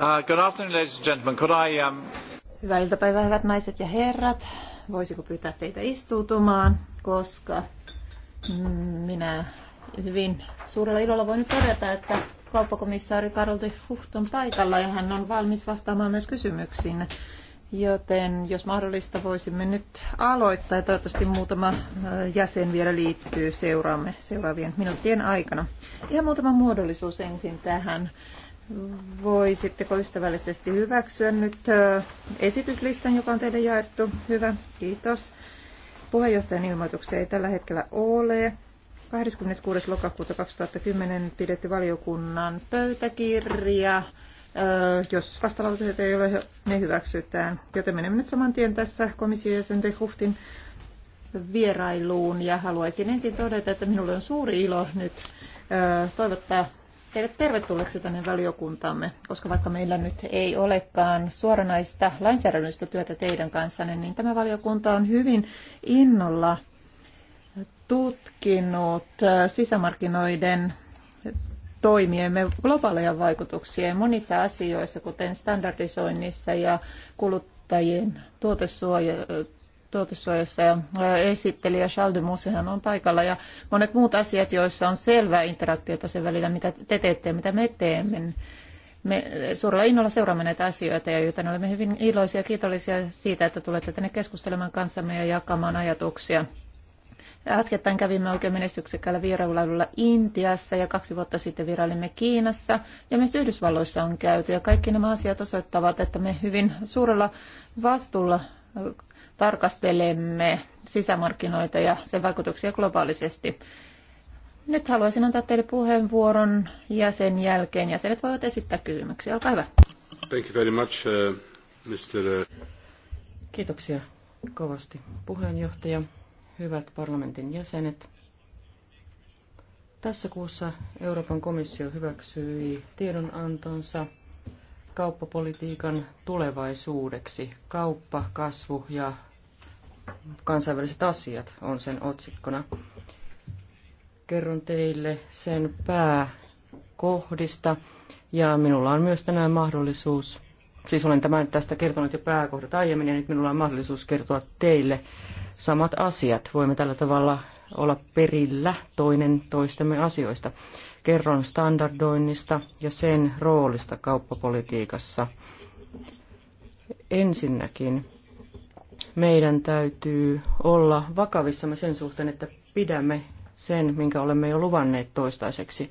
Uh, um, Hyvää iltapäivää, hyvät naiset ja herrat. Voisiko pyytää teitä istuutumaan, koska mm, minä hyvin suurella ilolla voin nyt todeta, että kauppakomissaari Karol de Hucht on paikalla ja hän on valmis vastaamaan myös kysymyksiin. Joten jos mahdollista voisimme nyt aloittaa ja toivottavasti muutama jäsen vielä liittyy seuraamme seuraavien minuuttien aikana. Ihan muutama muodollisuus ensin tähän. Voisitteko ystävällisesti hyväksyä nyt esityslistan, joka on teille jaettu? Hyvä, kiitos. Puheenjohtajan ilmoituksia ei tällä hetkellä ole. 26. lokakuuta 2010 pidetty valiokunnan pöytäkirja. Jos vastalauseet ei ole, ne hyväksytään. Joten menemme nyt saman tien tässä komission jäsenten Huhtin vierailuun. Ja haluaisin ensin todeta, että minulle on suuri ilo nyt toivottaa teidät tervetulleeksi tänne valiokuntaamme, koska vaikka meillä nyt ei olekaan suoranaista lainsäädännöllistä työtä teidän kanssanne, niin tämä valiokunta on hyvin innolla tutkinut sisämarkkinoiden toimiemme globaaleja vaikutuksia monissa asioissa, kuten standardisoinnissa ja kuluttajien tuotesuoja, tuotesuojassa ja esittelijä Charles de Mosehan on paikalla ja monet muut asiat, joissa on selvää interaktiota sen välillä, mitä te teette ja mitä me teemme. Me suurella innolla seuraamme näitä asioita ja joten olemme hyvin iloisia ja kiitollisia siitä, että tulette tänne keskustelemaan kanssamme ja jakamaan ajatuksia. Äskettäin kävimme oikein menestyksekkäällä vierailulla Intiassa ja kaksi vuotta sitten vierailimme Kiinassa ja myös Yhdysvalloissa on käyty. Ja kaikki nämä asiat osoittavat, että me hyvin suurella vastuulla tarkastelemme sisämarkkinoita ja sen vaikutuksia globaalisesti. Nyt haluaisin antaa teille puheenvuoron ja sen jälkeen jäsenet voivat esittää kysymyksiä. Olkaa hyvä. Thank you very much, uh, Mr. Kiitoksia kovasti puheenjohtaja, hyvät parlamentin jäsenet. Tässä kuussa Euroopan komissio hyväksyi tiedonantonsa kauppapolitiikan tulevaisuudeksi, kauppa, kasvu ja kansainväliset asiat on sen otsikkona. Kerron teille sen pääkohdista ja minulla on myös tänään mahdollisuus, siis olen tämän tästä kertonut jo pääkohdat aiemmin ja nyt minulla on mahdollisuus kertoa teille samat asiat. Voimme tällä tavalla olla perillä toinen toistemme asioista. Kerron standardoinnista ja sen roolista kauppapolitiikassa. Ensinnäkin meidän täytyy olla vakavissamme sen suhteen, että pidämme sen, minkä olemme jo luvanneet toistaiseksi.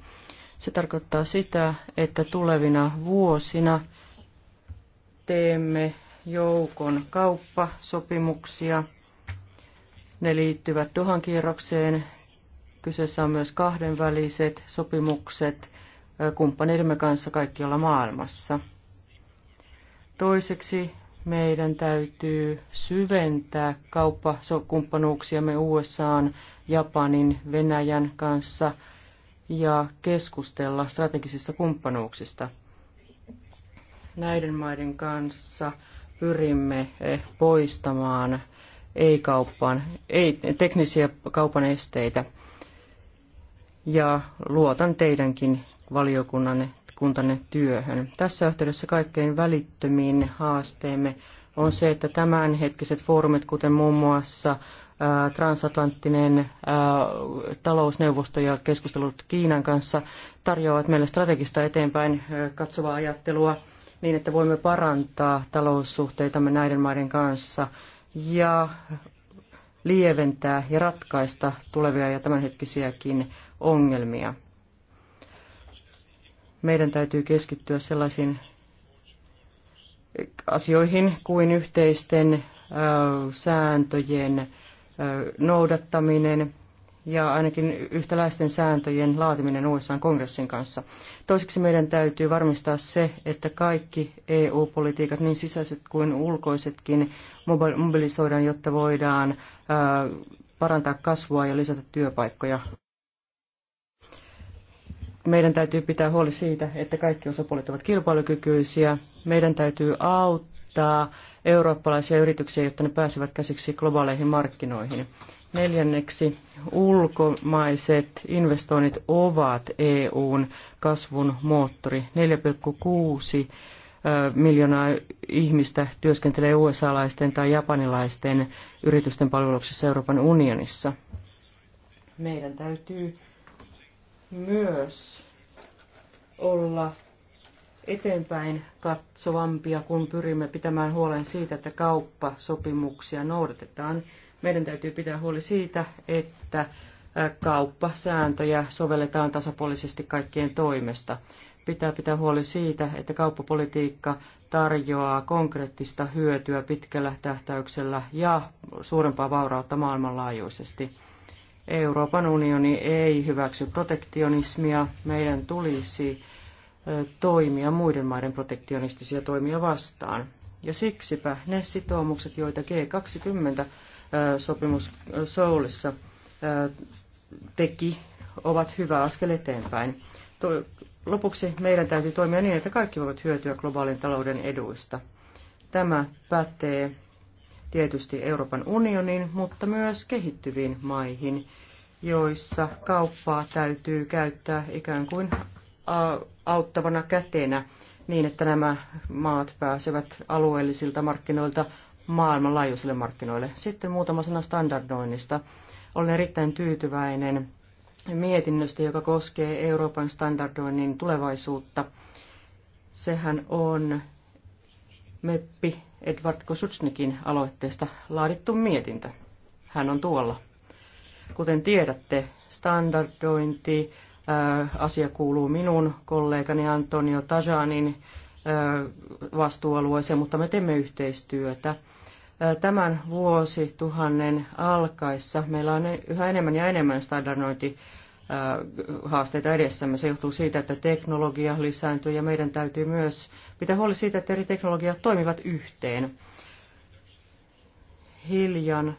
Se tarkoittaa sitä, että tulevina vuosina teemme joukon kauppasopimuksia. Ne liittyvät Dohan kierrokseen. Kyseessä on myös kahdenväliset sopimukset kumppaneidemme kanssa kaikkialla maailmassa. Toiseksi meidän täytyy syventää kauppakumppanuuksiamme USAan, Japanin, Venäjän kanssa ja keskustella strategisista kumppanuuksista. Näiden maiden kanssa pyrimme eh, poistamaan ei-kauppaan, ei, teknisiä kaupan esteitä. Ja luotan teidänkin valiokunnanne yhteiskuntanne työhön. Tässä yhteydessä kaikkein välittömin haasteemme on se, että tämänhetkiset foorumit, kuten muun muassa transatlanttinen talousneuvosto ja keskustelut Kiinan kanssa tarjoavat meille strategista eteenpäin katsovaa ajattelua niin, että voimme parantaa taloussuhteitamme näiden maiden kanssa ja lieventää ja ratkaista tulevia ja tämänhetkisiäkin ongelmia meidän täytyy keskittyä sellaisiin asioihin kuin yhteisten sääntöjen noudattaminen ja ainakin yhtäläisten sääntöjen laatiminen USA-kongressin kanssa. Toiseksi meidän täytyy varmistaa se, että kaikki EU-politiikat, niin sisäiset kuin ulkoisetkin, mobilisoidaan, jotta voidaan parantaa kasvua ja lisätä työpaikkoja meidän täytyy pitää huoli siitä, että kaikki osapuolet ovat kilpailukykyisiä. Meidän täytyy auttaa eurooppalaisia yrityksiä, jotta ne pääsevät käsiksi globaaleihin markkinoihin. Neljänneksi, ulkomaiset investoinnit ovat EUn kasvun moottori. 4,6 miljoonaa ihmistä työskentelee USA-laisten tai japanilaisten yritysten palveluksessa Euroopan unionissa. Meidän täytyy myös olla eteenpäin katsovampia, kun pyrimme pitämään huolen siitä, että kauppasopimuksia noudatetaan. Meidän täytyy pitää huoli siitä, että kauppasääntöjä sovelletaan tasapuolisesti kaikkien toimesta. Pitää pitää huoli siitä, että kauppapolitiikka tarjoaa konkreettista hyötyä pitkällä tähtäyksellä ja suurempaa vaurautta maailmanlaajuisesti. Euroopan unioni ei hyväksy protektionismia. Meidän tulisi toimia muiden maiden protektionistisia toimia vastaan. Ja siksipä ne sitoumukset, joita G20-sopimus Soulissa teki, ovat hyvä askel eteenpäin. Lopuksi meidän täytyy toimia niin, että kaikki voivat hyötyä globaalin talouden eduista. Tämä pätee tietysti Euroopan unionin, mutta myös kehittyviin maihin – joissa kauppaa täytyy käyttää ikään kuin auttavana kätenä niin, että nämä maat pääsevät alueellisilta markkinoilta maailmanlaajuisille markkinoille. Sitten muutama sana standardoinnista. Olen erittäin tyytyväinen mietinnöstä, joka koskee Euroopan standardoinnin tulevaisuutta. Sehän on Meppi Edward Kosutsnikin aloitteesta laadittu mietintö. Hän on tuolla. Kuten tiedätte, standardointi äh, asia kuuluu minun kollegani Antonio Tajanin äh, vastuualueeseen, mutta me teemme yhteistyötä. Äh, tämän vuosituhannen alkaessa meillä on yhä enemmän ja enemmän standardointi haasteita edessämme. Se johtuu siitä, että teknologia lisääntyy ja meidän täytyy myös pitää huoli siitä, että eri teknologiat toimivat yhteen. Hiljan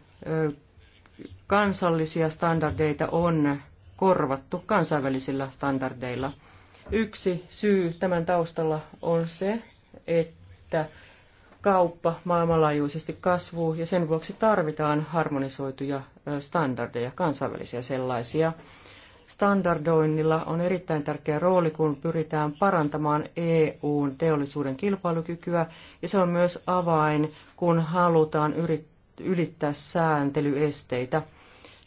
kansallisia standardeita on korvattu kansainvälisillä standardeilla. Yksi syy tämän taustalla on se, että kauppa maailmanlaajuisesti kasvuu ja sen vuoksi tarvitaan harmonisoituja standardeja, kansainvälisiä sellaisia. Standardoinnilla on erittäin tärkeä rooli, kun pyritään parantamaan EUn teollisuuden kilpailukykyä ja se on myös avain, kun halutaan yrittää ylittää sääntelyesteitä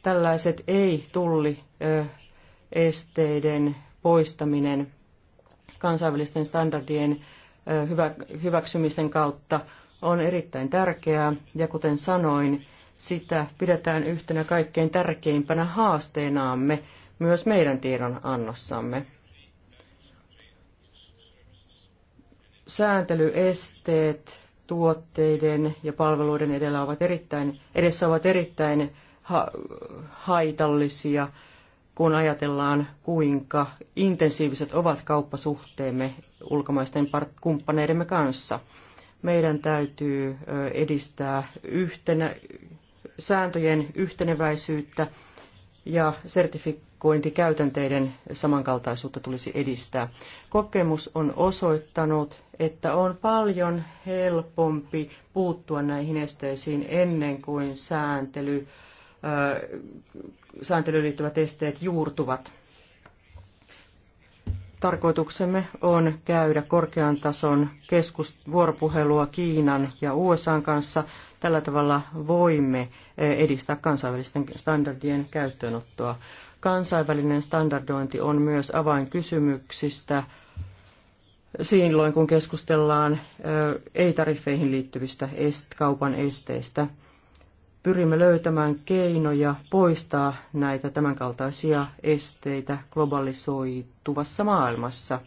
tällaiset ei-tulliesteiden poistaminen kansainvälisten standardien hyväksymisen kautta on erittäin tärkeää, ja kuten sanoin, sitä pidetään yhtenä kaikkein tärkeimpänä haasteenaamme myös meidän tiedonannossamme. Sääntelyesteet tuotteiden ja palveluiden edellä ovat erittäin, edessä ovat erittäin ha- haitallisia, kun ajatellaan, kuinka intensiiviset ovat kauppasuhteemme ulkomaisten kumppaneidemme kanssa. Meidän täytyy edistää yhtenä, sääntöjen yhteneväisyyttä ja sertifikointikäytänteiden samankaltaisuutta tulisi edistää. Kokemus on osoittanut, että on paljon helpompi puuttua näihin esteisiin ennen kuin sääntely sääntelyyn liittyvät esteet juurtuvat. Tarkoituksemme on käydä korkean tason keskust- vuoropuhelua Kiinan ja USAn kanssa. Tällä tavalla voimme edistää kansainvälisten standardien käyttöönottoa. Kansainvälinen standardointi on myös avainkysymyksistä silloin, kun keskustellaan ei-tariffeihin liittyvistä kaupan esteistä – pyrimme löytämään keinoja poistaa näitä tämänkaltaisia esteitä globalisoituvassa maailmassa.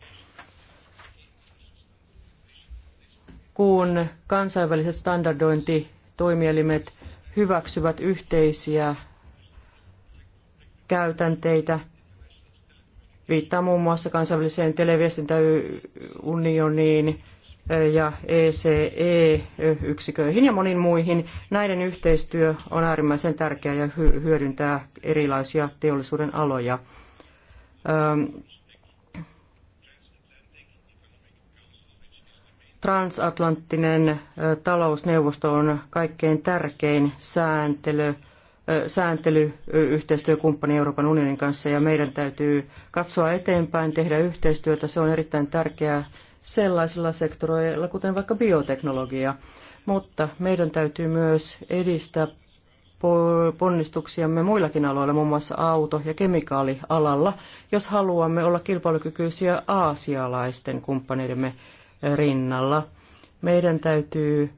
Kun kansainväliset standardointitoimielimet hyväksyvät yhteisiä käytänteitä, viittaa muun muassa kansainväliseen televiestintäunioniin, ja ECE-yksiköihin ja moniin muihin. Näiden yhteistyö on äärimmäisen tärkeää ja hyödyntää erilaisia teollisuuden aloja. Transatlanttinen talousneuvosto on kaikkein tärkein sääntely, sääntelyyhteistyökumppani Euroopan unionin kanssa ja meidän täytyy katsoa eteenpäin, tehdä yhteistyötä. Se on erittäin tärkeää sellaisilla sektoreilla, kuten vaikka bioteknologia. Mutta meidän täytyy myös edistää ponnistuksiamme muillakin aloilla, muun muassa auto- ja kemikaalialalla, jos haluamme olla kilpailukykyisiä aasialaisten kumppaneidemme eh, rinnalla. Meidän täytyy,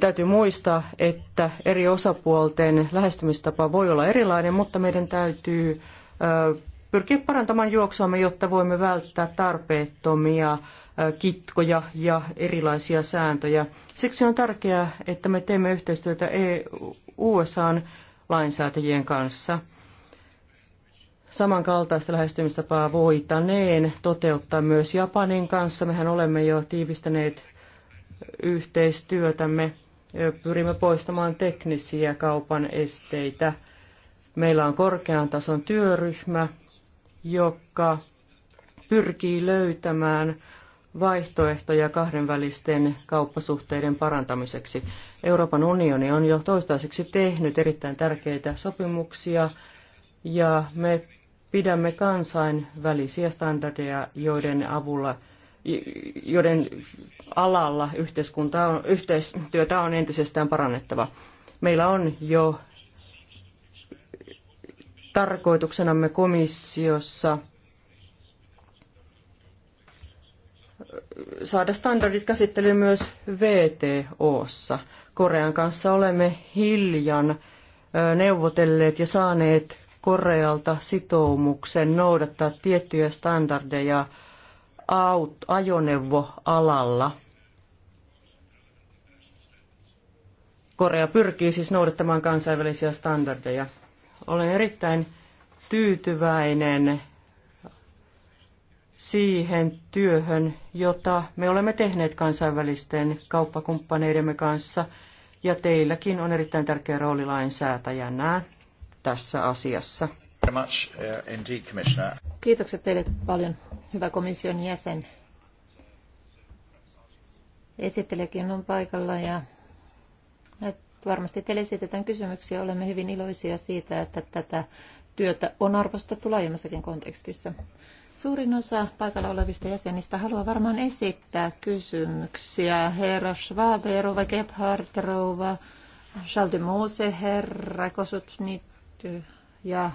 täytyy muistaa, että eri osapuolten lähestymistapa voi olla erilainen, mutta meidän täytyy eh, pyrkiä parantamaan juoksuamme, jotta voimme välttää tarpeettomia kitkoja ja erilaisia sääntöjä. Siksi on tärkeää, että me teemme yhteistyötä EU USAn lainsäätäjien kanssa. Samankaltaista lähestymistapaa voitaneen toteuttaa myös Japanin kanssa. Mehän olemme jo tiivistäneet yhteistyötämme. Pyrimme poistamaan teknisiä kaupan esteitä. Meillä on korkean tason työryhmä, joka pyrkii löytämään vaihtoehtoja kahdenvälisten kauppasuhteiden parantamiseksi. Euroopan unioni on jo toistaiseksi tehnyt erittäin tärkeitä sopimuksia ja me pidämme kansainvälisiä standardeja, joiden avulla joiden alalla yhteiskunta on, yhteistyötä on entisestään parannettava. Meillä on jo tarkoituksenamme komissiossa saada standardit käsittelyyn myös VTOssa. Korean kanssa olemme hiljan neuvotelleet ja saaneet Korealta sitoumuksen noudattaa tiettyjä standardeja aut, ajoneuvoalalla. Korea pyrkii siis noudattamaan kansainvälisiä standardeja. Olen erittäin tyytyväinen siihen työhön, jota me olemme tehneet kansainvälisten kauppakumppaneidemme kanssa, ja teilläkin on erittäin tärkeä rooli lainsäätäjänä tässä asiassa. Uh, Kiitokset teille paljon, hyvä komission jäsen. Esittelijäkin on paikalla ja Varmasti teille esitetään kysymyksiä. Olemme hyvin iloisia siitä, että tätä työtä on arvostettu laajemmassakin kontekstissa. Suurin osa paikalla olevista jäsenistä haluaa varmaan esittää kysymyksiä. Herra Schwab, Rova Gebhardt, Rova Schaldemose, herra Kosutnit ja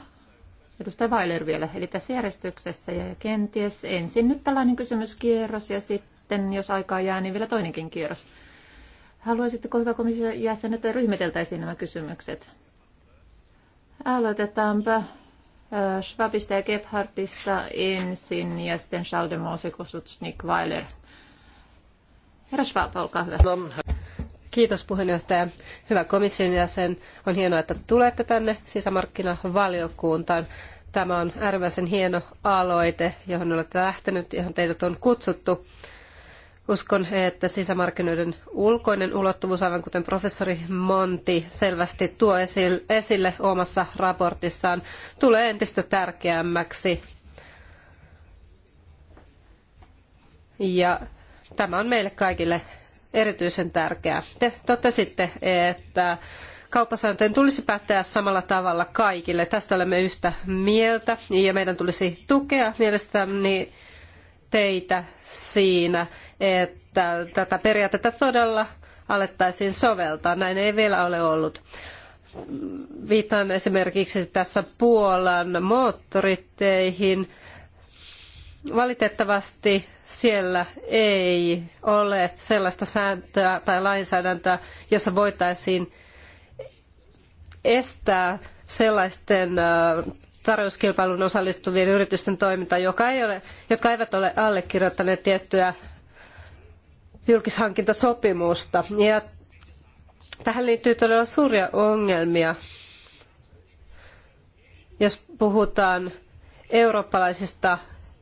edustaja Weiler vielä. Eli tässä järjestyksessä ja kenties ensin nyt tällainen kysymyskierros ja sitten, jos aikaa jää, niin vielä toinenkin kierros. Haluaisitteko, hyvä komission jäsen, että ryhmiteltäisiin nämä kysymykset? Aloitetaanpa äh, Schwabista ja Gebhardista ensin ja sitten Schaldemose, Kosutsnik, Weiler. Herra Schwab, olkaa hyvä. Kiitos puheenjohtaja. Hyvä komission jäsen. On hienoa, että tulette tänne sisämarkkinavaliokuntaan. Tämä on äärimmäisen hieno aloite, johon olette lähtenyt, johon teidät on kutsuttu. Uskon, että sisämarkkinoiden ulkoinen ulottuvuus, aivan kuten professori Monti selvästi tuo esille omassa raportissaan, tulee entistä tärkeämmäksi. Ja tämä on meille kaikille erityisen tärkeää. Te totesitte, että kauppasääntöjen tulisi päättää samalla tavalla kaikille. Tästä olemme yhtä mieltä ja meidän tulisi tukea mielestäni teitä siinä, että tätä periaatetta todella alettaisiin soveltaa. Näin ei vielä ole ollut. Viitan esimerkiksi tässä Puolan moottoriteihin. Valitettavasti siellä ei ole sellaista sääntöä tai lainsäädäntöä, jossa voitaisiin estää sellaisten äh, tarjouskilpailun osallistuvien yritysten toiminta, joka ei ole, jotka eivät ole allekirjoittaneet tiettyä julkishankintasopimusta. Ja tähän liittyy todella suuria ongelmia. Jos puhutaan eurooppalaisista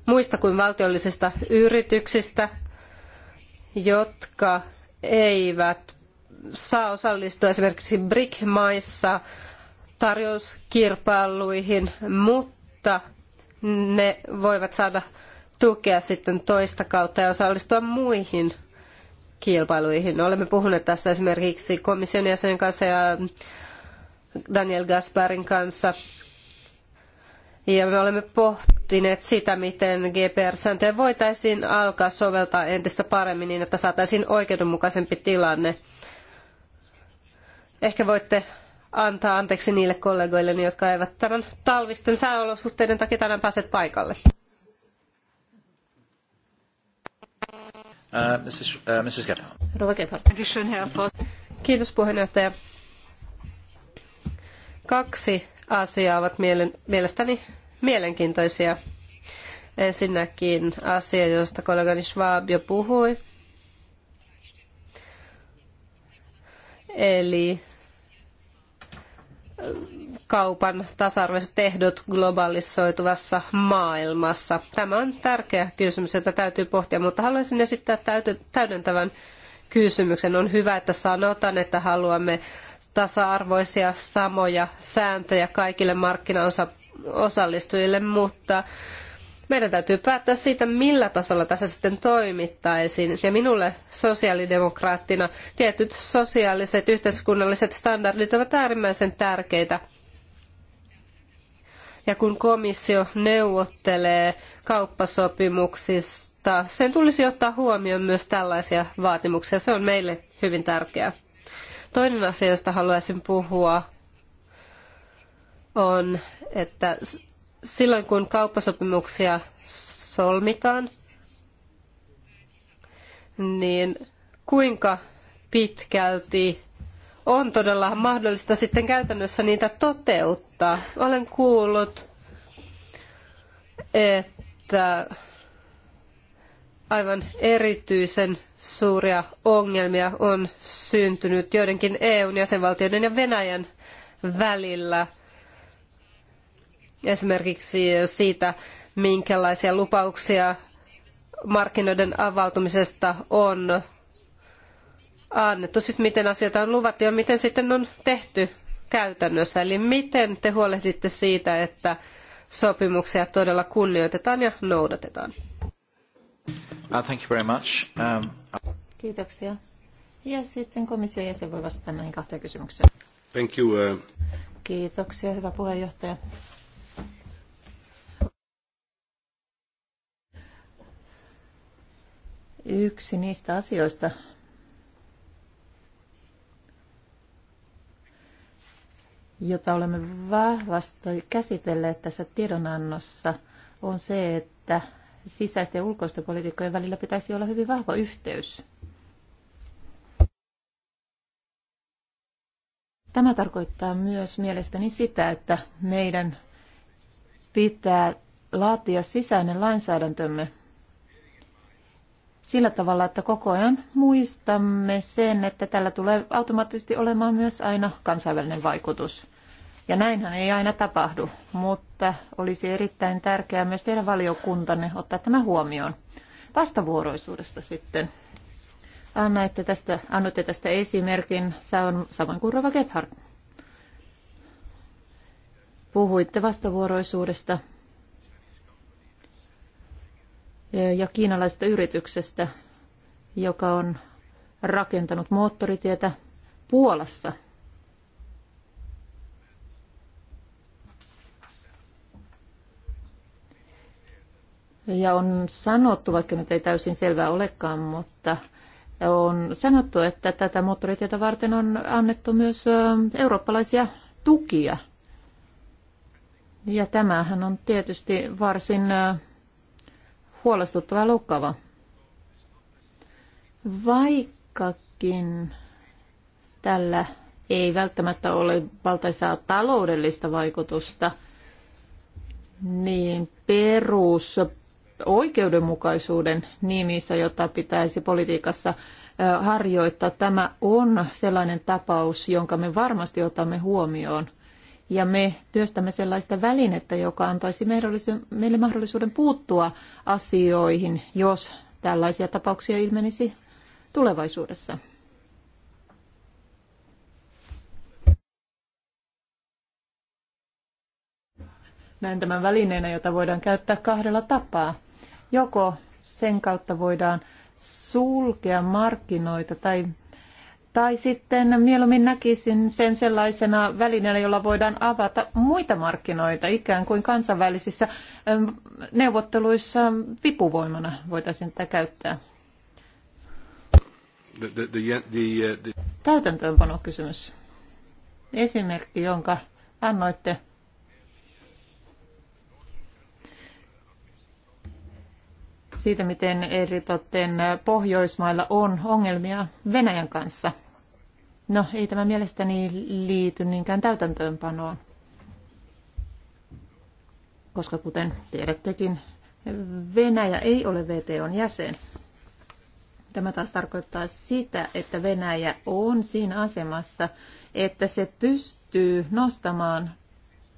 muista kuin valtiollisista yrityksistä, jotka eivät saa osallistua esimerkiksi BRIC-maissa tarjouskilpailuihin, mutta ne voivat saada tukea sitten toista kautta ja osallistua muihin kilpailuihin. Olemme puhuneet tästä esimerkiksi komission jäsenen kanssa ja Daniel Gasparin kanssa. Ja me olemme pohtineet sitä, miten GPR-sääntöjä voitaisiin alkaa soveltaa entistä paremmin niin, että saataisiin oikeudenmukaisempi tilanne. Ehkä voitte antaa anteeksi niille kollegoilleni, jotka eivät tämän talvisten sääolosuhteiden takia tänään pääse paikalle. Uh, Mrs. Uh, Kiitos puheenjohtaja. Kaksi asiaa ovat mielestäni mielenkiintoisia. Ensinnäkin asia, josta kollegani Schwab jo puhui, eli kaupan tasa-arvoiset ehdot globalisoituvassa maailmassa? Tämä on tärkeä kysymys, jota täytyy pohtia, mutta haluaisin esittää täydentävän kysymyksen. On hyvä, että sanotaan, että haluamme tasa-arvoisia samoja sääntöjä kaikille markkinaosallistujille, mutta meidän täytyy päättää siitä, millä tasolla tässä sitten toimittaisiin. Ja minulle sosiaalidemokraattina tietyt sosiaaliset yhteiskunnalliset standardit ovat äärimmäisen tärkeitä. Ja kun komissio neuvottelee kauppasopimuksista, sen tulisi ottaa huomioon myös tällaisia vaatimuksia. Se on meille hyvin tärkeää. Toinen asia, josta haluaisin puhua, on, että silloin kun kauppasopimuksia solmitaan, niin kuinka pitkälti on todella mahdollista sitten käytännössä niitä toteuttaa. Olen kuullut, että aivan erityisen suuria ongelmia on syntynyt joidenkin EUn jäsenvaltioiden ja Venäjän välillä – esimerkiksi siitä, minkälaisia lupauksia markkinoiden avautumisesta on annettu, siis miten asioita on luvattu ja miten sitten on tehty käytännössä. Eli miten te huolehditte siitä, että sopimuksia todella kunnioitetaan ja noudatetaan? Uh, thank you very much. Um, Kiitoksia. Ja sitten komission jäsen voi vastata näihin kahteen kysymykseen. Thank you. Uh, Kiitoksia, hyvä puheenjohtaja. yksi niistä asioista, jota olemme vahvasti käsitelleet tässä tiedonannossa, on se, että sisäisten ja ulkoisten politiikkojen välillä pitäisi olla hyvin vahva yhteys. Tämä tarkoittaa myös mielestäni sitä, että meidän pitää laatia sisäinen lainsäädäntömme sillä tavalla, että koko ajan muistamme sen, että tällä tulee automaattisesti olemaan myös aina kansainvälinen vaikutus. Ja näinhän ei aina tapahdu, mutta olisi erittäin tärkeää myös teidän valiokuntanne ottaa tämä huomioon. Vastavuoroisuudesta sitten. Annaitte tästä, annoitte tästä esimerkin saman kuin Rova Gebhardt. Puhuitte vastavuoroisuudesta Eh, ja kiinalaisesta yrityksestä, joka on rakentanut moottoritietä Puolassa. Ja on sanottu, vaikka nyt ei täysin selvää olekaan, mutta on sanottu, että tätä moottoritietä varten on annettu myös eurooppalaisia tukia. Ja tämähän on tietysti varsin huolestuttava lukava. Vaikkakin tällä ei välttämättä ole valtaisaa taloudellista vaikutusta, niin perus oikeudenmukaisuuden nimissä, jota pitäisi politiikassa harjoittaa. Tämä on sellainen tapaus, jonka me varmasti otamme huomioon – ja me työstämme sellaista välinettä, joka antaisi meille mahdollisuuden puuttua asioihin, jos tällaisia tapauksia ilmenisi tulevaisuudessa. Näen tämän välineenä, jota voidaan käyttää kahdella tapaa. Joko sen kautta voidaan sulkea markkinoita tai tai sitten mieluummin näkisin sen sellaisena välineenä, jolla voidaan avata muita markkinoita, ikään kuin kansainvälisissä ähm, neuvotteluissa vipuvoimana voitaisiin tätä käyttää. Uh, Täytäntöönpano kysymys. Esimerkki, jonka annoitte siitä, miten eritoten Pohjoismailla on ongelmia Venäjän kanssa. No, ei tämä mielestäni liity niinkään täytäntöönpanoon, koska kuten tiedättekin, Venäjä ei ole VTOn jäsen. Tämä taas tarkoittaa sitä, että Venäjä on siinä asemassa, että se pystyy nostamaan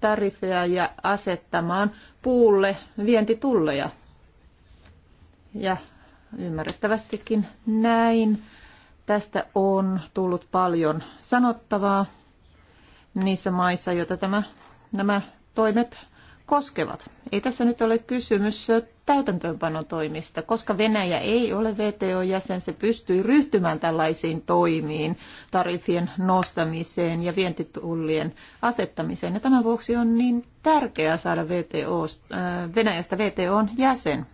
tariffeja ja asettamaan puulle vientitulleja ja ymmärrettävästikin näin. Tästä on tullut paljon sanottavaa niissä maissa, joita tämä, nämä toimet koskevat. Ei tässä nyt ole kysymys täytäntöönpanotoimista, koska Venäjä ei ole VTO-jäsen, se pystyy ryhtymään tällaisiin toimiin, tarifien nostamiseen ja vientitullien asettamiseen. Ja tämän vuoksi on niin tärkeää saada VTO, äh, Venäjästä vto jäsen.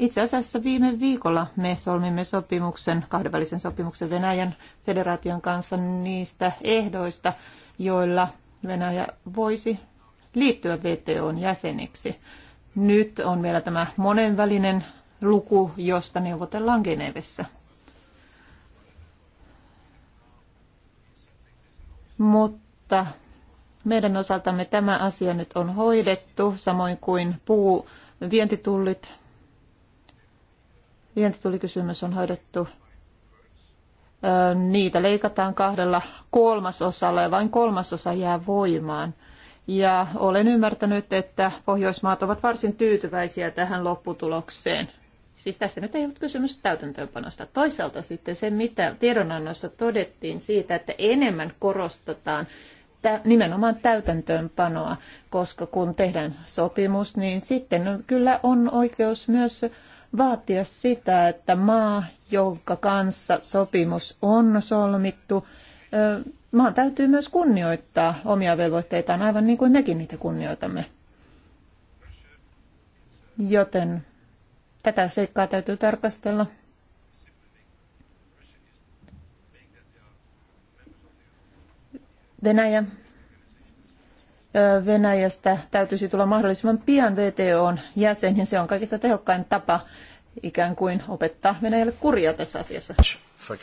Itse asiassa viime viikolla me solmimme sopimuksen, kahdenvälisen sopimuksen Venäjän federaation kanssa niistä ehdoista, joilla Venäjä voisi liittyä VTOn jäseniksi. Nyt on vielä tämä monenvälinen luku, josta neuvotellaan Genevessä. Mutta meidän osaltamme tämä asia nyt on hoidettu, samoin kuin puu, vientitullit vientitulikysymys on hoidettu. Niitä leikataan kahdella kolmasosalla ja vain kolmasosa jää voimaan. Ja olen ymmärtänyt, että Pohjoismaat ovat varsin tyytyväisiä tähän lopputulokseen. Siis tässä nyt ei ollut kysymys täytäntöönpanosta. Toisaalta sitten se, mitä tiedonannossa todettiin siitä, että enemmän korostetaan nimenomaan täytäntöönpanoa, koska kun tehdään sopimus, niin sitten kyllä on oikeus myös vaatia sitä, että maa, jonka kanssa sopimus on solmittu, maan täytyy myös kunnioittaa omia velvoitteitaan aivan niin kuin mekin niitä kunnioitamme. Joten tätä seikkaa täytyy tarkastella. Venäjä Venäjästä täytyisi tulla mahdollisimman pian VTOn jäsen, ja se on kaikista tehokkain tapa ikään kuin opettaa Venäjälle kuria tässä asiassa. Uh,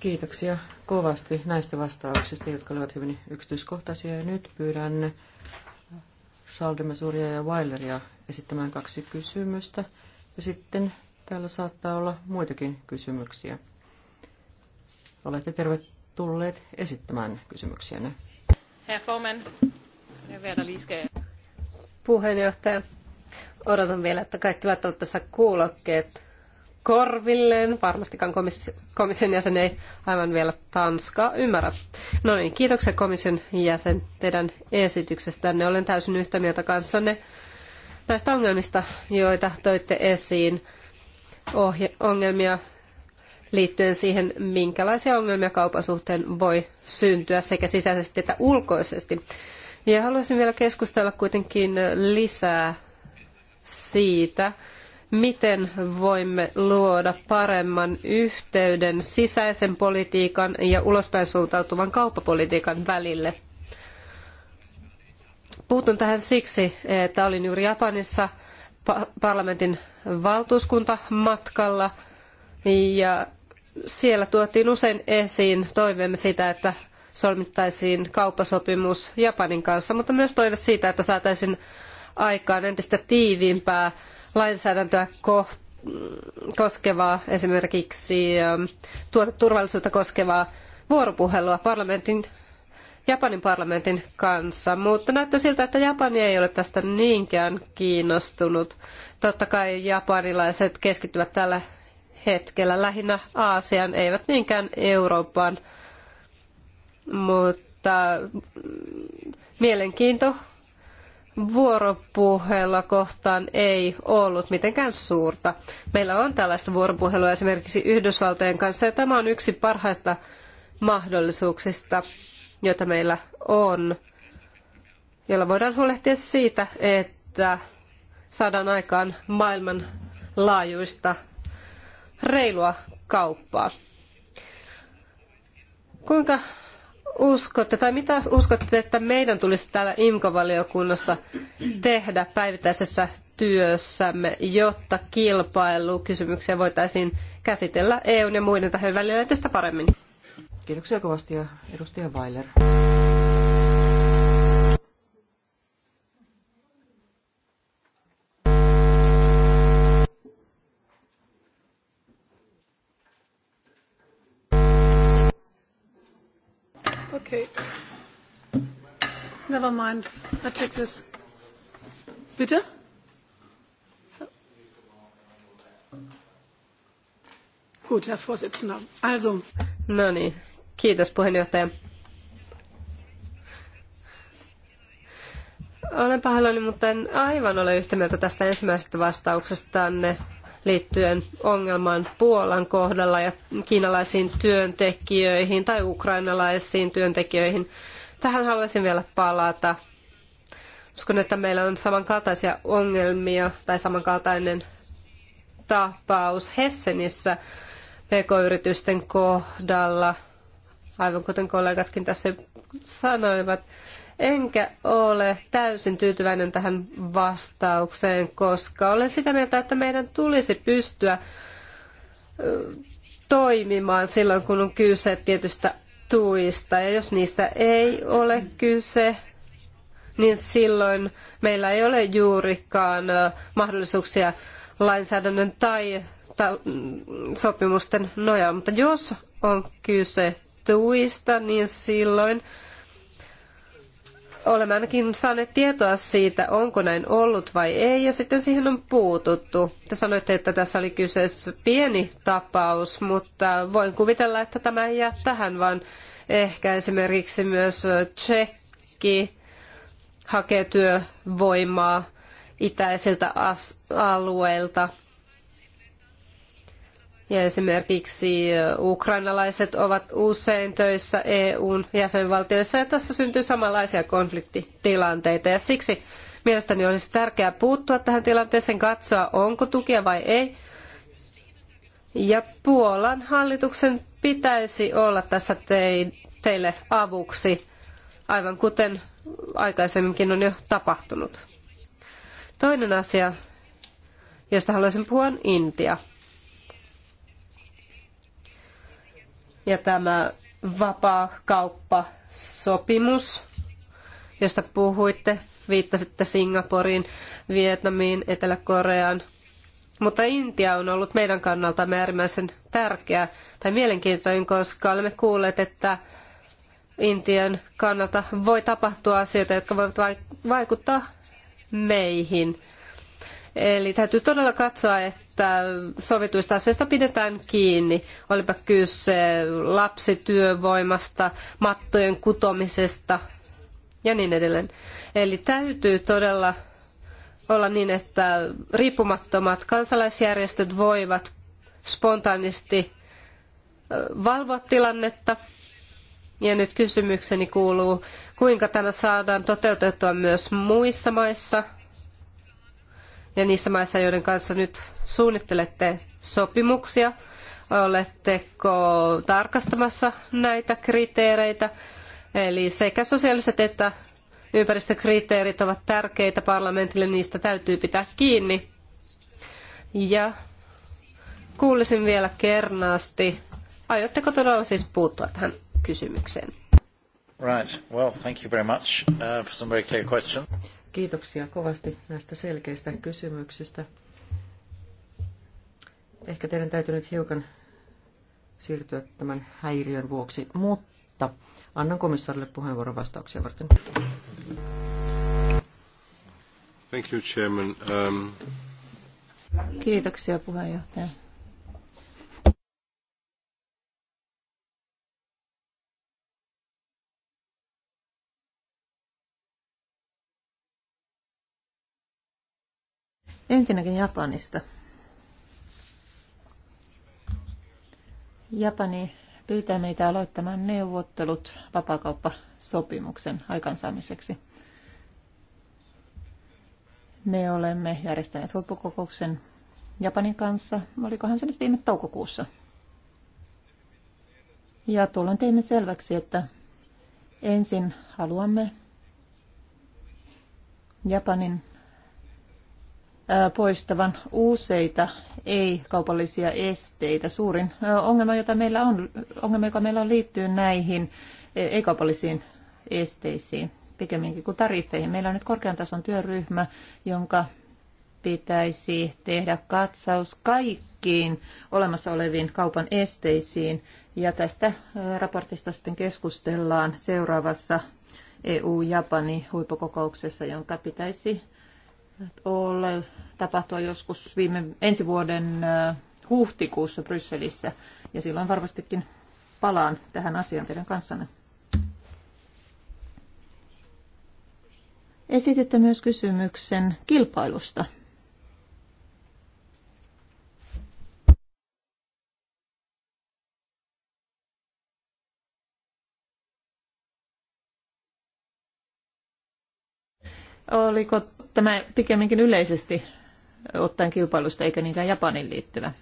Kiitoksia kovasti näistä vastauksista, jotka olivat hyvin yksityiskohtaisia. Ja nyt pyydän Saldemesuria ja Weileria esittämään kaksi kysymystä. Ja sitten täällä saattaa olla muitakin kysymyksiä. Olette tervetulleet esittämään kysymyksiänne. Herr Forman, Puheenjohtaja, odotan vielä, että kaikki laittavat tässä kuulokkeet korvilleen. Varmastikaan komissi- komission jäsen ei aivan vielä Tanskaa ymmärrä. No niin, kiitoksia komission jäsen teidän esityksestänne. Olen täysin yhtä mieltä kanssanne näistä ongelmista, joita toitte esiin. Ohje- ongelmia liittyen siihen, minkälaisia ongelmia kaupasuhteen voi syntyä sekä sisäisesti että ulkoisesti. Ja haluaisin vielä keskustella kuitenkin lisää siitä, miten voimme luoda paremman yhteyden sisäisen politiikan ja ulospäin suuntautuvan kauppapolitiikan välille. Puutun tähän siksi, että olin juuri Japanissa parlamentin valtuuskuntamatkalla ja siellä tuotiin usein esiin toiveemme siitä, että solmittaisiin kauppasopimus Japanin kanssa, mutta myös toive siitä, että saataisiin aikaan entistä tiiviimpää lainsäädäntöä koskevaa, esimerkiksi ähm, tuoteturvallisuutta koskevaa vuoropuhelua parlamentin, Japanin parlamentin kanssa. Mutta näyttää siltä, että Japani ei ole tästä niinkään kiinnostunut. Totta kai japanilaiset keskittyvät tällä hetkellä lähinnä Aasian, eivät niinkään Euroopan, mutta mm, mielenkiinto vuoropuhelua kohtaan ei ollut mitenkään suurta. Meillä on tällaista vuoropuhelua esimerkiksi Yhdysvaltojen kanssa ja tämä on yksi parhaista mahdollisuuksista, joita meillä on, jolla voidaan huolehtia siitä, että saadaan aikaan maailman laajuista reilua kauppaa. Kuinka uskotte, tai mitä uskotte, että meidän tulisi täällä IMKO-valiokunnassa tehdä päivittäisessä työssämme, jotta kilpailukysymyksiä voitaisiin käsitellä EUn ja muiden tahojen välillä entistä paremmin? Kiitoksia kovasti ja edustaja Weiler. Okay. Never mind. I take this. Bitte? Gut, Herr Vorsitzender. Also. No niin. Kiitos puheenjohtaja. Olen pahoillani, mutta en aivan ole yhtä mieltä tästä ensimmäisestä vastauksestanne liittyen ongelmaan Puolan kohdalla ja kiinalaisiin työntekijöihin tai ukrainalaisiin työntekijöihin. Tähän haluaisin vielä palata. Uskon, että meillä on samankaltaisia ongelmia tai samankaltainen tapaus Hessenissä pk-yritysten kohdalla, aivan kuten kollegatkin tässä sanoivat Enkä ole täysin tyytyväinen tähän vastaukseen, koska olen sitä mieltä, että meidän tulisi pystyä toimimaan silloin, kun on kyse tietystä tuista. Ja jos niistä ei ole kyse, niin silloin meillä ei ole juurikaan mahdollisuuksia lainsäädännön tai sopimusten nojaa. Mutta jos on kyse tuista, niin silloin olemme ainakin saaneet tietoa siitä, onko näin ollut vai ei, ja sitten siihen on puututtu. Te sanoitte, että tässä oli kyseessä pieni tapaus, mutta voin kuvitella, että tämä ei jää tähän, vaan ehkä esimerkiksi myös Tsekki hakee työvoimaa itäisiltä alueilta – ja esimerkiksi ukrainalaiset ovat usein töissä EUn jäsenvaltioissa ja tässä syntyy samanlaisia konfliktitilanteita ja siksi mielestäni olisi tärkeää puuttua tähän tilanteeseen, katsoa onko tukea vai ei. Ja Puolan hallituksen pitäisi olla tässä teille avuksi, aivan kuten aikaisemminkin on jo tapahtunut. Toinen asia, josta haluaisin puhua, on Intia. Ja tämä vapaa kauppasopimus, josta puhuitte, viittasitte Singaporiin, Vietnamiin, Etelä-Koreaan. Mutta Intia on ollut meidän kannaltamme äärimmäisen tärkeä tai mielenkiintoinen, koska olemme kuulleet, että Intian kannalta voi tapahtua asioita, jotka voivat vaikuttaa meihin. Eli täytyy todella katsoa, että että sovituista asioista pidetään kiinni. Olipa kyse lapsityövoimasta, mattojen kutomisesta ja niin edelleen. Eli täytyy todella olla niin, että riippumattomat kansalaisjärjestöt voivat spontaanisti valvoa tilannetta. Ja nyt kysymykseni kuuluu, kuinka tämä saadaan toteutettua myös muissa maissa – ja niissä maissa, joiden kanssa nyt suunnittelette sopimuksia, oletteko tarkastamassa näitä kriteereitä? Eli sekä sosiaaliset että ympäristökriteerit ovat tärkeitä parlamentille, niistä täytyy pitää kiinni. Ja kuulisin vielä kernaasti, aiotteko todella siis puuttua tähän kysymykseen? Right. Well, thank you very much uh, for some very clear questions. Kiitoksia kovasti näistä selkeistä kysymyksistä. Ehkä teidän täytyy nyt hiukan siirtyä tämän häiriön vuoksi, mutta annan komissaarille puheenvuoron vastauksia varten. Thank you, Chairman. Um... Kiitoksia puheenjohtaja. Ensinnäkin Japanista. Japani pyytää meitä aloittamaan neuvottelut vapakauppasopimuksen aikaansaamiseksi. Me olemme järjestäneet huippukokouksen Japanin kanssa. Olikohan se nyt viime toukokuussa? Ja tuolloin teimme selväksi, että ensin haluamme Japanin poistavan useita ei-kaupallisia esteitä. Suurin ongelma, jota meillä on, ongelma, joka meillä on, liittyy näihin ei-kaupallisiin esteisiin pikemminkin kuin tariffeihin. Meillä on nyt korkean tason työryhmä, jonka pitäisi tehdä katsaus kaikkiin olemassa oleviin kaupan esteisiin. Ja tästä raportista sitten keskustellaan seuraavassa EU-Japani huippukokouksessa, jonka pitäisi olla, tapahtua joskus viime, ensi vuoden huhtikuussa Brysselissä. Ja silloin varmastikin palaan tähän asiaan teidän kanssanne. Esititte myös kysymyksen kilpailusta. Oliko tämä pikemminkin yleisesti ottaen kilpailusta eikä niinkään Japanin liittyvä?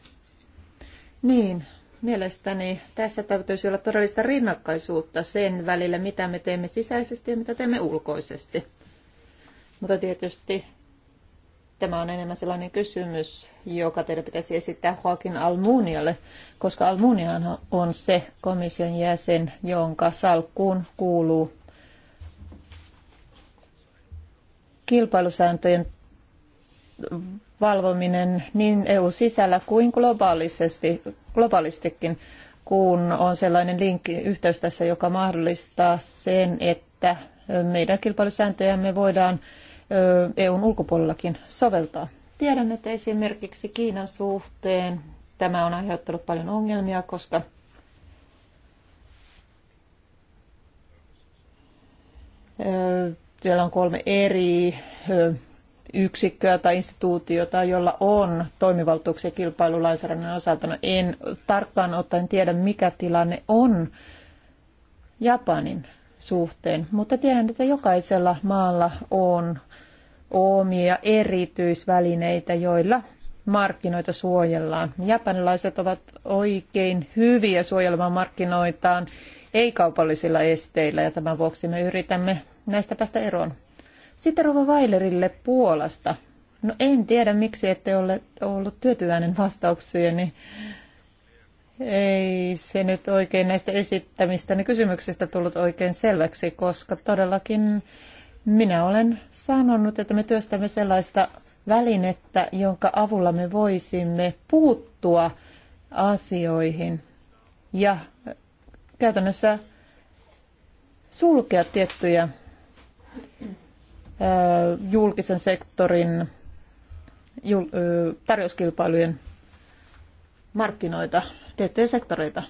Niin, mielestäni tässä täytyisi olla todellista rinnakkaisuutta sen välillä, mitä me teemme sisäisesti ja mitä teemme ulkoisesti. Mutta tietysti tämä on enemmän sellainen kysymys, joka teidän pitäisi esittää joakin Almunialle, koska Almuniahan on se komission jäsen, jonka salkkuun kuuluu kilpailusääntöjen valvominen niin EU-sisällä kuin globaalisesti, globaalistikin, kun on sellainen linkki, yhteys tässä, joka mahdollistaa sen, että meidän kilpailusääntöjämme voidaan EUn ulkopuolellakin soveltaa. Tiedän, että esimerkiksi Kiinan suhteen tämä on aiheuttanut paljon ongelmia, koska siellä on kolme eri yksikköä tai instituutiota, jolla on toimivaltuuksia kilpailulainsäädännön osalta. No en tarkkaan ottaen tiedä, mikä tilanne on Japanin suhteen, mutta tiedän, että jokaisella maalla on omia erityisvälineitä, joilla markkinoita suojellaan. Japanilaiset ovat oikein hyviä suojelemaan markkinoitaan ei-kaupallisilla esteillä ja tämän vuoksi me yritämme näistä päästä eroon. Sitten Rova Weilerille Puolasta. No en tiedä, miksi ette ole ollut työtyväinen vastauksieni. Ei se nyt oikein näistä esittämistäni niin kysymyksistä tullut oikein selväksi, koska todellakin minä olen sanonut, että me työstämme sellaista välinettä, jonka avulla me voisimme puuttua asioihin ja käytännössä sulkea tiettyjä julkisen sektorin tarjouskilpailujen markkinoita, tiettyjä sektoreita.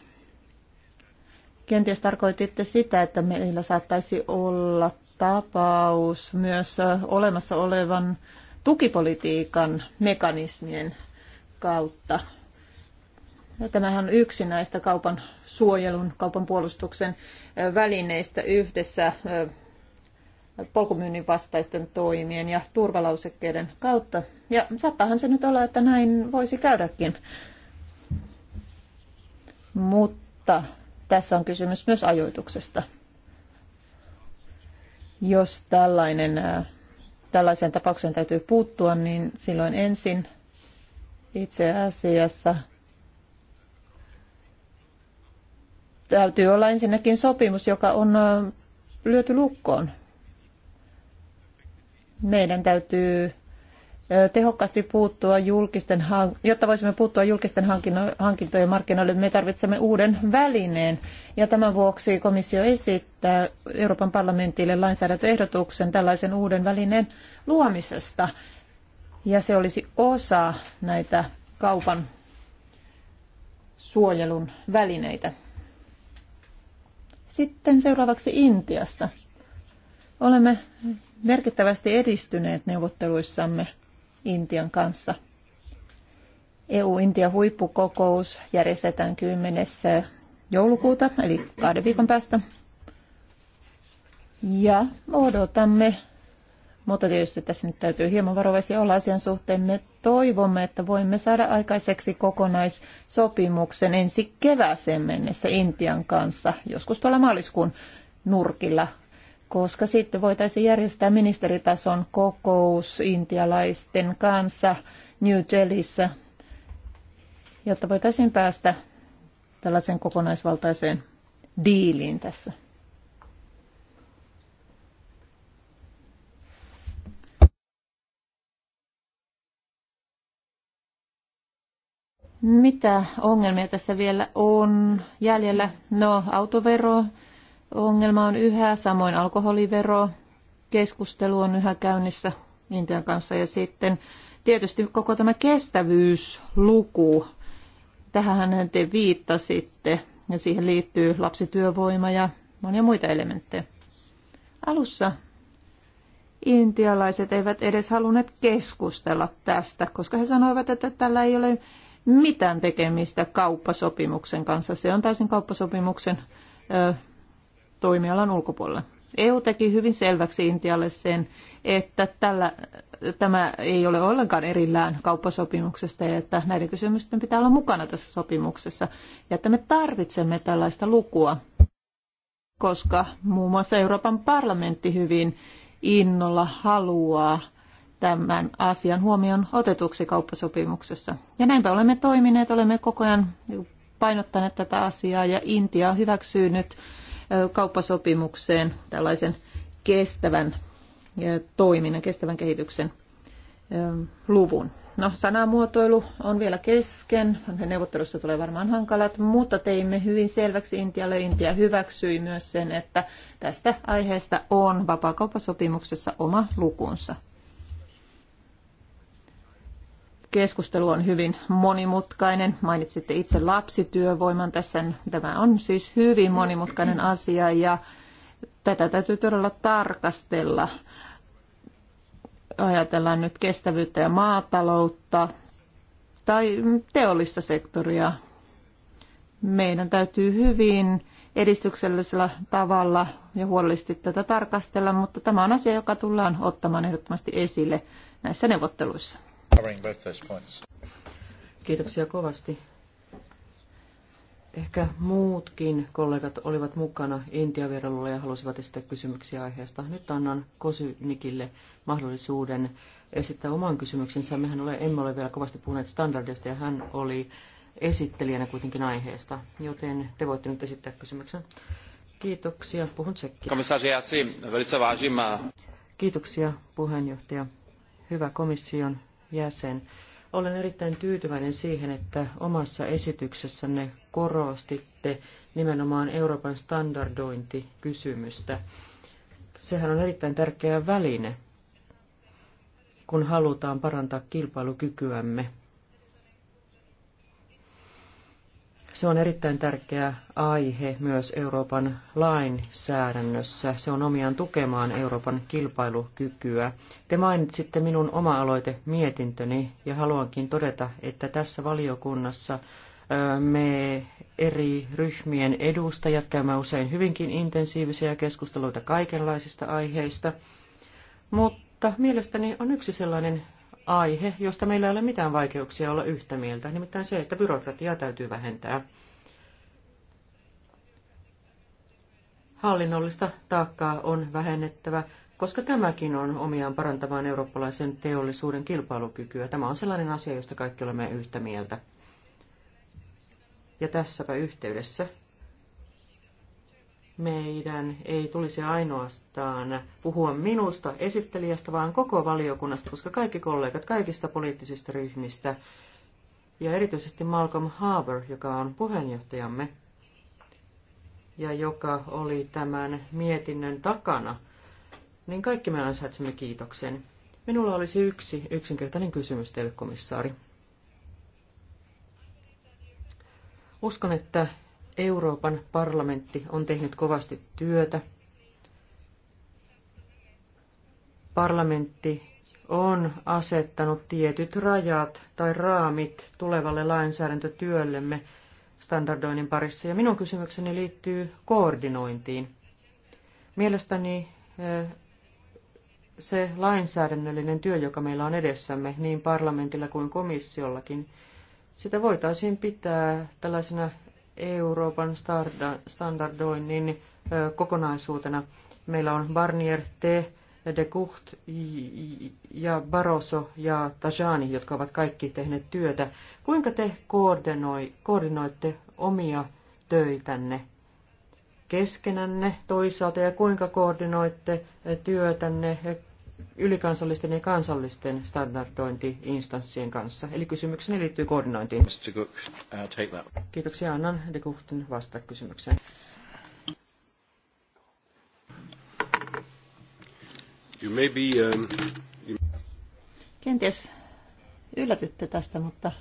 Kenties tarkoititte sitä, että meillä saattaisi olla tapaus myös olemassa olevan tukipolitiikan mekanismien kautta. Ja tämähän on yksi näistä kaupan suojelun, kaupan puolustuksen välineistä yhdessä polkumyynnin vastaisten toimien ja turvalausekkeiden kautta. Ja saattaahan se nyt olla, että näin voisi käydäkin. Mutta tässä on kysymys myös ajoituksesta. Jos tällainen, tällaiseen tapaukseen täytyy puuttua, niin silloin ensin itse asiassa täytyy olla ensinnäkin sopimus, joka on lyöty lukkoon meidän täytyy tehokkaasti puuttua julkisten, jotta voisimme puuttua julkisten hankintojen markkinoille, me tarvitsemme uuden välineen. Ja tämän vuoksi komissio esittää Euroopan parlamentille lainsäädäntöehdotuksen tällaisen uuden välineen luomisesta. Ja se olisi osa näitä kaupan suojelun välineitä. Sitten seuraavaksi Intiasta. Olemme merkittävästi edistyneet neuvotteluissamme Intian kanssa. EU-Intia-huippukokous järjestetään 10. joulukuuta, eli kahden viikon päästä. Ja odotamme, mutta tietysti tässä nyt täytyy hieman varovaisia olla asian suhteen. Me toivomme, että voimme saada aikaiseksi kokonaissopimuksen ensi kevääseen mennessä Intian kanssa, joskus tuolla maaliskuun nurkilla koska sitten voitaisiin järjestää ministeritason kokous intialaisten kanssa New Delhissä, jotta voitaisiin päästä tällaiseen kokonaisvaltaiseen diiliin tässä. Mitä ongelmia tässä vielä on jäljellä? No, autovero, ongelma on yhä, samoin alkoholivero, keskustelu on yhä käynnissä Intian kanssa ja sitten tietysti koko tämä kestävyysluku, tähän te viittasitte ja siihen liittyy lapsityövoima ja monia muita elementtejä. Alussa intialaiset eivät edes halunneet keskustella tästä, koska he sanoivat, että tällä ei ole mitään tekemistä kauppasopimuksen kanssa. Se on täysin kauppasopimuksen toimialan ulkopuolella. EU teki hyvin selväksi Intialle sen, että tällä, tämä ei ole ollenkaan erillään kauppasopimuksesta ja että näiden kysymysten pitää olla mukana tässä sopimuksessa ja että me tarvitsemme tällaista lukua, koska muun muassa Euroopan parlamentti hyvin innolla haluaa tämän asian huomioon otetuksi kauppasopimuksessa. Ja näinpä olemme toimineet, olemme koko ajan painottaneet tätä asiaa ja Intia hyväksyy nyt kauppasopimukseen tällaisen kestävän toiminnan, kestävän kehityksen luvun. No, sanamuotoilu on vielä kesken, neuvottelussa tulee varmaan hankalat, mutta teimme hyvin selväksi Intialle. Intia hyväksyi myös sen, että tästä aiheesta on vapaakauppasopimuksessa oma lukunsa keskustelu on hyvin monimutkainen. Mainitsitte itse lapsityövoiman tässä. Tämä on siis hyvin monimutkainen asia ja tätä täytyy todella tarkastella. Ajatellaan nyt kestävyyttä ja maataloutta tai teollista sektoria. Meidän täytyy hyvin edistyksellisellä tavalla ja huolellisesti tätä tarkastella, mutta tämä on asia, joka tullaan ottamaan ehdottomasti esille näissä neuvotteluissa. Kiitoksia kovasti. Ehkä muutkin kollegat olivat mukana Intia-vierailulla ja halusivat esittää kysymyksiä aiheesta. Nyt annan Kosynikille mahdollisuuden esittää oman kysymyksensä. Mehän ole, emme ole vielä kovasti puhuneet standardeista ja hän oli esittelijänä kuitenkin aiheesta, joten te voitte nyt esittää kysymyksen. Kiitoksia. Puhun tsekkiä. Kiitoksia puheenjohtaja. Hyvä komission jäsen. Olen erittäin tyytyväinen siihen, että omassa esityksessänne korostitte nimenomaan Euroopan standardointikysymystä. Sehän on erittäin tärkeä väline, kun halutaan parantaa kilpailukykyämme Se on erittäin tärkeä aihe myös Euroopan lainsäädännössä. Se on omiaan tukemaan Euroopan kilpailukykyä. Te mainitsitte minun oma-aloite mietintöni ja haluankin todeta, että tässä valiokunnassa me eri ryhmien edustajat käymme usein hyvinkin intensiivisiä keskusteluita kaikenlaisista aiheista, mutta mielestäni on yksi sellainen aihe, josta meillä ei ole mitään vaikeuksia olla yhtä mieltä, nimittäin se, että byrokratiaa täytyy vähentää. Hallinnollista taakkaa on vähennettävä, koska tämäkin on omiaan parantamaan eurooppalaisen teollisuuden kilpailukykyä. Tämä on sellainen asia, josta kaikki olemme yhtä mieltä. Ja tässäpä yhteydessä meidän ei tulisi ainoastaan puhua minusta esittelijästä, vaan koko valiokunnasta, koska kaikki kollegat kaikista poliittisista ryhmistä ja erityisesti Malcolm Harbour, joka on puheenjohtajamme ja joka oli tämän mietinnön takana, niin kaikki me ansaitsemme kiitoksen. Minulla olisi yksi yksinkertainen kysymys teille, komissaari. Uskon, että Euroopan parlamentti on tehnyt kovasti työtä. Parlamentti on asettanut tietyt rajat tai raamit tulevalle lainsäädäntötyöllemme standardoinnin parissa. Ja minun kysymykseni liittyy koordinointiin. Mielestäni eh, se lainsäädännöllinen työ, joka meillä on edessämme niin parlamentilla kuin komissiollakin, sitä voitaisiin pitää tällaisena Euroopan standardoinnin kokonaisuutena. Meillä on Barnier, T, De Gucht ja Barroso ja Tajani, jotka ovat kaikki tehneet työtä. Kuinka te koordinoi, koordinoitte omia töitänne keskenänne toisaalta ja kuinka koordinoitte työtänne ylikansallisten ja kansallisten standardointiinstanssien kanssa. Eli kysymykseni liittyy koordinointiin. Mr. Cook, uh, Kiitoksia. Annan de Guchtin vastata kysymykseen. You may be, um, you... Kenties yllätytte tästä, mutta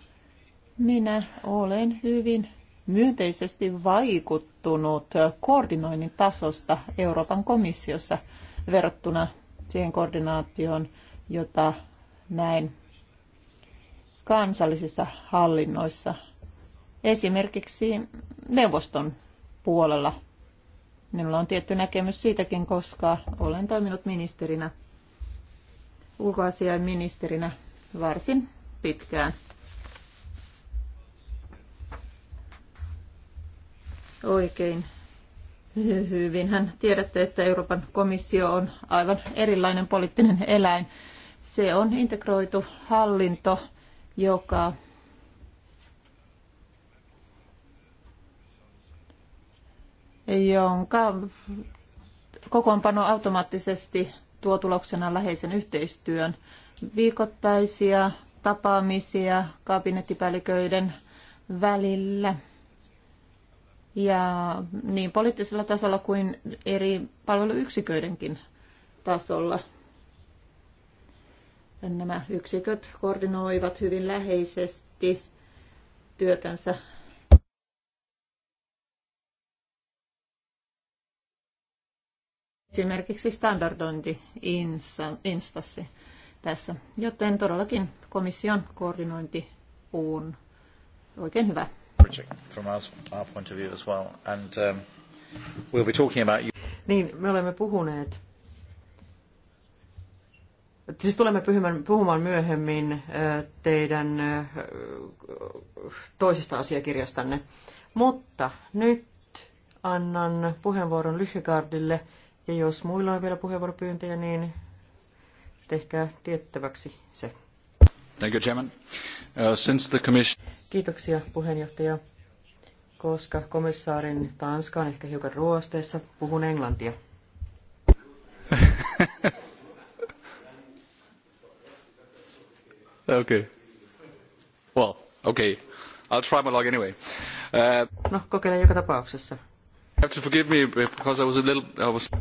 minä olen hyvin myönteisesti vaikuttunut koordinoinnin tasosta Euroopan komissiossa verrattuna siihen koordinaatioon, jota näin kansallisissa hallinnoissa, esimerkiksi neuvoston puolella. Minulla on tietty näkemys siitäkin, koska olen toiminut ministerinä, ulkoasiainministerinä varsin pitkään. Oikein Hyvinhän tiedätte, että Euroopan komissio on aivan erilainen poliittinen eläin. Se on integroitu hallinto, joka jonka kokoonpano automaattisesti tuo tuloksena läheisen yhteistyön viikoittaisia tapaamisia kabinettipäälliköiden välillä – ja niin poliittisella tasolla kuin eri palveluyksiköidenkin tasolla. Nämä yksiköt koordinoivat hyvin läheisesti työtänsä esimerkiksi standardointi instassi tässä. Joten todellakin komission koordinointi on oikein hyvä encouraging from our, our point of view as well. And um, we'll be talking about... you. Niin, me olemme puhuneet Siis tulemme puhumaan myöhemmin teidän toisesta asiakirjastanne. Mutta nyt annan puheenvuoron Lyhygardille. ja jos muilla on vielä puheenvuoropyyntöjä, niin tehkää tiettäväksi se. Thank you, Chairman. Uh, since the commission... Kiitoksia puheenjohtaja. Koska komissaarin Tanska on ehkä hiukan ruosteessa, puhun englantia. okay. Well, okay. I'll try my luck anyway. Uh, no, kokeile joka tapauksessa. have to forgive me because I was a little... I was...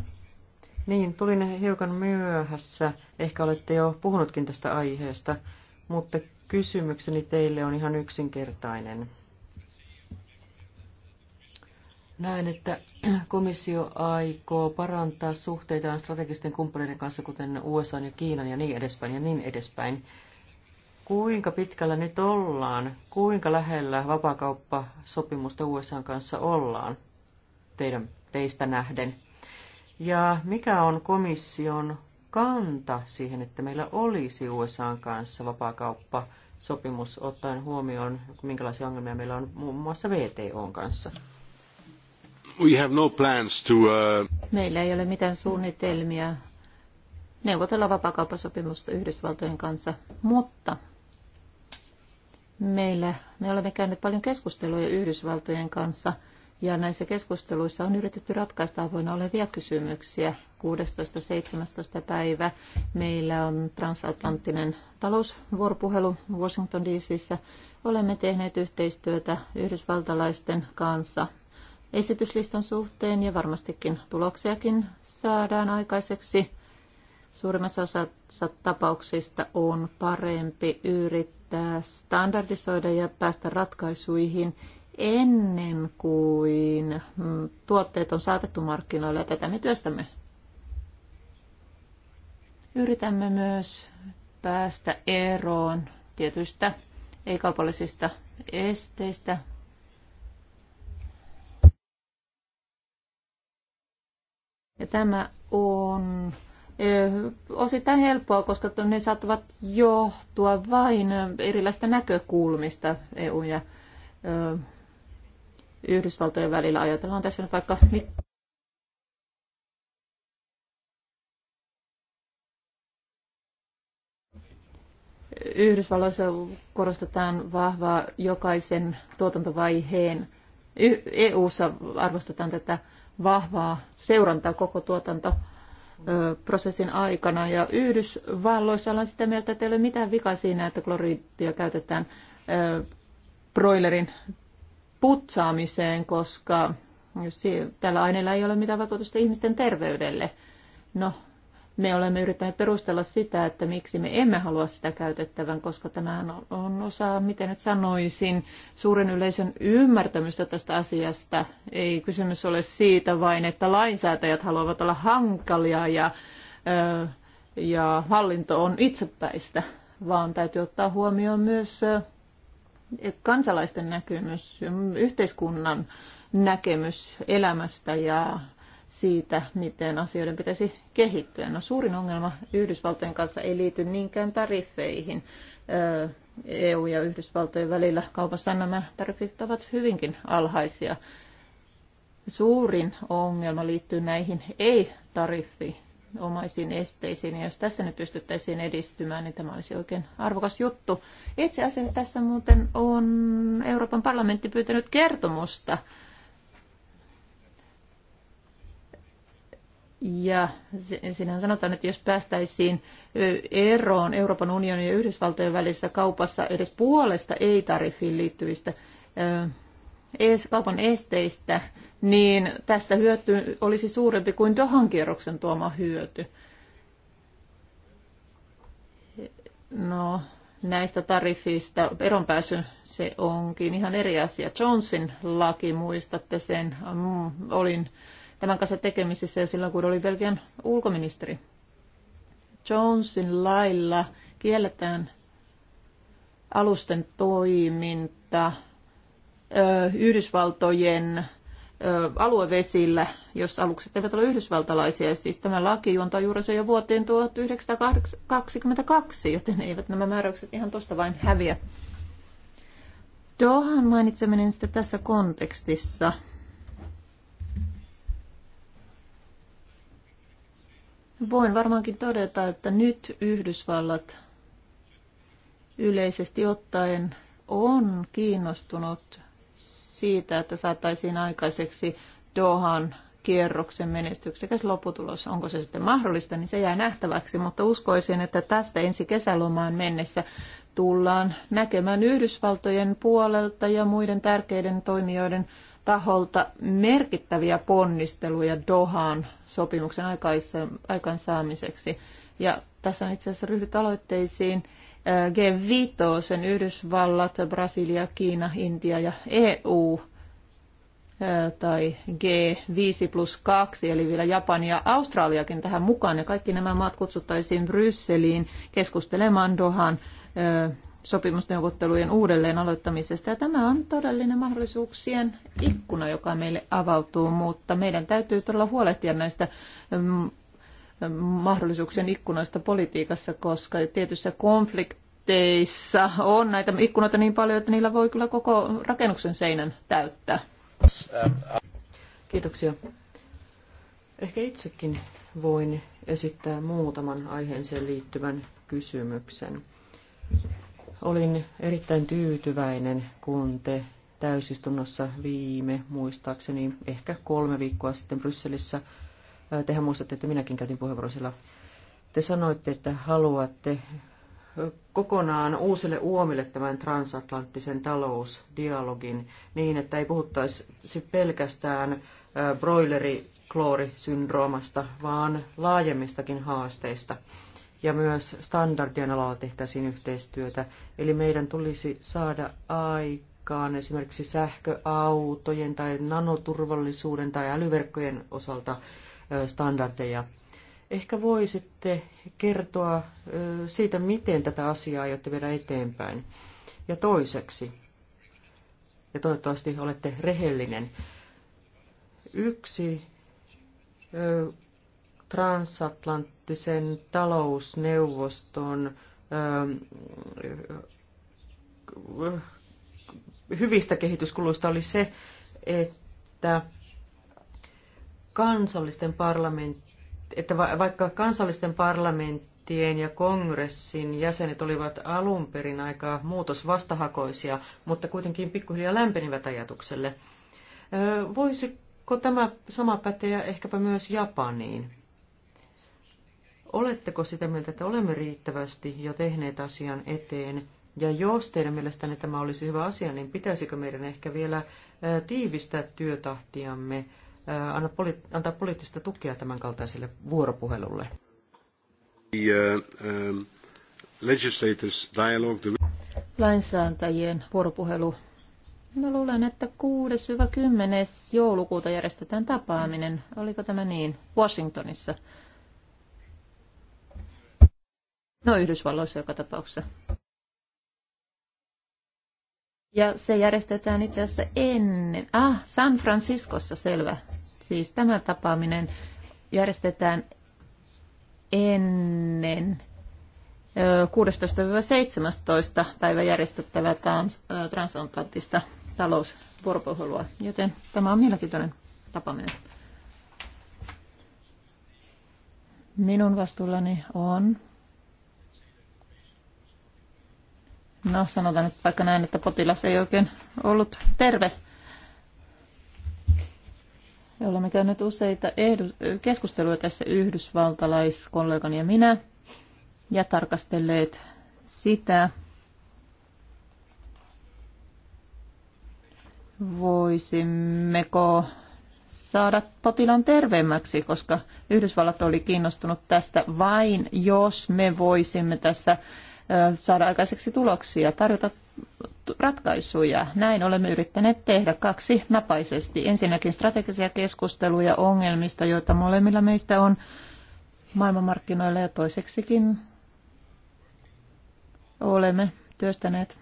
Niin, tulin hiukan myöhässä. Ehkä olette jo puhunutkin tästä aiheesta, mutta Kysymykseni teille on ihan yksinkertainen. Näen, että komissio aikoo parantaa suhteitaan strategisten kumppaneiden kanssa, kuten USA ja Kiinan ja niin edespäin ja niin edespäin. Kuinka pitkällä nyt ollaan? Kuinka lähellä vapakauppasopimusta USA kanssa ollaan teidän, teistä nähden? Ja mikä on komission kanta siihen, että meillä olisi USA kanssa vapaakauppasopimus? sopimus ottaen huomioon, minkälaisia ongelmia meillä on muun muassa VTOn kanssa? We have no plans to, uh... Meillä ei ole mitään suunnitelmia neuvotella vapakauppasopimusta Yhdysvaltojen kanssa, mutta meillä me olemme käyneet paljon keskusteluja Yhdysvaltojen kanssa ja näissä keskusteluissa on yritetty ratkaista avoinna olevia kysymyksiä, 16.17. päivä meillä on transatlanttinen talousvuoropuhelu Washington DCissä. Olemme tehneet yhteistyötä yhdysvaltalaisten kanssa esityslistan suhteen ja varmastikin tuloksiakin saadaan aikaiseksi. Suurimmassa osassa tapauksista on parempi yrittää standardisoida ja päästä ratkaisuihin ennen kuin tuotteet on saatettu markkinoille ja tätä me työstämme Yritämme myös päästä eroon tietyistä ei-kaupallisista esteistä. Ja tämä on osittain helppoa, koska ne saattavat johtua vain erilaisista näkökulmista EU ja Yhdysvaltojen välillä. Ajatellaan tässä nyt vaikka Yhdysvalloissa korostetaan vahvaa jokaisen tuotantovaiheen. EU:ssa arvostetaan tätä vahvaa seurantaa koko tuotantoprosessin aikana. Ja Yhdysvalloissa ollaan sitä mieltä, että ei ole mitään vikaa siinä, että kloriittia käytetään broilerin putsaamiseen, koska tällä aineella ei ole mitään vaikutusta ihmisten terveydelle. No, me olemme yrittäneet perustella sitä, että miksi me emme halua sitä käytettävän, koska tämä on osa, miten nyt sanoisin, suuren yleisön ymmärtämystä tästä asiasta. Ei kysymys ole siitä vain, että lainsäätäjät haluavat olla hankalia ja, ja hallinto on itsepäistä, vaan täytyy ottaa huomioon myös kansalaisten näkemys, yhteiskunnan näkemys elämästä ja siitä, miten asioiden pitäisi kehittyä. No, suurin ongelma Yhdysvaltojen kanssa ei liity niinkään tariffeihin. EU ja Yhdysvaltojen välillä kaupassa nämä tariffit ovat hyvinkin alhaisia. Suurin ongelma liittyy näihin ei tariffiomaisiin omaisiin esteisiin. Ja jos tässä nyt pystyttäisiin edistymään, niin tämä olisi oikein arvokas juttu. Itse asiassa tässä muuten on Euroopan parlamentti pyytänyt kertomusta Ja sinähän sanotaan, että jos päästäisiin eroon Euroopan unionin ja Yhdysvaltojen välisessä kaupassa edes puolesta ei-tariffiin liittyvistä kaupan esteistä, niin tästä hyöty olisi suurempi kuin Dohan kierroksen tuoma hyöty. No, näistä tariffista eronpääsy se onkin ihan eri asia. Johnson laki, muistatte sen, mm, olin tämän kanssa tekemisissä ja silloin, kun oli Belgian ulkoministeri. Jonesin lailla kielletään alusten toiminta Yhdysvaltojen aluevesillä, jos alukset eivät ole yhdysvaltalaisia. Siis tämä laki juontaa juuri se jo vuoteen 1922, joten eivät nämä määräykset ihan tuosta vain häviä. Dohan mainitseminen sitten tässä kontekstissa – Voin varmaankin todeta, että nyt Yhdysvallat yleisesti ottaen on kiinnostunut siitä, että saataisiin aikaiseksi Dohan kierroksen menestyksekäs lopputulos. Onko se sitten mahdollista, niin se jää nähtäväksi, mutta uskoisin, että tästä ensi kesälomaan mennessä tullaan näkemään Yhdysvaltojen puolelta ja muiden tärkeiden toimijoiden taholta merkittäviä ponnisteluja Dohaan sopimuksen aikaansaamiseksi. Ja tässä on itse asiassa ryhdyt aloitteisiin äh, G5, sen Yhdysvallat, Brasilia, Kiina, Intia ja EU äh, tai G5 plus 2, eli vielä Japani ja Australiakin tähän mukaan. Ja kaikki nämä maat kutsuttaisiin Brysseliin keskustelemaan Dohan äh, sopimusneuvottelujen uudelleen aloittamisesta. Ja tämä on todellinen mahdollisuuksien ikkuna, joka meille avautuu, mutta meidän täytyy todella huolehtia näistä mm, mahdollisuuksien ikkunoista politiikassa, koska tietyissä konflikteissa on näitä ikkunoita niin paljon, että niillä voi kyllä koko rakennuksen seinän täyttää. Kiitoksia. Ehkä itsekin voin esittää muutaman aiheeseen liittyvän kysymyksen. Olin erittäin tyytyväinen, kun te täysistunnossa viime, muistaakseni ehkä kolme viikkoa sitten Brysselissä, tehän muistatte, että minäkin käytin puheenvuoron siellä, te sanoitte, että haluatte kokonaan uusille uomille tämän transatlanttisen talousdialogin niin, että ei puhuttaisi pelkästään broileri syndroomasta vaan laajemmistakin haasteista – ja myös standardien alalla tehtäisiin yhteistyötä. Eli meidän tulisi saada aikaan esimerkiksi sähköautojen tai nanoturvallisuuden tai älyverkkojen osalta standardeja. Ehkä voisitte kertoa siitä, miten tätä asiaa aiotte viedä eteenpäin. Ja toiseksi, ja toivottavasti olette rehellinen, yksi transatlanttisen talousneuvoston ähm, hyvistä kehityskuluista oli se, että kansallisten parlamentti, että vaikka kansallisten parlamenttien ja kongressin jäsenet olivat alun perin aika muutosvastahakoisia, mutta kuitenkin pikkuhiljaa lämpenivät ajatukselle. Voisiko tämä sama päteä ehkäpä myös Japaniin? Oletteko sitä mieltä, että olemme riittävästi jo tehneet asian eteen? Ja jos teidän mielestänne tämä olisi hyvä asia, niin pitäisikö meidän ehkä vielä tiivistää työtahtiamme, antaa poliittista tukea tämän kaltaiselle vuoropuhelulle? Uh, um, Lainsäätäjien vuoropuhelu. Mä luulen, että 6-10. joulukuuta järjestetään tapaaminen. Oliko tämä niin? Washingtonissa. No Yhdysvalloissa joka tapauksessa. Ja se järjestetään itse asiassa ennen. Ah, San Franciscossa, selvä. Siis tämä tapaaminen järjestetään ennen 16-17 päivä järjestettävää transatlanttista talousvuoropuhelua, joten tämä on mielenkiintoinen tapaaminen. Minun vastuullani on No sanotaan nyt vaikka näin, että potilas ei oikein ollut terve. Olemme käyneet useita keskusteluja tässä yhdysvaltalaiskollegani ja minä ja tarkastelleet sitä, voisimmeko saada potilaan terveemmäksi, koska Yhdysvallat oli kiinnostunut tästä vain, jos me voisimme tässä saada aikaiseksi tuloksia, tarjota ratkaisuja. Näin olemme yrittäneet tehdä kaksi napaisesti. Ensinnäkin strategisia keskusteluja ongelmista, joita molemmilla meistä on maailmanmarkkinoilla ja toiseksikin olemme työstäneet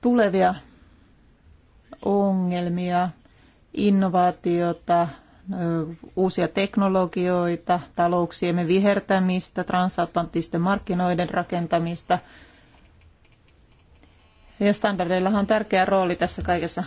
tulevia ongelmia, innovaatiota, uusia teknologioita, talouksiemme vihertämistä, transatlanttisten markkinoiden rakentamista. Ja standardeillahan on tärkeä rooli tässä kaikessa.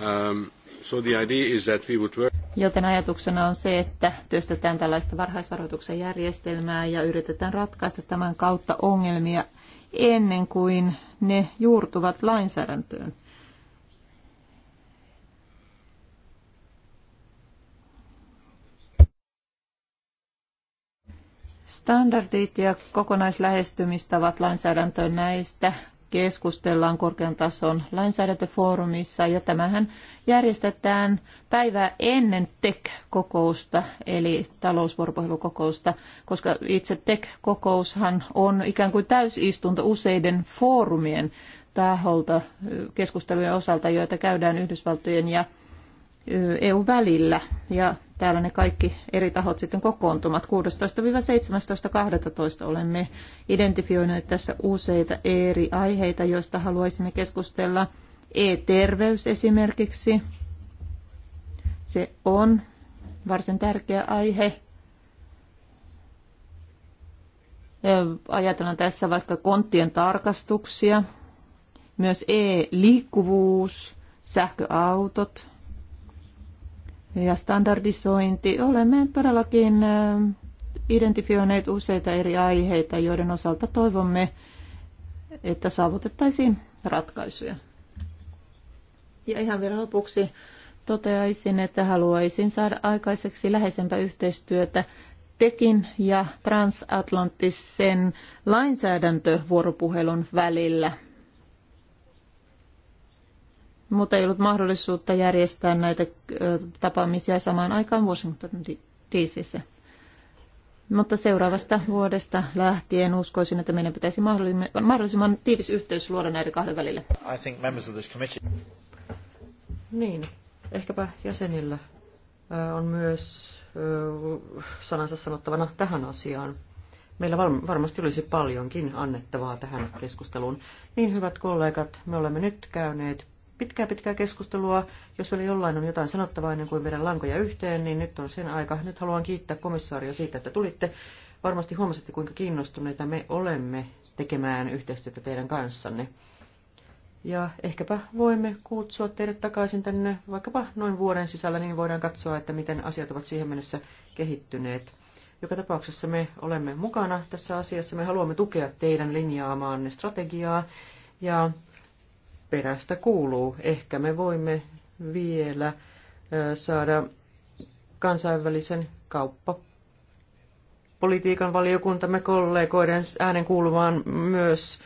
Um, so the idea is that we would work... Joten ajatuksena on se, että työstetään tällaista varhaisvaroituksen järjestelmää ja yritetään ratkaista tämän kautta ongelmia ennen kuin ne juurtuvat lainsäädäntöön. Standardit ja kokonaislähestymistavat lainsäädäntöön näistä keskustellaan korkean tason lainsäädäntöfoorumissa ja tämähän järjestetään päivää ennen TEC-kokousta eli talousvuoropuhelukokousta, koska itse TEC-kokoushan on ikään kuin täysistunto useiden foorumien taholta keskustelujen osalta, joita käydään Yhdysvaltojen ja EU välillä. Ja täällä ne kaikki eri tahot sitten kokoontumat. 16-17.12. olemme identifioineet tässä useita eri aiheita, joista haluaisimme keskustella. E-terveys esimerkiksi. Se on varsin tärkeä aihe. Ajatellaan tässä vaikka konttien tarkastuksia, myös e-liikkuvuus, sähköautot, ja standardisointi. Olemme todellakin identifioineet useita eri aiheita, joiden osalta toivomme, että saavutettaisiin ratkaisuja. Ja ihan vielä lopuksi toteaisin, että haluaisin saada aikaiseksi läheisempää yhteistyötä TEKin ja transatlanttisen lainsäädäntövuoropuhelun välillä mutta ei ollut mahdollisuutta järjestää näitä tapaamisia samaan aikaan Washington DCssä. Mutta seuraavasta vuodesta lähtien uskoisin, että meidän pitäisi mahdollisimman tiivis yhteys luoda näiden kahden välille. I think members of this committee... Niin, ehkäpä jäsenillä on myös sanansa sanottavana tähän asiaan. Meillä varmasti olisi paljonkin annettavaa tähän keskusteluun. Niin hyvät kollegat, me olemme nyt käyneet pitkää pitkää keskustelua. Jos vielä jollain on jotain sanottavaa ennen kuin vedän lankoja yhteen, niin nyt on sen aika. Nyt haluan kiittää komissaaria siitä, että tulitte. Varmasti huomasitte, kuinka kiinnostuneita me olemme tekemään yhteistyötä teidän kanssanne. Ja ehkäpä voimme kutsua teidät takaisin tänne vaikkapa noin vuoden sisällä, niin voidaan katsoa, että miten asiat ovat siihen mennessä kehittyneet. Joka tapauksessa me olemme mukana tässä asiassa. Me haluamme tukea teidän linjaamaanne strategiaa ja perästä kuuluu. Ehkä me voimme vielä saada kansainvälisen kauppapolitiikan valiokuntamme kollegoiden äänen kuulumaan myös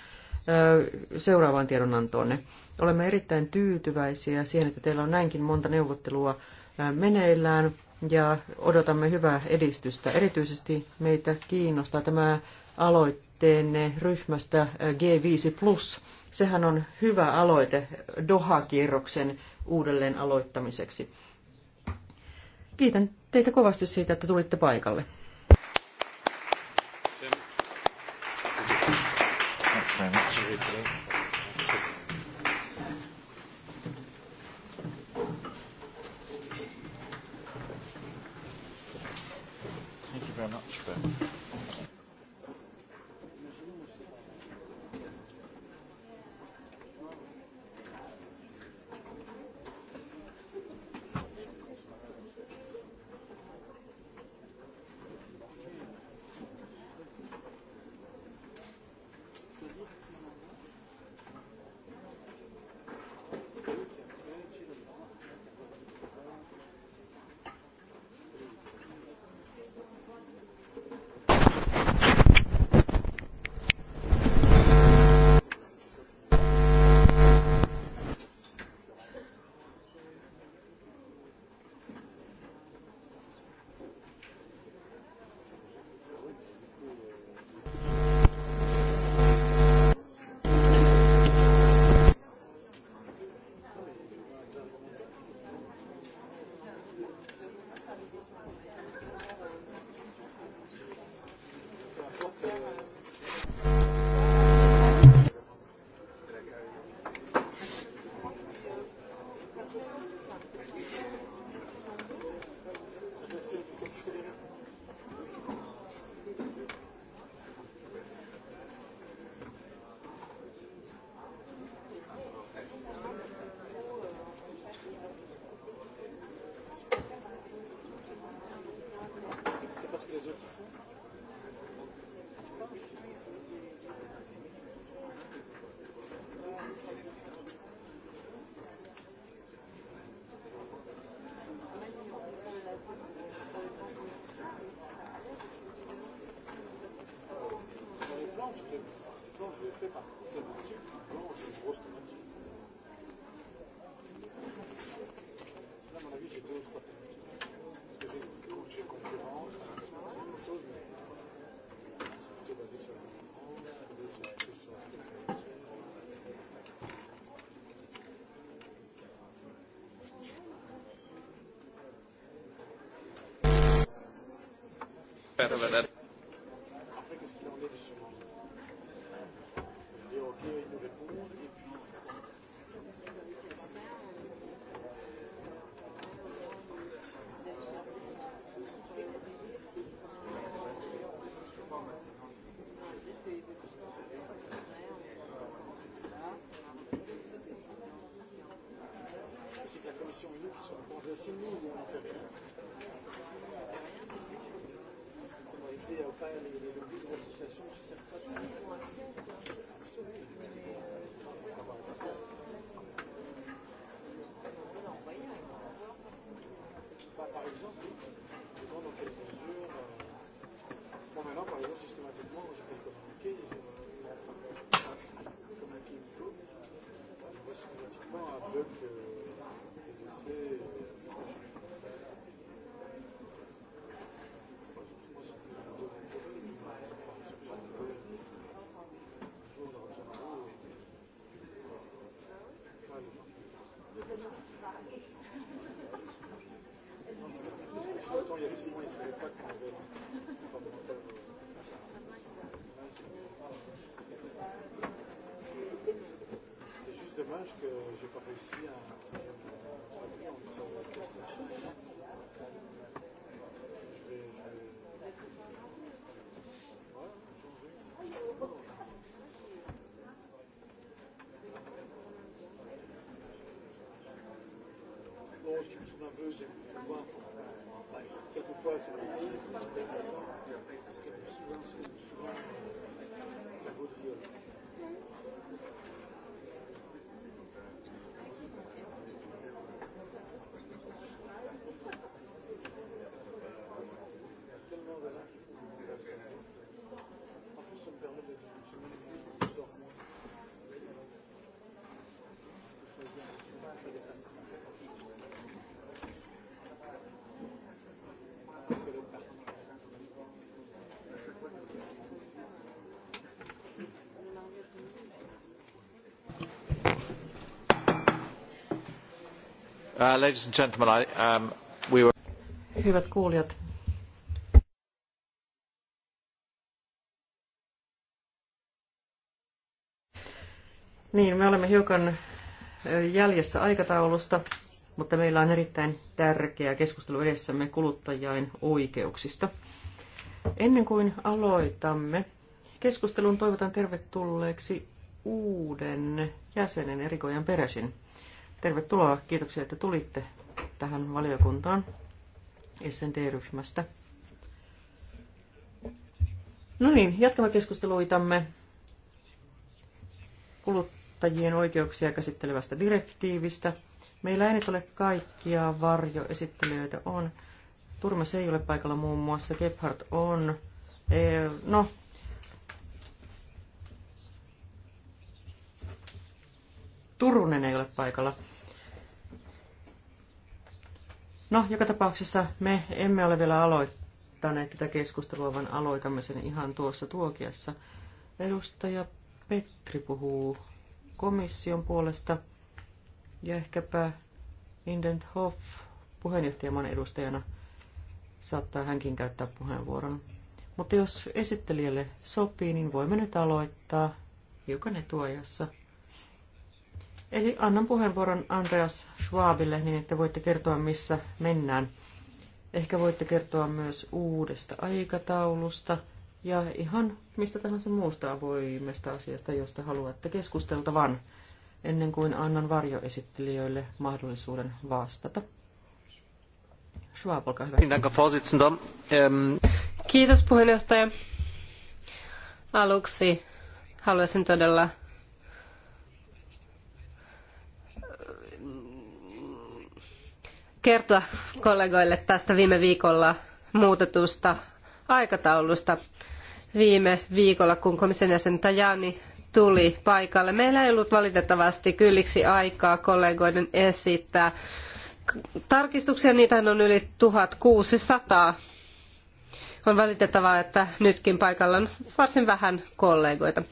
seuraavaan tiedonantoonne. Olemme erittäin tyytyväisiä siihen, että teillä on näinkin monta neuvottelua meneillään ja odotamme hyvää edistystä. Erityisesti meitä kiinnostaa tämä aloitteenne ryhmästä G5+. Plus Sehän on hyvä aloite Doha-kierroksen uudelleen aloittamiseksi. Kiitän teitä kovasti siitä, että tulitte paikalle. Thanks very much. perverted. Par exemple, dans quelle mesure. Bon, maintenant, par exemple, systématiquement, j'ai quelques communiqués, j'ai communiqué une flotte, je vois systématiquement un bug, des euh, essais. choses qui me saoulent quelquefois, quelquefois c'est la chose qui souvent c'est la gaudriole. Uh, ladies and gentlemen, I, um, we were... Hyvät kuulijat, Niin, me olemme hiukan jäljessä aikataulusta, mutta meillä on erittäin tärkeä keskustelu edessämme kuluttajien oikeuksista. Ennen kuin aloitamme keskustelun, toivotan tervetulleeksi uuden jäsenen Erikojan Peräsin. Tervetuloa, kiitoksia, että tulitte tähän valiokuntaan SND-ryhmästä. No niin, jatkamme keskusteluitamme kuluttajien oikeuksia käsittelevästä direktiivistä. Meillä ei nyt ole kaikkia varjoesittelijöitä on. Turmes ei ole paikalla muun muassa, Gebhard on. E, no, Turunen ei ole paikalla. No, joka tapauksessa me emme ole vielä aloittaneet tätä keskustelua, vaan aloitamme sen ihan tuossa tuokiassa. Edustaja Petri puhuu komission puolesta ja ehkäpä Indent Hoff puheenjohtajaman edustajana saattaa hänkin käyttää puheenvuoron. Mutta jos esittelijälle sopii, niin voimme nyt aloittaa hiukan etuajassa. Eli annan puheenvuoron Andreas Schwabille niin, että voitte kertoa, missä mennään. Ehkä voitte kertoa myös uudesta aikataulusta ja ihan mistä tahansa muusta avoimesta asiasta, josta haluatte keskusteltavan, ennen kuin annan varjoesittelijöille mahdollisuuden vastata. Schwab, olkaa hyvä. Ähm, Kiitos puheenjohtaja. Aluksi haluaisin todella kertoa kollegoille tästä viime viikolla muutetusta aikataulusta. Viime viikolla, kun komission jäsen Tajani tuli paikalle, meillä ei ollut valitettavasti kylliksi aikaa kollegoiden esittää tarkistuksia, niitä on yli 1600. On valitettavaa, että nytkin paikalla on varsin vähän kollegoita.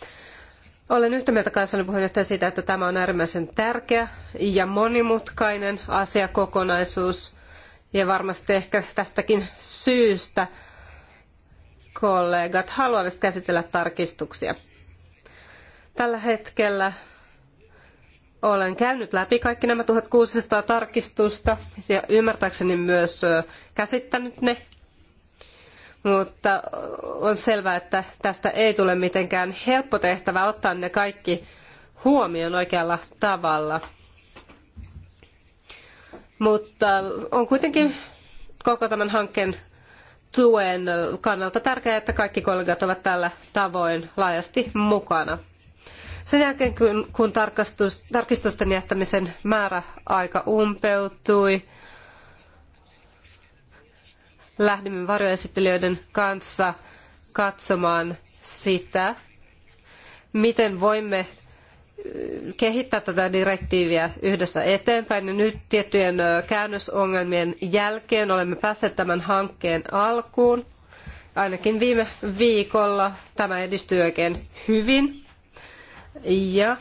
Olen yhtä mieltä kanssanne puheenjohtaja siitä, että tämä on äärimmäisen tärkeä ja monimutkainen asiakokonaisuus. Ja varmasti ehkä tästäkin syystä kollegat haluavat käsitellä tarkistuksia. Tällä hetkellä olen käynyt läpi kaikki nämä 1600 tarkistusta ja ymmärtääkseni myös käsittänyt ne mutta on selvää, että tästä ei tule mitenkään helppo tehtävä ottaa ne kaikki huomioon oikealla tavalla. Mutta on kuitenkin koko tämän hankkeen tuen kannalta tärkeää, että kaikki kollegat ovat tällä tavoin laajasti mukana. Sen jälkeen, kun, kun tarkistusten jättämisen määräaika umpeutui, lähdimme varjoesittelijöiden kanssa katsomaan sitä, miten voimme kehittää tätä direktiiviä yhdessä eteenpäin. Ja nyt tiettyjen käännösongelmien jälkeen olemme päässeet tämän hankkeen alkuun. Ainakin viime viikolla tämä edistyi oikein hyvin. Ja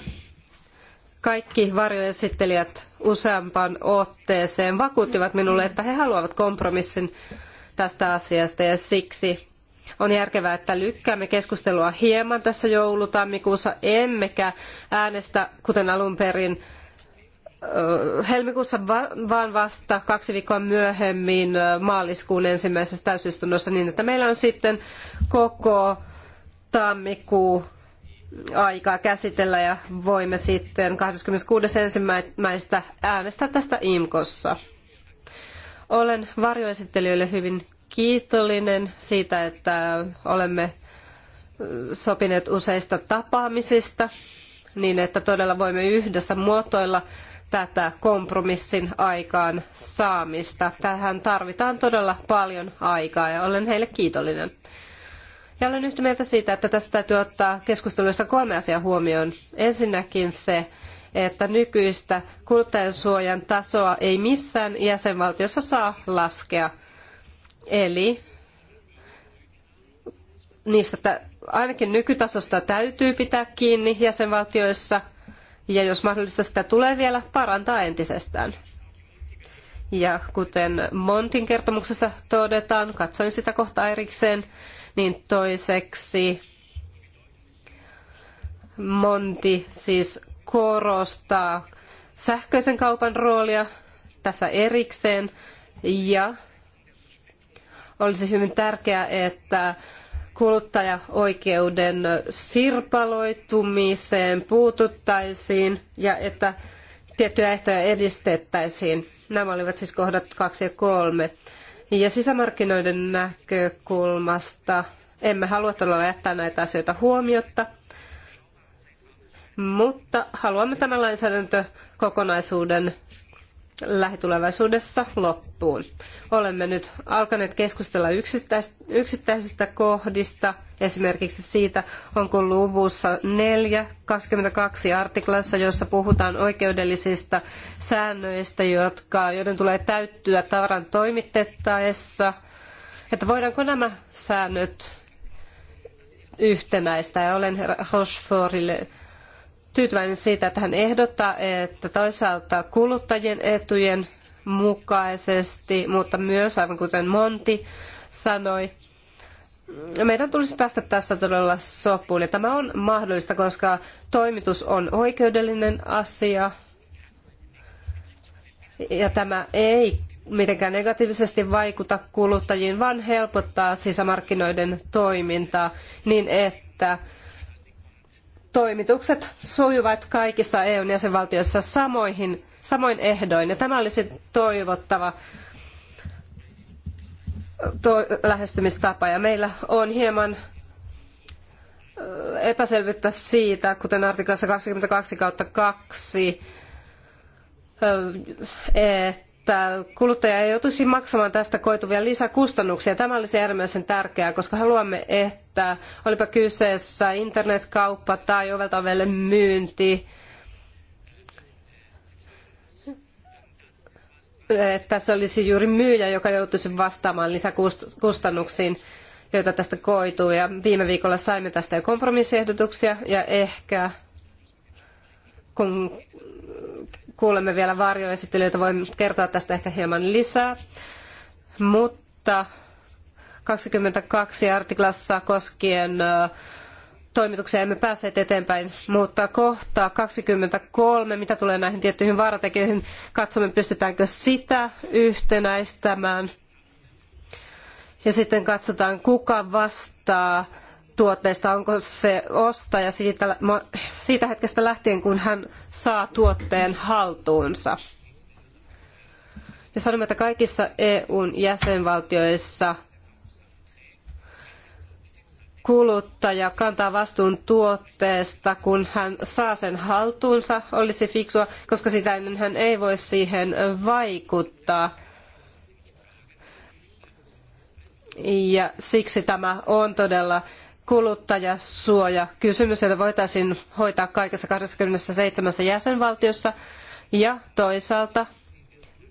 kaikki varjoesittelijät useampaan otteeseen vakuuttivat minulle, että he haluavat kompromissin tästä asiasta ja siksi on järkevää, että lykkäämme keskustelua hieman tässä joulutammikuussa, emmekä äänestä, kuten alun perin helmikuussa, vaan vasta kaksi viikkoa myöhemmin maaliskuun ensimmäisessä täysistunnossa niin, että meillä on sitten koko tammikuu aikaa käsitellä ja voimme sitten 26.1. äänestää tästä IMKossa. Olen varjoesittelijöille hyvin kiitollinen siitä, että olemme sopineet useista tapaamisista niin, että todella voimme yhdessä muotoilla tätä kompromissin aikaan saamista. Tähän tarvitaan todella paljon aikaa ja olen heille kiitollinen. Ja olen yhtä mieltä siitä, että tässä täytyy ottaa keskusteluissa kolme asiaa huomioon. Ensinnäkin se, että nykyistä kuluttajansuojan tasoa ei missään jäsenvaltiossa saa laskea. Eli niistä ainakin nykytasosta täytyy pitää kiinni jäsenvaltioissa ja jos mahdollista sitä tulee vielä parantaa entisestään. Ja kuten Montin kertomuksessa todetaan, katsoin sitä kohta erikseen, niin toiseksi Monti siis korostaa sähköisen kaupan roolia tässä erikseen ja olisi hyvin tärkeää, että kuluttajaoikeuden sirpaloitumiseen puututtaisiin ja että tiettyjä ehtoja edistettäisiin. Nämä olivat siis kohdat kaksi ja kolme. Ja sisämarkkinoiden näkökulmasta emme halua todella jättää näitä asioita huomiotta – mutta haluamme tämän lainsäädäntökokonaisuuden lähitulevaisuudessa loppuun. Olemme nyt alkaneet keskustella yksittäisistä kohdista, esimerkiksi siitä, onko luvussa 4, 22 artiklassa, jossa puhutaan oikeudellisista säännöistä, jotka, joiden tulee täyttyä tavaran toimitettaessa, että voidaanko nämä säännöt yhtenäistä. Ja olen Rochefortille tyytyväinen siitä, että hän ehdottaa, että toisaalta kuluttajien etujen mukaisesti, mutta myös aivan kuten Monti sanoi, meidän tulisi päästä tässä todella sopuun. Ja tämä on mahdollista, koska toimitus on oikeudellinen asia. Ja tämä ei mitenkään negatiivisesti vaikuta kuluttajiin, vaan helpottaa sisämarkkinoiden toimintaa niin, että toimitukset sujuvat kaikissa EUn jäsenvaltioissa samoihin, samoin ehdoin. Ja tämä olisi toivottava to- lähestymistapa. Ja meillä on hieman epäselvyyttä siitä, kuten artiklassa 22 kautta 2, että että kuluttaja ei joutuisi maksamaan tästä koituvia lisäkustannuksia. Tämä olisi äärimmäisen tärkeää, koska haluamme, että olipa kyseessä internetkauppa tai ovelta ovelle myynti, että se olisi juuri myyjä, joka joutuisi vastaamaan lisäkustannuksiin, joita tästä koituu. Ja viime viikolla saimme tästä jo kompromissiehdotuksia ja ehkä kun kuulemme vielä varjoesittelijöitä, voin kertoa tästä ehkä hieman lisää. Mutta 22 artiklassa koskien toimituksia emme päässeet eteenpäin, mutta kohta 23, mitä tulee näihin tiettyihin vaaratekijöihin, katsomme pystytäänkö sitä yhtenäistämään. Ja sitten katsotaan, kuka vastaa tuotteista, onko se ostaja siitä, siitä hetkestä lähtien, kun hän saa tuotteen haltuunsa. Ja sanomme, että kaikissa EUn jäsenvaltioissa kuluttaja kantaa vastuun tuotteesta, kun hän saa sen haltuunsa, olisi fiksua, koska sitä ennen hän ei voi siihen vaikuttaa. Ja siksi tämä on todella kuluttajasuoja kysymys, jota voitaisiin hoitaa kaikessa 27 jäsenvaltiossa. Ja toisaalta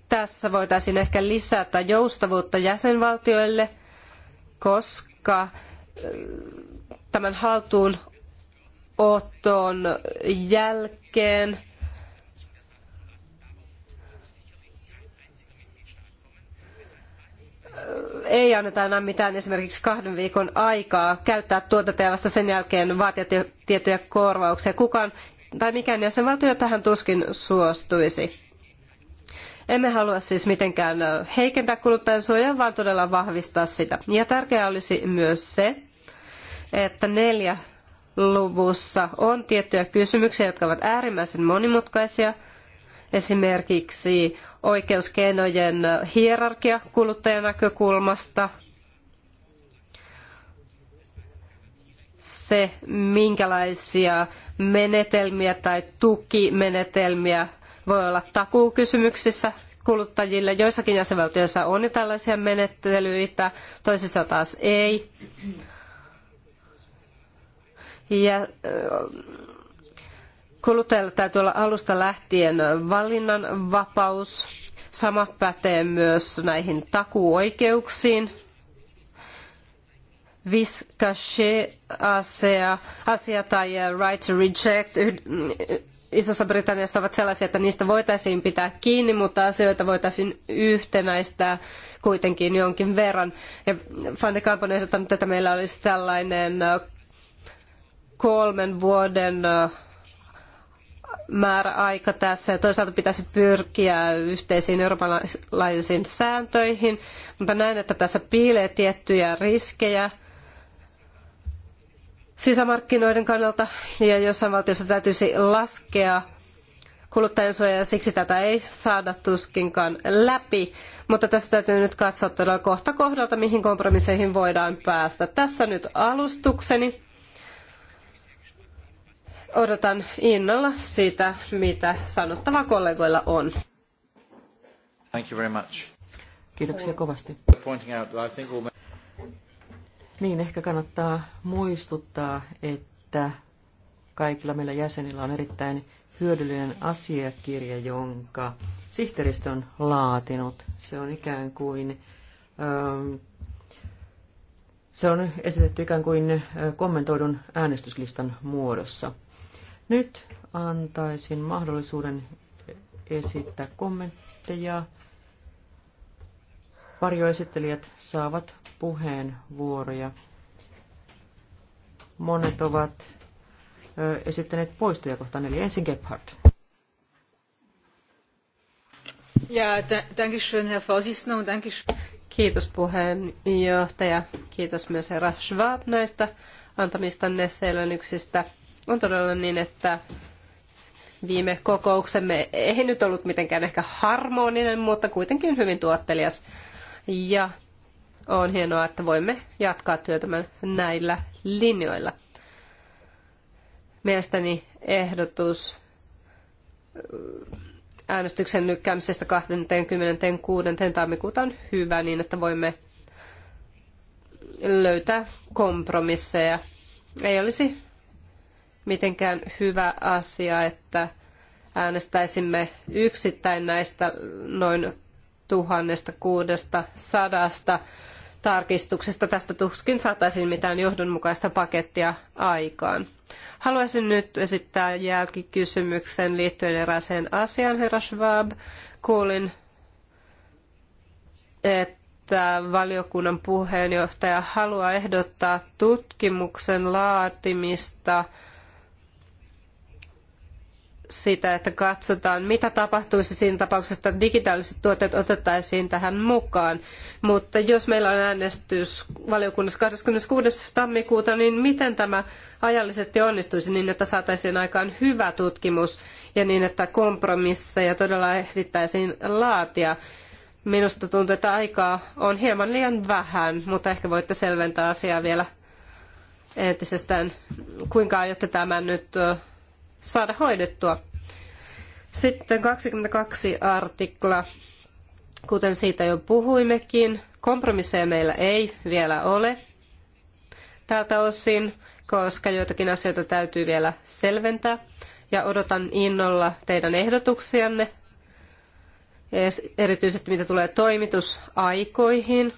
tässä voitaisiin ehkä lisätä joustavuutta jäsenvaltioille, koska äh, tämän haltuun oton jälkeen ei anneta enää mitään esimerkiksi kahden viikon aikaa käyttää tuotetta ja vasta sen jälkeen vaatia tiettyjä korvauksia. Kukaan tai mikään jäsenvaltio tähän tuskin suostuisi. Emme halua siis mitenkään heikentää kuluttajan suojaa, vaan todella vahvistaa sitä. Ja tärkeää olisi myös se, että neljä luvussa on tiettyjä kysymyksiä, jotka ovat äärimmäisen monimutkaisia – esimerkiksi oikeuskeinojen hierarkia kuluttajan näkökulmasta, se, minkälaisia menetelmiä tai tukimenetelmiä voi olla takuukysymyksissä kuluttajille. Joissakin jäsenvaltioissa on jo tällaisia menettelyitä, toisissa taas ei. Ja Kuluttajalla täytyy olla alusta lähtien valinnan vapaus. Sama pätee myös näihin takuoikeuksiin. Vis cachet asia, asia tai right to reject Isossa Britanniassa ovat sellaisia, että niistä voitaisiin pitää kiinni, mutta asioita voitaisiin yhtenäistää kuitenkin jonkin verran. Ja Van de Kamp on ehdottanut, että meillä olisi tällainen kolmen vuoden määräaika tässä ja toisaalta pitäisi pyrkiä yhteisiin Euroopan laajuisiin sääntöihin, mutta näen, että tässä piilee tiettyjä riskejä sisämarkkinoiden kannalta ja jossain valtiossa täytyisi laskea kuluttajansuoja ja siksi tätä ei saada tuskinkaan läpi. Mutta tässä täytyy nyt katsoa todella kohta kohdalta, mihin kompromisseihin voidaan päästä. Tässä nyt alustukseni. Odotan innolla sitä, mitä sanottavaa kollegoilla on. Thank you very much. Kiitoksia kovasti. Niin, ehkä kannattaa muistuttaa, että kaikilla meillä jäsenillä on erittäin hyödyllinen asiakirja, jonka sihteeristö on laatinut. Se on ikään kuin... Ähm, se on esitetty ikään kuin äh, kommentoidun äänestyslistan muodossa. Nyt antaisin mahdollisuuden esittää kommentteja. Varjoesittelijät saavat puheenvuoroja. Monet ovat esittäneet poistoja kohtaan, eli ensin Gebhardt. Kiitos puheenjohtaja. Kiitos myös herra Schwab näistä antamistanne selvennyksistä on todella niin, että viime kokouksemme ei nyt ollut mitenkään ehkä harmoninen, mutta kuitenkin hyvin tuottelias. Ja on hienoa, että voimme jatkaa työtämme näillä linjoilla. Mielestäni ehdotus äh, äänestyksen lykkäämisestä 26. tammikuuta on hyvä niin, että voimme löytää kompromisseja. Ei olisi mitenkään hyvä asia, että äänestäisimme yksittäin näistä noin tuhannesta kuudesta sadasta tarkistuksesta. Tästä tuskin saataisiin mitään johdonmukaista pakettia aikaan. Haluaisin nyt esittää jälkikysymyksen liittyen erääseen asiaan, herra Schwab. Kuulin, että valiokunnan puheenjohtaja haluaa ehdottaa tutkimuksen laatimista – sitä, että katsotaan, mitä tapahtuisi siinä tapauksessa, että digitaaliset tuotteet otettaisiin tähän mukaan. Mutta jos meillä on äänestys valiokunnassa 26. tammikuuta, niin miten tämä ajallisesti onnistuisi niin, että saataisiin aikaan hyvä tutkimus ja niin, että kompromisseja todella ehdittäisiin laatia? Minusta tuntuu, että aikaa on hieman liian vähän, mutta ehkä voitte selventää asiaa vielä entisestään. Kuinka aiotte tämän nyt saada hoidettua. Sitten 22 artikla, kuten siitä jo puhuimmekin, kompromisseja meillä ei vielä ole tältä osin, koska joitakin asioita täytyy vielä selventää. Ja odotan innolla teidän ehdotuksianne, erityisesti mitä tulee toimitusaikoihin,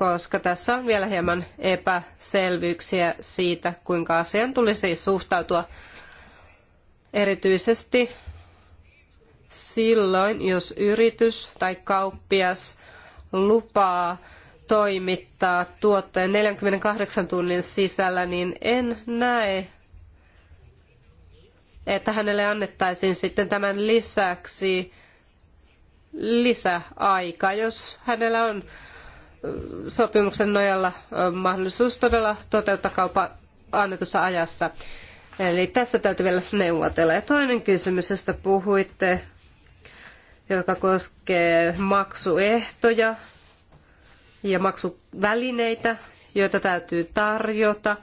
koska tässä on vielä hieman epäselvyyksiä siitä, kuinka asian tulisi suhtautua erityisesti silloin, jos yritys tai kauppias lupaa toimittaa tuotteen 48 tunnin sisällä, niin en näe, että hänelle annettaisiin sitten tämän lisäksi lisäaika, jos hänellä on sopimuksen nojalla mahdollisuus todella toteuttaa kauppa annetussa ajassa. Eli tästä täytyy vielä neuvotella. Ja toinen kysymys, josta puhuitte, joka koskee maksuehtoja ja maksuvälineitä, joita täytyy tarjota.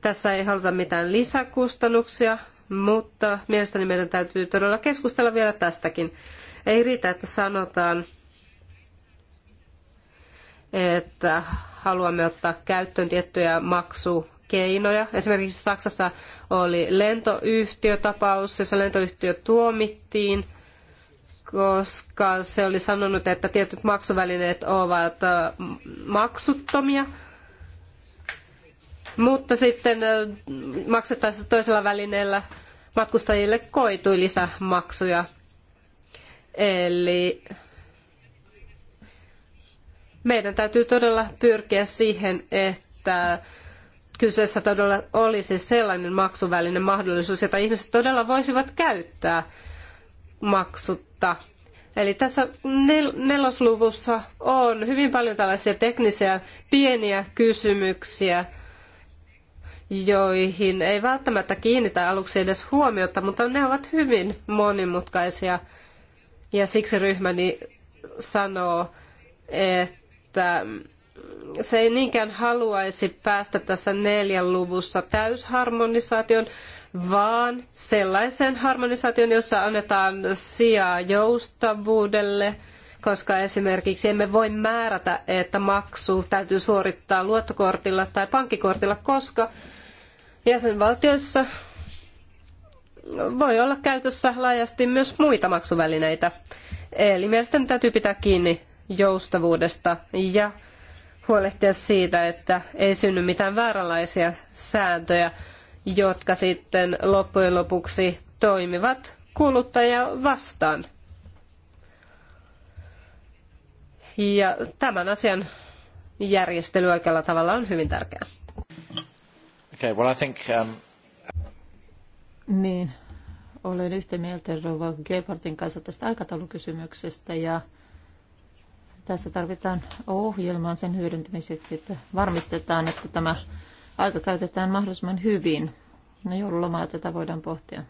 Tässä ei haluta mitään lisäkustannuksia, mutta mielestäni meidän täytyy todella keskustella vielä tästäkin. Ei riitä, että sanotaan, että haluamme ottaa käyttöön tiettyjä maksukeinoja. Esimerkiksi Saksassa oli lentoyhtiötapaus, jossa lentoyhtiö tuomittiin, koska se oli sanonut, että tietyt maksuvälineet ovat äh, maksuttomia. Mutta sitten äh, maksettaessa toisella välineellä matkustajille koitui lisämaksuja. Eli meidän täytyy todella pyrkiä siihen, että kyseessä todella olisi sellainen maksuvälinen mahdollisuus, jota ihmiset todella voisivat käyttää maksutta. Eli tässä nel- nelosluvussa on hyvin paljon tällaisia teknisiä pieniä kysymyksiä, joihin ei välttämättä kiinnitä aluksi edes huomiota, mutta ne ovat hyvin monimutkaisia. Ja siksi ryhmäni sanoo, että että se ei niinkään haluaisi päästä tässä neljän luvussa täysharmonisaation, vaan sellaisen harmonisaation, jossa annetaan sijaa joustavuudelle, koska esimerkiksi emme voi määrätä, että maksu täytyy suorittaa luottokortilla tai pankkikortilla, koska jäsenvaltioissa voi olla käytössä laajasti myös muita maksuvälineitä. Eli mielestäni täytyy pitää kiinni joustavuudesta ja huolehtia siitä, että ei synny mitään vääränlaisia sääntöjä, jotka sitten loppujen lopuksi toimivat kuluttajia vastaan. Ja tämän asian järjestely oikealla tavalla on hyvin tärkeää. Okay, well I think, um... Niin, olen yhtä mieltä Rova Gebhardin kanssa tästä aikataulukysymyksestä ja tässä tarvitaan ohjelmaa sen hyödyntämiseksi, että varmistetaan, että tämä aika käytetään mahdollisimman hyvin. No joululomalla tätä voidaan pohtia.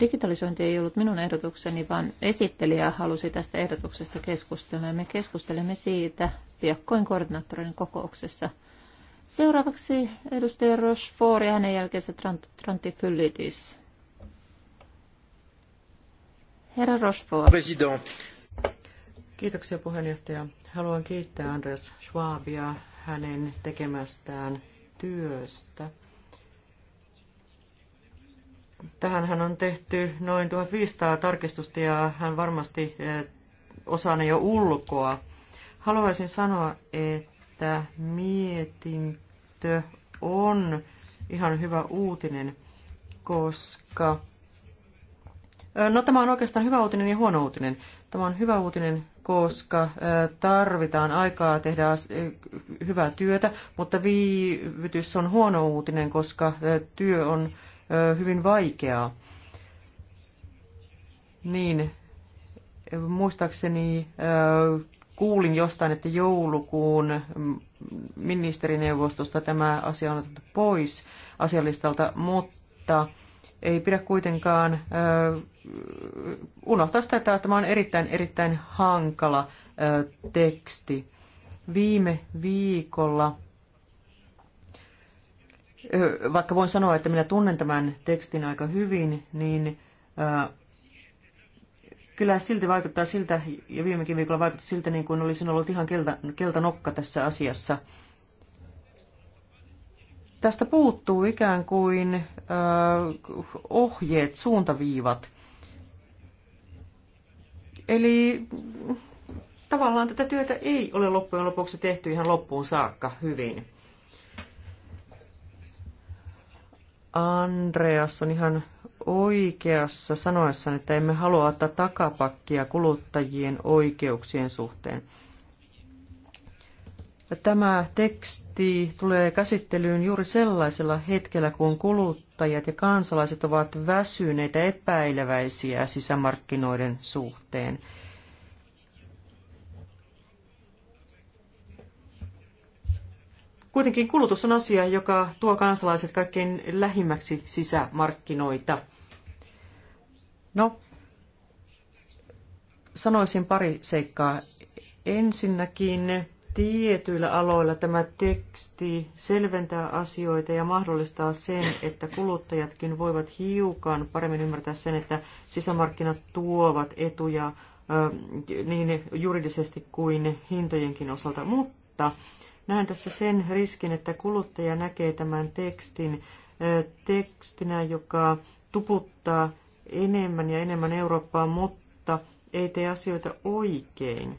Digitalisointi ei ollut minun ehdotukseni, vaan esittelijä halusi tästä ehdotuksesta keskustella. Ja me keskustelemme siitä piakkoin koordinaattorin kokouksessa. Seuraavaksi edustaja Rochefort ja hänen jälkeensä Trantti Herra Rochefort. President. Kiitoksia puheenjohtaja. Haluan kiittää Andreas Schwabia hänen tekemästään työstä. Tähän hän on tehty noin 1500 tarkistusta ja hän varmasti eh, osaa ne jo ulkoa. Haluaisin sanoa, että mietintö on ihan hyvä uutinen, koska... Eh, no tämä on oikeastaan hyvä uutinen ja huono uutinen. Tämä on hyvä uutinen koska tarvitaan aikaa tehdä hyvää työtä, mutta viivytys on huono uutinen, koska työ on hyvin vaikeaa. Niin, muistaakseni kuulin jostain, että joulukuun ministerineuvostosta tämä asia on otettu pois asialistalta, mutta ei pidä kuitenkaan unohtaa sitä, että tämä on erittäin, erittäin hankala teksti. Viime viikolla, vaikka voin sanoa, että minä tunnen tämän tekstin aika hyvin, niin kyllä silti vaikuttaa siltä, ja viimekin viikolla vaikutti siltä, niin kuin olisin ollut ihan kelta, keltanokka tässä asiassa. Tästä puuttuu ikään kuin ö, ohjeet, suuntaviivat – Eli tavallaan tätä työtä ei ole loppujen lopuksi tehty ihan loppuun saakka hyvin. Andreas on ihan oikeassa sanoessaan, että emme halua ottaa takapakkia kuluttajien oikeuksien suhteen. Tämä teksti tulee käsittelyyn juuri sellaisella hetkellä, kun kuluttajat ja kansalaiset ovat väsyneitä epäileväisiä sisämarkkinoiden suhteen. Kuitenkin kulutus on asia, joka tuo kansalaiset kaikkein lähimmäksi sisämarkkinoita. No, sanoisin pari seikkaa. Ensinnäkin tietyillä aloilla tämä teksti selventää asioita ja mahdollistaa sen, että kuluttajatkin voivat hiukan paremmin ymmärtää sen, että sisämarkkinat tuovat etuja niin juridisesti kuin hintojenkin osalta. Mutta näen tässä sen riskin, että kuluttaja näkee tämän tekstin tekstinä, joka tuputtaa enemmän ja enemmän Eurooppaa, mutta ei tee asioita oikein.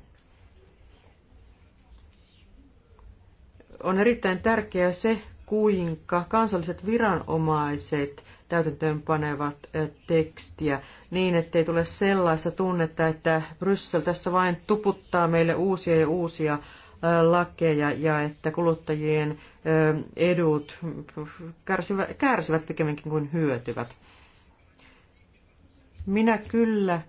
on erittäin tärkeää se, kuinka kansalliset viranomaiset täytäntöön panevat tekstiä niin, ettei tule sellaista tunnetta, että Bryssel tässä vain tuputtaa meille uusia ja uusia lakeja ja että kuluttajien edut kärsivät, kärsivät pikemminkin kuin hyötyvät. Minä kyllä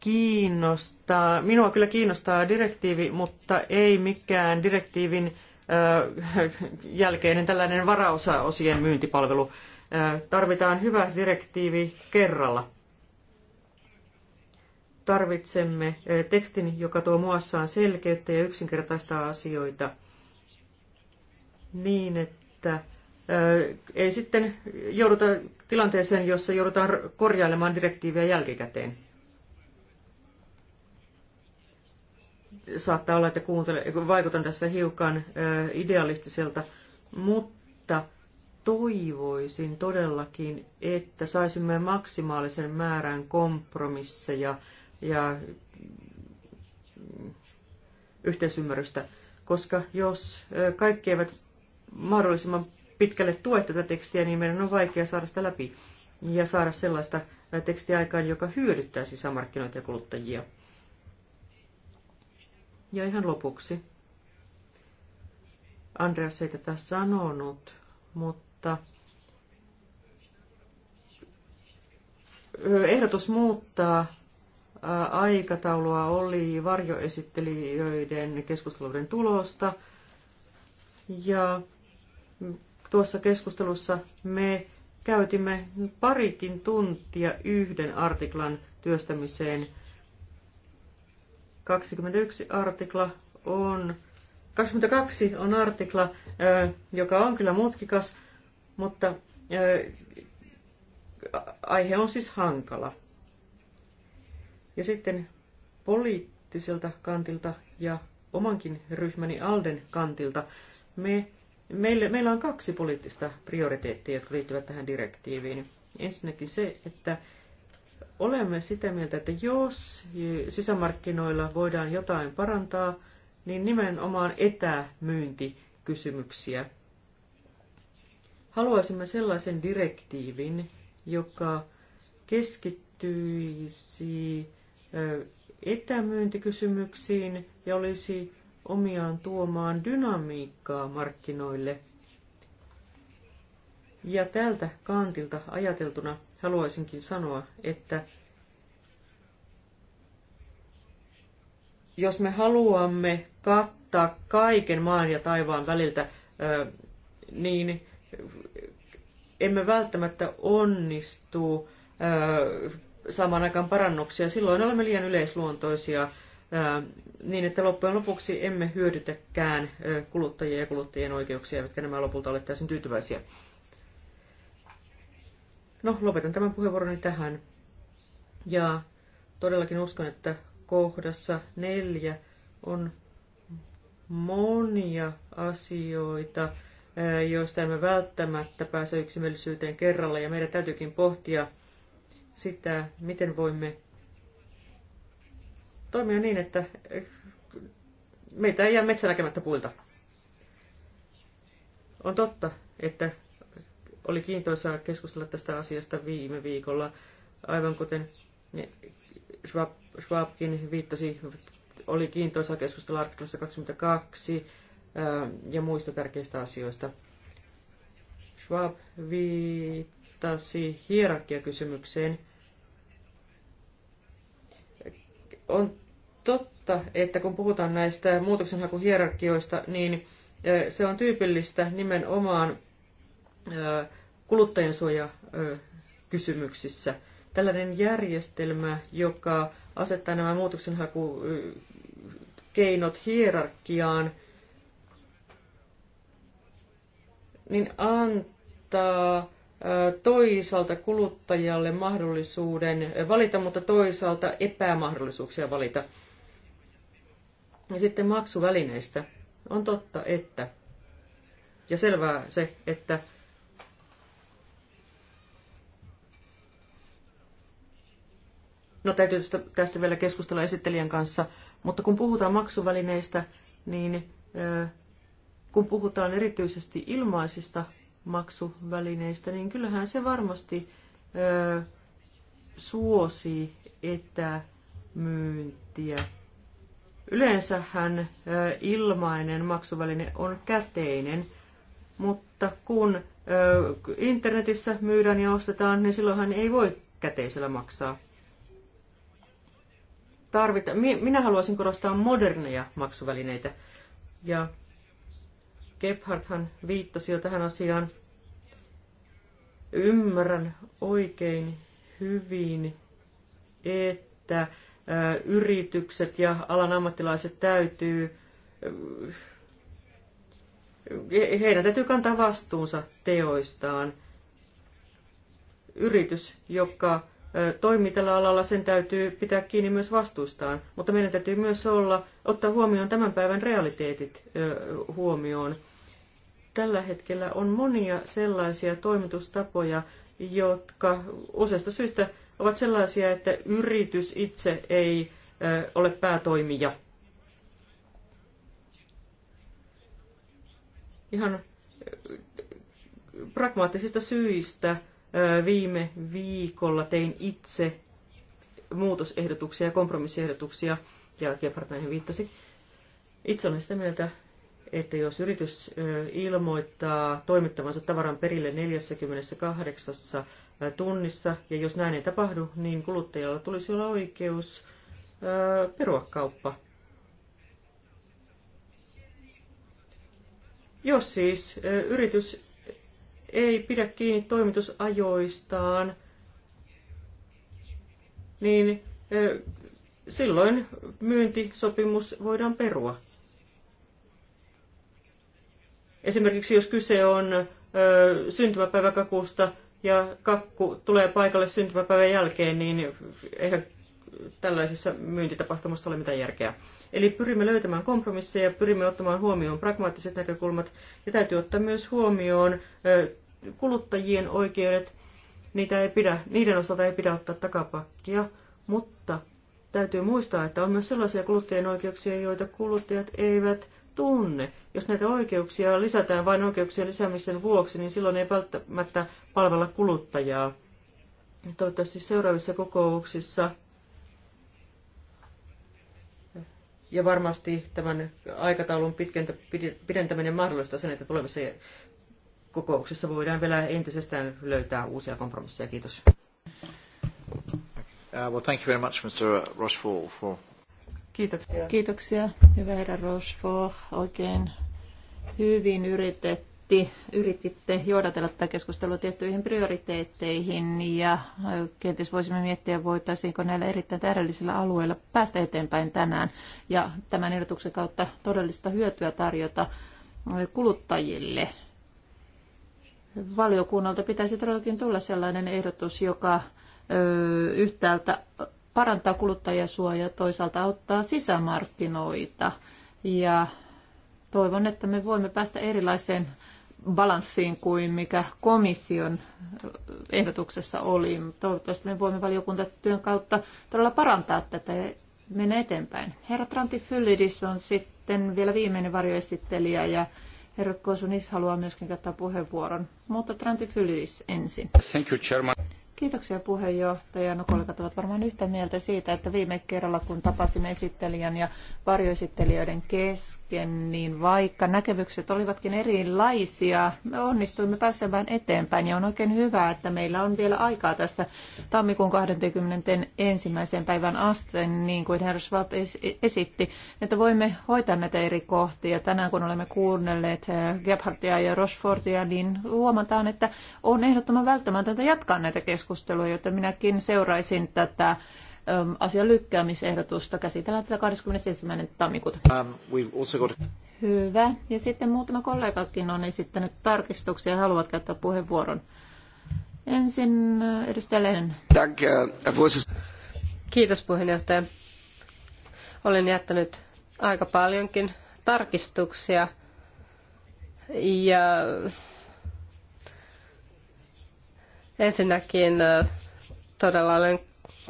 kiinnostaa, minua kyllä kiinnostaa direktiivi, mutta ei mikään direktiivin jälkeinen tällainen varaosaosien myyntipalvelu. Tarvitaan hyvä direktiivi kerralla. Tarvitsemme tekstin, joka tuo muassaan selkeyttä ja yksinkertaistaa asioita niin, että ei sitten jouduta tilanteeseen, jossa joudutaan korjailemaan direktiiviä jälkikäteen. saattaa olla, että kuuntele, vaikutan tässä hiukan idealistiselta, mutta toivoisin todellakin, että saisimme maksimaalisen määrän kompromisseja ja mm, yhteisymmärrystä, koska jos kaikki eivät mahdollisimman pitkälle tue tätä tekstiä, niin meidän on vaikea saada sitä läpi ja saada sellaista tekstiä aikaan, joka hyödyttää sisämarkkinoita ja kuluttajia. Ja ihan lopuksi. Andreas ei tätä sanonut, mutta ehdotus muuttaa aikataulua oli varjoesittelijöiden keskusteluiden tulosta. Ja tuossa keskustelussa me käytimme parikin tuntia yhden artiklan työstämiseen – 21 artikla on, 22 on artikla, joka on kyllä mutkikas, mutta aihe on siis hankala. Ja sitten poliittiselta kantilta ja omankin ryhmäni Alden kantilta me, meille, meillä on kaksi poliittista prioriteettia, jotka liittyvät tähän direktiiviin. Ensinnäkin se, että olemme sitä mieltä, että jos sisämarkkinoilla voidaan jotain parantaa, niin nimenomaan etämyyntikysymyksiä. Haluaisimme sellaisen direktiivin, joka keskittyisi etämyyntikysymyksiin ja olisi omiaan tuomaan dynamiikkaa markkinoille. Ja tältä kantilta ajateltuna haluaisinkin sanoa, että jos me haluamme kattaa kaiken maan ja taivaan väliltä, niin emme välttämättä onnistu saamaan aikaan parannuksia. Silloin olemme liian yleisluontoisia niin, että loppujen lopuksi emme hyödytäkään kuluttajia ja kuluttajien oikeuksia, eivätkä nämä lopulta ole täysin tyytyväisiä. No, lopetan tämän puheenvuoroni tähän. Ja todellakin uskon, että kohdassa neljä on monia asioita, eh, joista emme välttämättä pääse yksimielisyyteen kerralla, ja meidän täytyykin pohtia sitä, miten voimme toimia niin, että eh, meitä ei jää metsä näkemättä puilta. On totta, että oli kiintoisaa keskustella tästä asiasta viime viikolla, aivan kuten Schwab, Schwabkin viittasi, oli kiintoisaa keskustella artiklassa 22 ja muista tärkeistä asioista. Schwab viittasi hierarkiakysymykseen. On totta, että kun puhutaan näistä muutoksenhakuhierarkioista, niin se on tyypillistä nimenomaan kuluttajansuojakysymyksissä. Tällainen järjestelmä, joka asettaa nämä muutoksenhakukeinot hierarkiaan, niin antaa toisaalta kuluttajalle mahdollisuuden valita, mutta toisaalta epämahdollisuuksia valita. Ja sitten maksuvälineistä. On totta, että, ja selvää se, että No täytyy tästä, tästä vielä keskustella esittelijän kanssa, mutta kun puhutaan maksuvälineistä, niin kun puhutaan erityisesti ilmaisista maksuvälineistä, niin kyllähän se varmasti suosii etämyyntiä. Yleensähän ilmainen maksuväline on käteinen, mutta kun internetissä myydään ja ostetaan, niin silloinhan ei voi käteisellä maksaa tarvitaan, minä haluaisin korostaa moderneja maksuvälineitä. Ja Gebhardhan viittasi jo tähän asiaan. Ymmärrän oikein hyvin, että yritykset ja alan ammattilaiset täytyy, heidän täytyy kantaa vastuunsa teoistaan. Yritys, joka toimii tällä alalla, sen täytyy pitää kiinni myös vastuustaan. Mutta meidän täytyy myös olla, ottaa huomioon tämän päivän realiteetit huomioon. Tällä hetkellä on monia sellaisia toimitustapoja, jotka useista syistä ovat sellaisia, että yritys itse ei ole päätoimija. Ihan pragmaattisista syistä – Viime viikolla tein itse muutosehdotuksia ja kompromissiehdotuksia, ja Gebhardt näihin viittasi. Itse olen sitä mieltä, että jos yritys ilmoittaa toimittavansa tavaran perille 48 tunnissa, ja jos näin ei tapahdu, niin kuluttajalla tulisi olla oikeus perua kauppa. Jos siis yritys ei pidä kiinni toimitusajoistaan, niin silloin myyntisopimus voidaan perua. Esimerkiksi jos kyse on syntymäpäiväkakusta ja kakku tulee paikalle syntymäpäivän jälkeen, niin eihän tällaisessa myyntitapahtumassa ole mitään järkeä. Eli pyrimme löytämään kompromisseja, pyrimme ottamaan huomioon pragmaattiset näkökulmat ja täytyy ottaa myös huomioon kuluttajien oikeudet, niitä ei pidä, niiden osalta ei pidä ottaa takapakkia, mutta täytyy muistaa, että on myös sellaisia kuluttajien oikeuksia, joita kuluttajat eivät tunne. Jos näitä oikeuksia lisätään vain oikeuksien lisäämisen vuoksi, niin silloin ei välttämättä palvella kuluttajaa. Toivottavasti seuraavissa kokouksissa ja varmasti tämän aikataulun pidentäminen mahdollistaa sen, että tulevissa kokouksessa voidaan vielä entisestään löytää uusia kompromisseja. Kiitos. Uh, well, thank you very much, Mr. Rochefort, for... Kiitoksia. Kiitoksia, hyvä herra Rochefort. Oikein hyvin yritetti, yrititte johdatella tätä keskustelua tiettyihin prioriteetteihin ja kenties voisimme miettiä, voitaisiinko näillä erittäin täydellisillä alueilla päästä eteenpäin tänään ja tämän ehdotuksen kautta todellista hyötyä tarjota kuluttajille valiokunnalta pitäisi todellakin tulla sellainen ehdotus, joka yhtäältä parantaa kuluttajasuojaa, toisaalta auttaa sisämarkkinoita. Ja toivon, että me voimme päästä erilaiseen balanssiin kuin mikä komission ehdotuksessa oli. Toivottavasti me voimme valiokuntatyön kautta todella parantaa tätä ja mennä eteenpäin. Herra Tranti Fyllidis on sitten vielä viimeinen varjoesittelijä ja Herra Kosunis haluaa myöskin käyttää puheenvuoron, mutta Trantifylis ensin. Thank you, Chairman. Kiitoksia puheenjohtaja. No kollegat ovat varmaan yhtä mieltä siitä, että viime kerralla kun tapasimme esittelijän ja varjoesittelijöiden kesken, niin vaikka näkemykset olivatkin erilaisia, me onnistuimme pääsemään eteenpäin ja on oikein hyvä, että meillä on vielä aikaa tässä tammikuun ensimmäiseen päivän asti, niin kuin herra Schwab esitti, että voimme hoitaa näitä eri kohtia. Tänään kun olemme kuunnelleet eh, Gebhardtia ja Rochefortia, niin huomataan, että on ehdottoman välttämätöntä jatkaa näitä keskusteluja keskustelua, jota minäkin seuraisin tätä ähm, asian lykkäämisehdotusta. Käsitellään tätä 21. tammikuuta. Um, Hyvä. Ja sitten muutama kollegakin on esittänyt tarkistuksia ja haluavat käyttää puheenvuoron. Ensin äh, edustaja Lehden. Äh, Kiitos puheenjohtaja. Olen jättänyt aika paljonkin tarkistuksia ja Ensinnäkin todella olen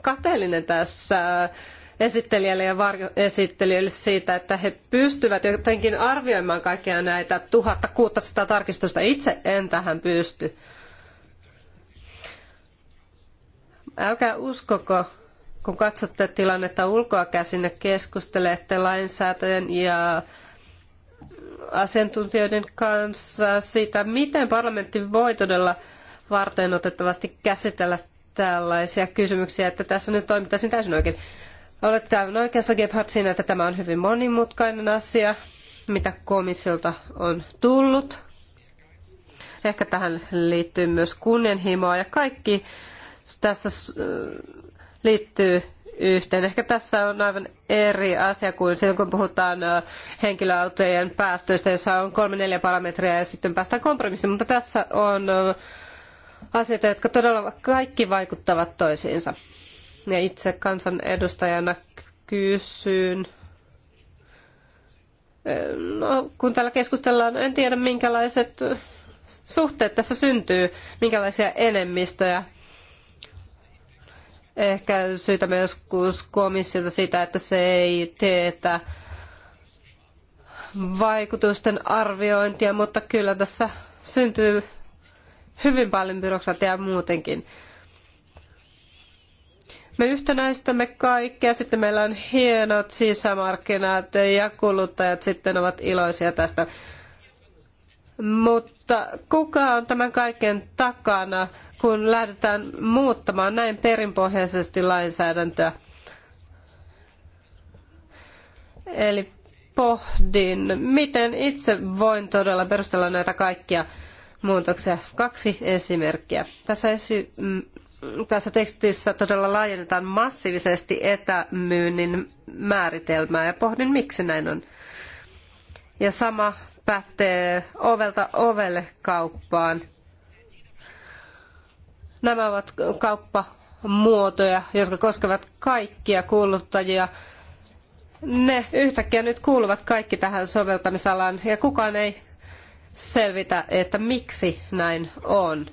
kateellinen tässä esittelijälle ja varjoesittelijöille siitä, että he pystyvät jotenkin arvioimaan kaikkia näitä 1600 tarkistusta. Itse en tähän pysty. Älkää uskoko, kun katsotte tilannetta ulkoa käsin ja keskustelette lainsäätäjän ja asiantuntijoiden kanssa siitä, miten parlamentti voi todella varten otettavasti käsitellä tällaisia kysymyksiä, että tässä nyt toimittaisiin täysin oikein. Olet täysin oikeassa Gebhardt siinä, että tämä on hyvin monimutkainen asia, mitä komissiolta on tullut. Ehkä tähän liittyy myös kunnianhimoa ja kaikki tässä äh, liittyy yhteen. Ehkä tässä on aivan eri asia kuin silloin, kun puhutaan äh, henkilöautojen päästöistä, jossa on kolme neljä parametria ja sitten päästään kompromissiin, mutta tässä on äh, asioita, jotka todella kaikki vaikuttavat toisiinsa. Ja itse kansanedustajana kysyn, no, kun täällä keskustellaan, en tiedä minkälaiset suhteet tässä syntyy, minkälaisia enemmistöjä. Ehkä syytämme joskus komissiota siitä, että se ei teetä vaikutusten arviointia, mutta kyllä tässä syntyy hyvin paljon byrokratiaa muutenkin. Me yhtenäistämme kaikkea, sitten meillä on hienot sisämarkkinat ja kuluttajat sitten ovat iloisia tästä. Mutta kuka on tämän kaiken takana, kun lähdetään muuttamaan näin perinpohjaisesti lainsäädäntöä? Eli pohdin, miten itse voin todella perustella näitä kaikkia muutoksia. Kaksi esimerkkiä. Tässä, esi- mm, tässä tekstissä todella laajennetaan massiivisesti etämyynnin määritelmää ja pohdin miksi näin on. Ja sama pätee ovelta ovelle kauppaan. Nämä ovat kauppamuotoja, jotka koskevat kaikkia kuluttajia. Ne yhtäkkiä nyt kuuluvat kaikki tähän soveltamisalaan ja kukaan ei selvitä, että miksi näin on.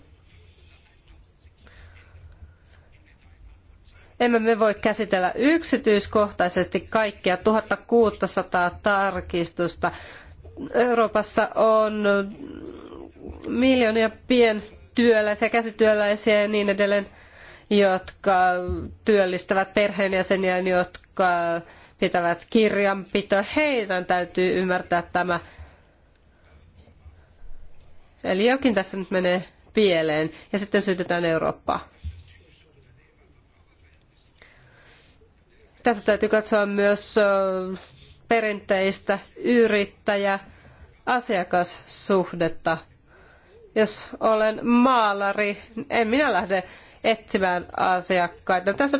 Emme me voi käsitellä yksityiskohtaisesti kaikkia 1600 tarkistusta. Euroopassa on miljoonia pientyöläisiä, käsityöläisiä ja niin edelleen, jotka työllistävät perheenjäseniä, jotka pitävät kirjanpitoa. Heidän täytyy ymmärtää tämä Eli jokin tässä nyt menee pieleen ja sitten syytetään Eurooppaa. Tässä täytyy katsoa myös perinteistä yrittäjä-asiakassuhdetta. Jos olen maalari, en minä lähde etsimään asiakkaita. Tässä,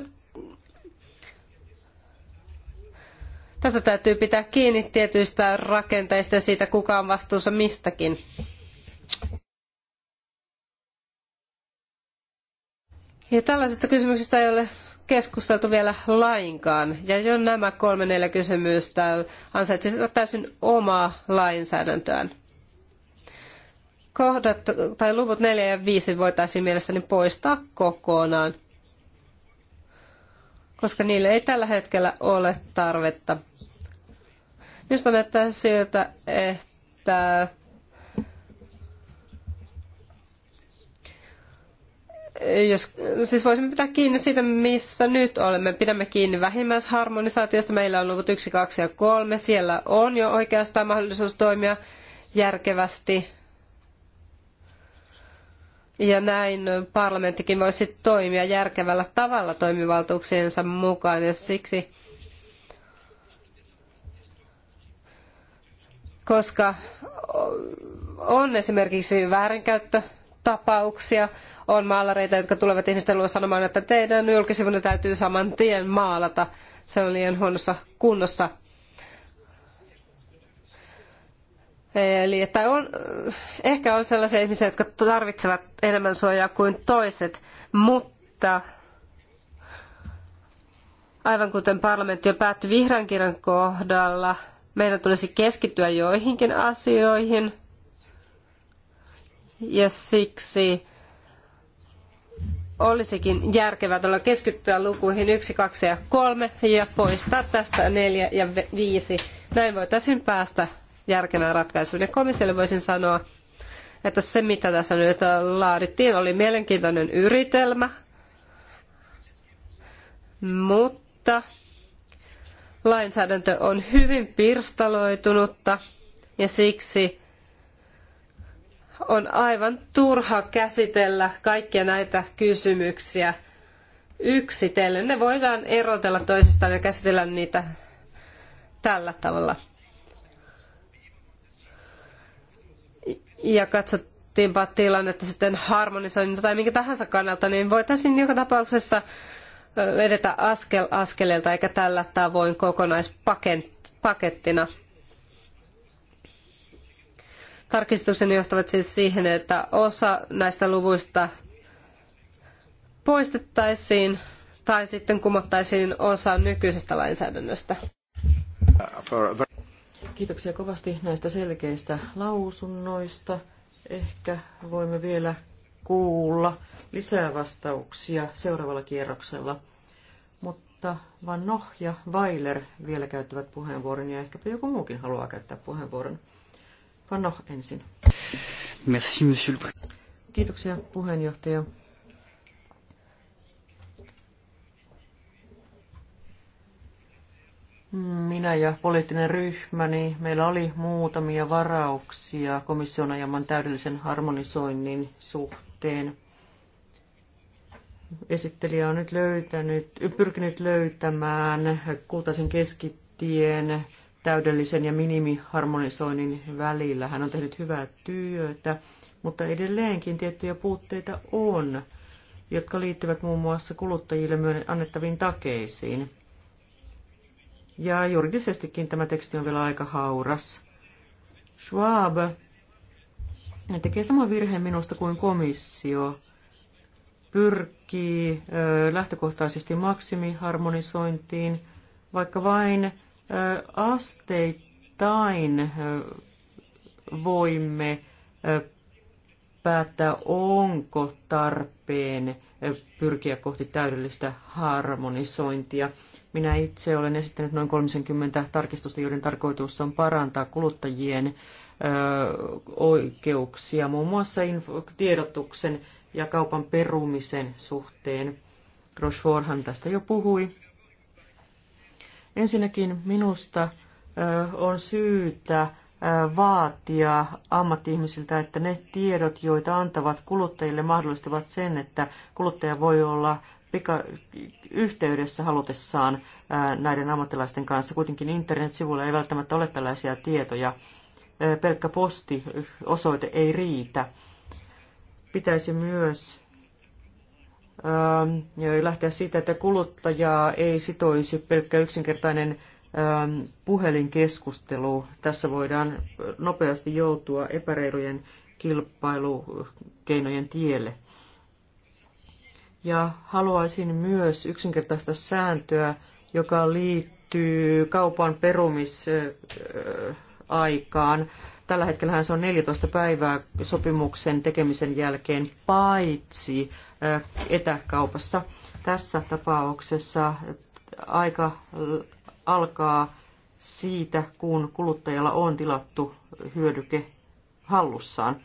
tässä täytyy pitää kiinni tietyistä rakenteista ja siitä, kuka on vastuussa mistäkin. Ja tällaisista kysymyksistä ei ole keskusteltu vielä lainkaan. Ja jo nämä kolme neljä kysymystä ansaitsevat täysin omaa lainsäädäntöään. Kohdat tai luvut neljä ja viisi voitaisiin mielestäni poistaa kokonaan, koska niille ei tällä hetkellä ole tarvetta. Minusta näyttää siltä, että jos, siis voisimme pitää kiinni siitä, missä nyt olemme. Pidämme kiinni vähimmäisharmonisaatiosta. Meillä on luvut yksi, kaksi ja kolme. Siellä on jo oikeastaan mahdollisuus toimia järkevästi. Ja näin parlamenttikin voisi toimia järkevällä tavalla toimivaltuuksiensa mukaan. Ja siksi, koska on esimerkiksi väärinkäyttö tapauksia. On maalareita, jotka tulevat ihmisten luo sanomaan, että teidän julkisivunne täytyy saman tien maalata. Se on liian huonossa kunnossa. Eli että on, ehkä on sellaisia ihmisiä, jotka tarvitsevat enemmän suojaa kuin toiset, mutta aivan kuten parlamentti jo päätti vihreän kirjan kohdalla, meidän tulisi keskittyä joihinkin asioihin – ja siksi olisikin järkevää todella keskittyä lukuihin yksi, kaksi ja kolme ja poistaa tästä neljä ja viisi. Näin voitaisiin päästä järkevään ratkaisuun. Ja komissiolle voisin sanoa, että se mitä tässä nyt laadittiin oli mielenkiintoinen yritelmä, mutta lainsäädäntö on hyvin pirstaloitunutta ja siksi on aivan turha käsitellä kaikkia näitä kysymyksiä yksitellen. Ne voidaan erotella toisistaan ja käsitellä niitä tällä tavalla. Ja katsottiinpa tilannetta sitten harmonisoinnin tai minkä tahansa kannalta, niin voitaisiin joka tapauksessa edetä askel askeleelta eikä tällä tavoin kokonaispakettina tarkistuksen johtavat siis siihen, että osa näistä luvuista poistettaisiin tai sitten kumottaisiin osa nykyisestä lainsäädännöstä. Kiitoksia kovasti näistä selkeistä lausunnoista. Ehkä voimme vielä kuulla lisää vastauksia seuraavalla kierroksella. Mutta Van Noh ja Weiler vielä käyttävät puheenvuoron ja ehkäpä joku muukin haluaa käyttää puheenvuoron. Pano ensin. Merci, monsieur le Kiitoksia puheenjohtaja. Minä ja poliittinen ryhmäni, meillä oli muutamia varauksia komission ajaman täydellisen harmonisoinnin suhteen. Esittelijä on nyt löytänyt, pyrkinyt löytämään kultaisen keskitien täydellisen ja minimiharmonisoinnin välillä. Hän on tehnyt hyvää työtä, mutta edelleenkin tiettyjä puutteita on, jotka liittyvät muun muassa kuluttajille annettaviin takeisiin. Ja juridisestikin tämä teksti on vielä aika hauras. Schwab tekee saman virheen minusta kuin komissio. Pyrkii ö, lähtökohtaisesti maksimiharmonisointiin, vaikka vain asteittain voimme päättää, onko tarpeen pyrkiä kohti täydellistä harmonisointia. Minä itse olen esittänyt noin 30 tarkistusta, joiden tarkoitus on parantaa kuluttajien oikeuksia, muun muassa tiedotuksen ja kaupan perumisen suhteen. Rocheforthan tästä jo puhui. Ensinnäkin minusta on syytä vaatia ammattiihmisiltä, että ne tiedot, joita antavat kuluttajille, mahdollistavat sen, että kuluttaja voi olla pika- yhteydessä halutessaan näiden ammattilaisten kanssa. Kuitenkin internetsivuilla ei välttämättä ole tällaisia tietoja. Pelkkä postiosoite ei riitä. Pitäisi myös lähteä siitä, että kuluttajaa ei sitoisi pelkkä yksinkertainen puhelinkeskustelu. Tässä voidaan nopeasti joutua epäreilujen kilpailukeinojen tielle. Ja haluaisin myös yksinkertaista sääntöä, joka liittyy kaupan perumis aikaan. Tällä hetkellä se on 14 päivää sopimuksen tekemisen jälkeen, paitsi äh, etäkaupassa. Tässä tapauksessa äh, aika äh, alkaa siitä, kun kuluttajalla on tilattu hyödyke hallussaan.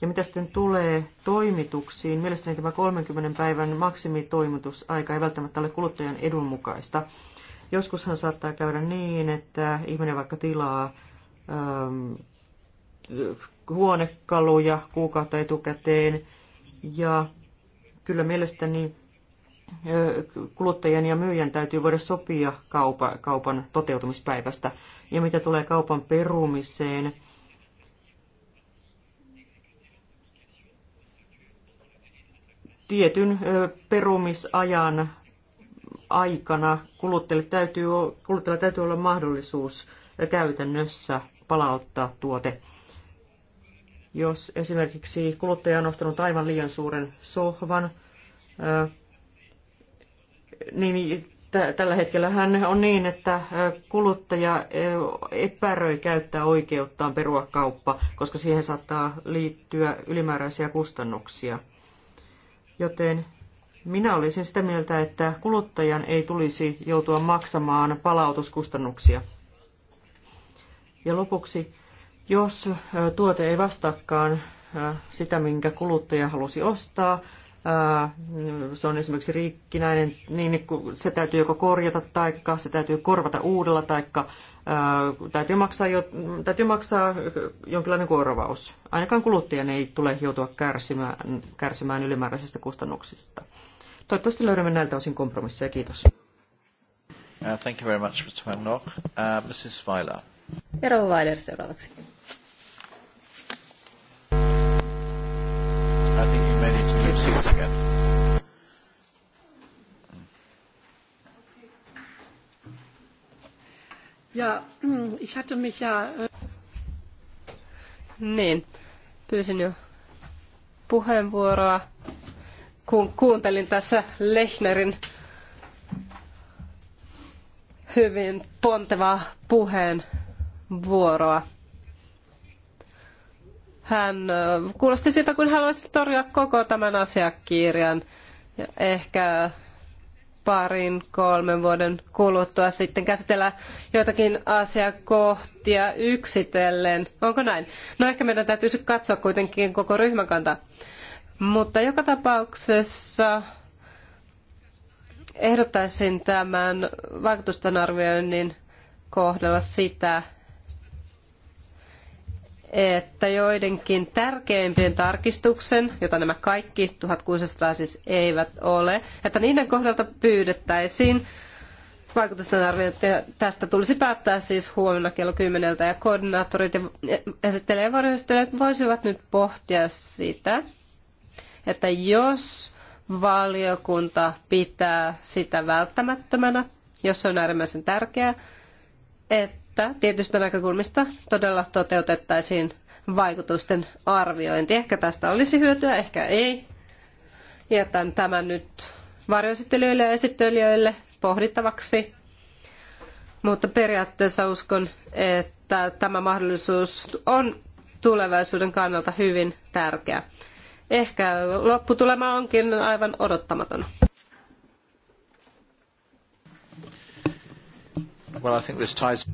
Ja mitä sitten tulee toimituksiin, mielestäni tämä 30 päivän maksimitoimitusaika ei välttämättä ole kuluttajan edun mukaista. Joskushan saattaa käydä niin, että ihminen vaikka tilaa Ähm, huonekaluja kuukautta etukäteen. Ja kyllä mielestäni kuluttajien ja myyjän täytyy voida sopia kaupa, kaupan toteutumispäivästä. Ja mitä tulee kaupan perumiseen, tietyn perumisajan aikana kuluttajalle täytyy, kuluttajilla täytyy olla mahdollisuus käytännössä palauttaa tuote. Jos esimerkiksi kuluttaja on ostanut aivan liian suuren sohvan, niin tällä hetkellä hän on niin, että kuluttaja epäröi käyttää oikeuttaan perua kauppa, koska siihen saattaa liittyä ylimääräisiä kustannuksia. Joten minä olisin sitä mieltä, että kuluttajan ei tulisi joutua maksamaan palautuskustannuksia. Ja lopuksi, jos tuote ei vastaakaan sitä, minkä kuluttaja halusi ostaa, se on esimerkiksi rikkinäinen, niin se täytyy joko korjata tai se täytyy korvata uudella tai täytyy maksaa, jo, täytyy maksaa jonkinlainen korvaus. Ainakaan kuluttajan ei tule joutua kärsimään, kärsimään ylimääräisistä kustannuksista. Toivottavasti löydämme näiltä osin kompromisseja. Kiitos. Uh, thank you very much, Mr. Uh, Mrs. Weiler. Ja Rouva Weiler seuraavaksi. I think you managed to your six again. Ja, ich hatte mich ja... Äh, niin, pyysin jo puheenvuoroa, kun kuuntelin tässä Lechnerin hyvin pontevaa puheen vuoroa. Hän kuulosti siltä, kun haluaisi torjua koko tämän asiakirjan. Ja ehkä parin, kolmen vuoden kuluttua sitten käsitellä joitakin asiakohtia yksitellen. Onko näin? No ehkä meidän täytyisi katsoa kuitenkin koko ryhmän kantaa. Mutta joka tapauksessa ehdottaisin tämän vaikutusten arvioinnin kohdella sitä, että joidenkin tärkeimpien tarkistuksen, jota nämä kaikki 1600 siis eivät ole, että niiden kohdalta pyydettäisiin vaikutusten arviointi. Tästä tulisi päättää siis huomenna kello 10 ja koordinaattorit ja esittelijä voisivat nyt pohtia sitä, että jos valiokunta pitää sitä välttämättömänä, jos se on äärimmäisen tärkeää, että että tietystä näkökulmista todella toteutettaisiin vaikutusten arviointi. Ehkä tästä olisi hyötyä, ehkä ei. Jätän tämän nyt varjoesittelijöille ja esittelijöille pohdittavaksi. Mutta periaatteessa uskon, että tämä mahdollisuus on tulevaisuuden kannalta hyvin tärkeä. Ehkä lopputulema onkin aivan odottamaton. Well, I think this ties...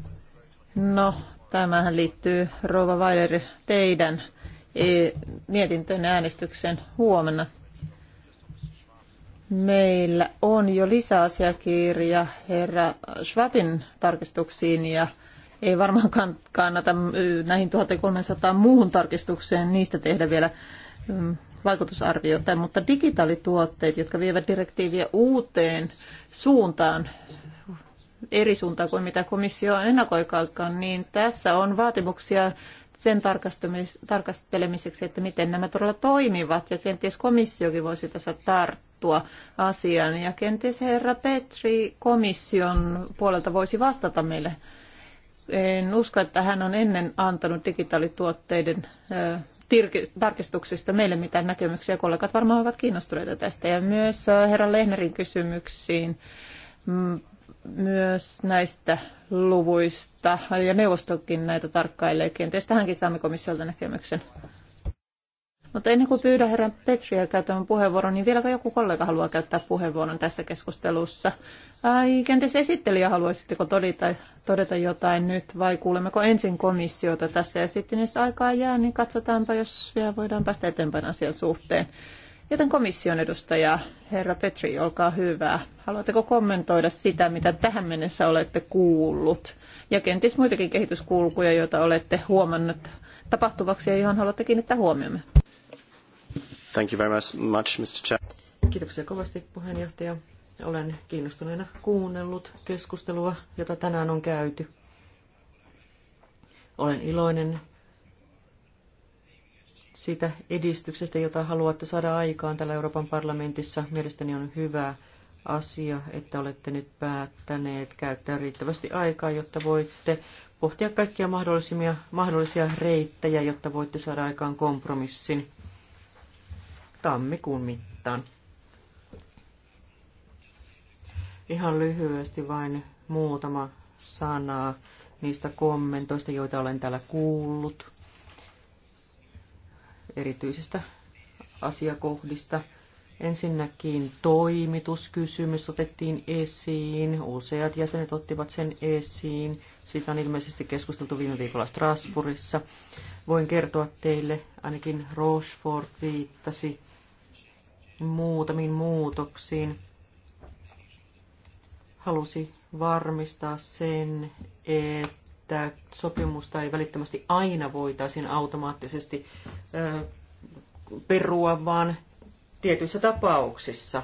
No, tämähän liittyy, Rova Weiler, teidän e, mietintöön äänestyksen huomenna. Meillä on jo lisäasiakirja herra Schwabin tarkistuksiin ja ei varmaan kannata mm, näihin 1300 muuhun tarkistukseen niistä tehdä vielä mm, vaikutusarviota, mutta digitaalituotteet, jotka vievät direktiiviä uuteen suuntaan, eri suuntaan kuin mitä komissio ennakoikaan, niin tässä on vaatimuksia sen tarkastelemiseksi, että miten nämä todella toimivat, ja kenties komissiokin voisi tässä tarttua asiaan, ja kenties herra Petri komission puolelta voisi vastata meille. En usko, että hän on ennen antanut digitaalituotteiden tarkistuksista meille mitään näkemyksiä. Kollegat varmaan ovat kiinnostuneita tästä. Ja myös herra Lehnerin kysymyksiin mm, myös näistä luvuista, ja neuvostokin näitä tarkkailee. Kenties tähänkin saamme komissiolta näkemyksen. Mutta ennen kuin pyydän herran Petriä käyttämään puheenvuoron, niin vieläkö joku kollega haluaa käyttää puheenvuoron tässä keskustelussa? Ai, kenties esittelijä, haluaisitteko todeta, todeta jotain nyt, vai kuulemmeko ensin komissiota tässä, ja sitten jos aikaa jää, niin katsotaanpa, jos vielä voidaan päästä eteenpäin asian suhteen. Joten komission edustaja, herra Petri, olkaa hyvä. Haluatteko kommentoida sitä, mitä tähän mennessä olette kuullut? Ja kenties muitakin kehityskulkuja, joita olette huomannut tapahtuvaksi ja johon haluatte kiinnittää huomiomme. Thank you very much, Mr. Chair. Kiitoksia kovasti puheenjohtaja. Olen kiinnostuneena kuunnellut keskustelua, jota tänään on käyty. Olen iloinen siitä edistyksestä, jota haluatte saada aikaan täällä Euroopan parlamentissa. Mielestäni on hyvä asia, että olette nyt päättäneet käyttää riittävästi aikaa, jotta voitte pohtia kaikkia mahdollisia, mahdollisia reittejä, jotta voitte saada aikaan kompromissin tammikuun mittaan. Ihan lyhyesti vain muutama sana niistä kommentoista, joita olen täällä kuullut erityisistä asiakohdista. Ensinnäkin toimituskysymys otettiin esiin, useat jäsenet ottivat sen esiin. Siitä on ilmeisesti keskusteltu viime viikolla Strasbourgissa. Voin kertoa teille, ainakin Rochefort viittasi muutamiin muutoksiin. Halusi varmistaa sen, että että sopimusta ei välittömästi aina voitaisiin automaattisesti perua, vaan tietyissä tapauksissa.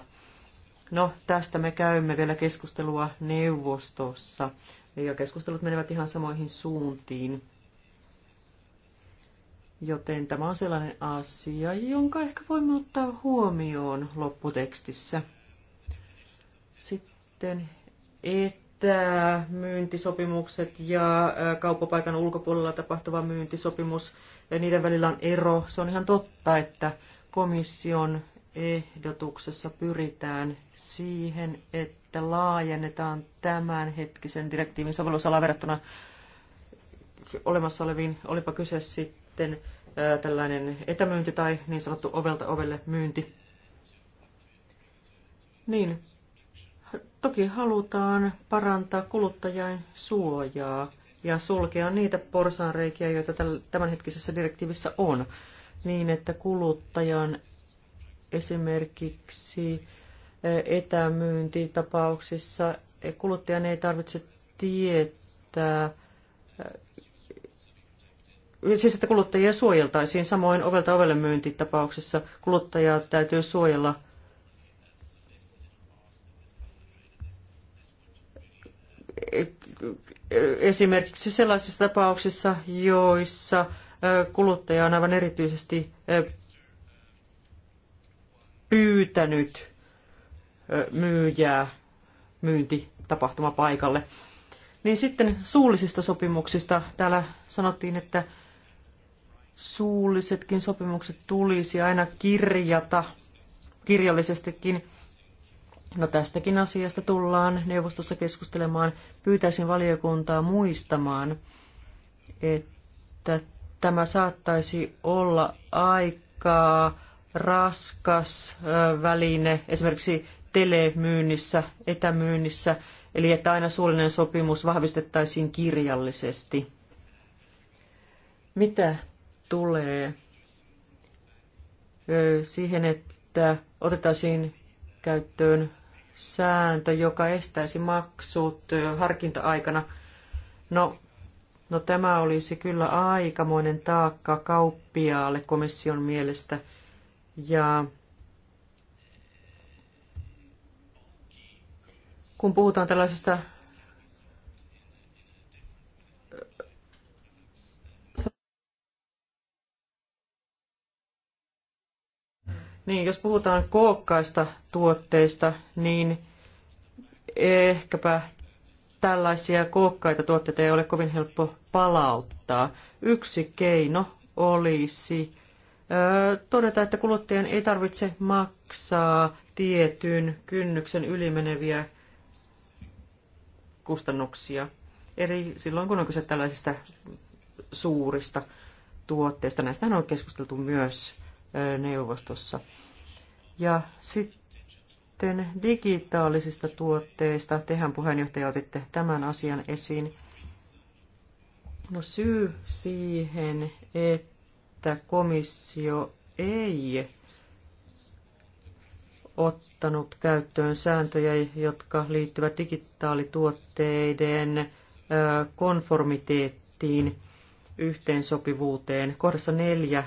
No, tästä me käymme vielä keskustelua neuvostossa, ja keskustelut menevät ihan samoihin suuntiin. Joten tämä on sellainen asia, jonka ehkä voimme ottaa huomioon lopputekstissä. Sitten et tämä myyntisopimukset ja kauppapaikan ulkopuolella tapahtuva myyntisopimus, ja niiden välillä on ero. Se on ihan totta, että komission ehdotuksessa pyritään siihen, että laajennetaan tämänhetkisen direktiivin sovellusalaa verrattuna olemassa oleviin, olipa kyse sitten tällainen etämyynti tai niin sanottu ovelta ovelle myynti. Niin, Toki halutaan parantaa kuluttajain suojaa ja sulkea niitä porsaanreikiä, joita tämänhetkisessä direktiivissä on, niin että kuluttajan esimerkiksi e, etämyyntitapauksissa e, kuluttajan ei tarvitse tietää, e, siis että kuluttajia suojeltaisiin samoin ovelta ovelle myyntitapauksessa kuluttajaa täytyy suojella esimerkiksi sellaisissa tapauksissa, joissa kuluttaja on aivan erityisesti pyytänyt myyjää myyntitapahtumapaikalle. Niin sitten suullisista sopimuksista täällä sanottiin, että suullisetkin sopimukset tulisi aina kirjata kirjallisestikin No tästäkin asiasta tullaan neuvostossa keskustelemaan. Pyytäisin valiokuntaa muistamaan, että tämä saattaisi olla aikaa raskas väline esimerkiksi telemyynnissä, etämyynnissä, eli että aina suullinen sopimus vahvistettaisiin kirjallisesti. Mitä tulee siihen, että otettaisiin käyttöön sääntö, joka estäisi maksut harkinta-aikana. No, no tämä olisi kyllä aikamoinen taakka kauppiaalle komission mielestä. Ja kun puhutaan tällaisesta Niin, jos puhutaan kookkaista tuotteista, niin ehkäpä tällaisia kookkaita tuotteita ei ole kovin helppo palauttaa. Yksi keino olisi todeta, että kuluttajan ei tarvitse maksaa tietyn kynnyksen ylimeneviä kustannuksia. Eli silloin kun on kyse tällaisista suurista tuotteista, näistä on keskusteltu myös neuvostossa. Ja sitten digitaalisista tuotteista. Tehän puheenjohtaja otitte tämän asian esiin. No syy siihen, että komissio ei ottanut käyttöön sääntöjä, jotka liittyvät digitaalituotteiden konformiteettiin, yhteensopivuuteen. Kohdassa neljä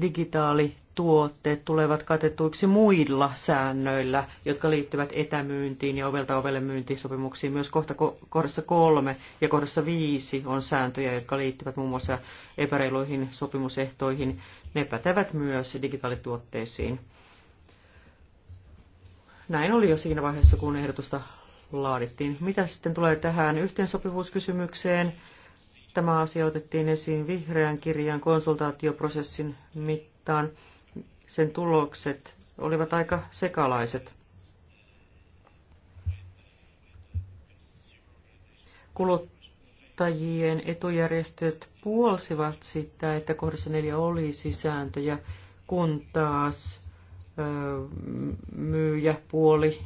digitaalituotteet tulevat katetuiksi muilla säännöillä, jotka liittyvät etämyyntiin ja ovelta ovelle myyntisopimuksiin. Myös kohta, kohdassa kolme ja kohdassa viisi on sääntöjä, jotka liittyvät muun muassa epäreiluihin sopimusehtoihin. Ne pätevät myös digitaalituotteisiin. Näin oli jo siinä vaiheessa, kun ehdotusta laadittiin. Mitä sitten tulee tähän yhteensopivuuskysymykseen? Tämä asia otettiin esiin vihreän kirjan konsultaatioprosessin mittaan. Sen tulokset olivat aika sekalaiset. Kuluttajien etujärjestöt puolsivat sitä, että kohdassa neljä olisi sääntöjä, kun taas ö, myyjäpuoli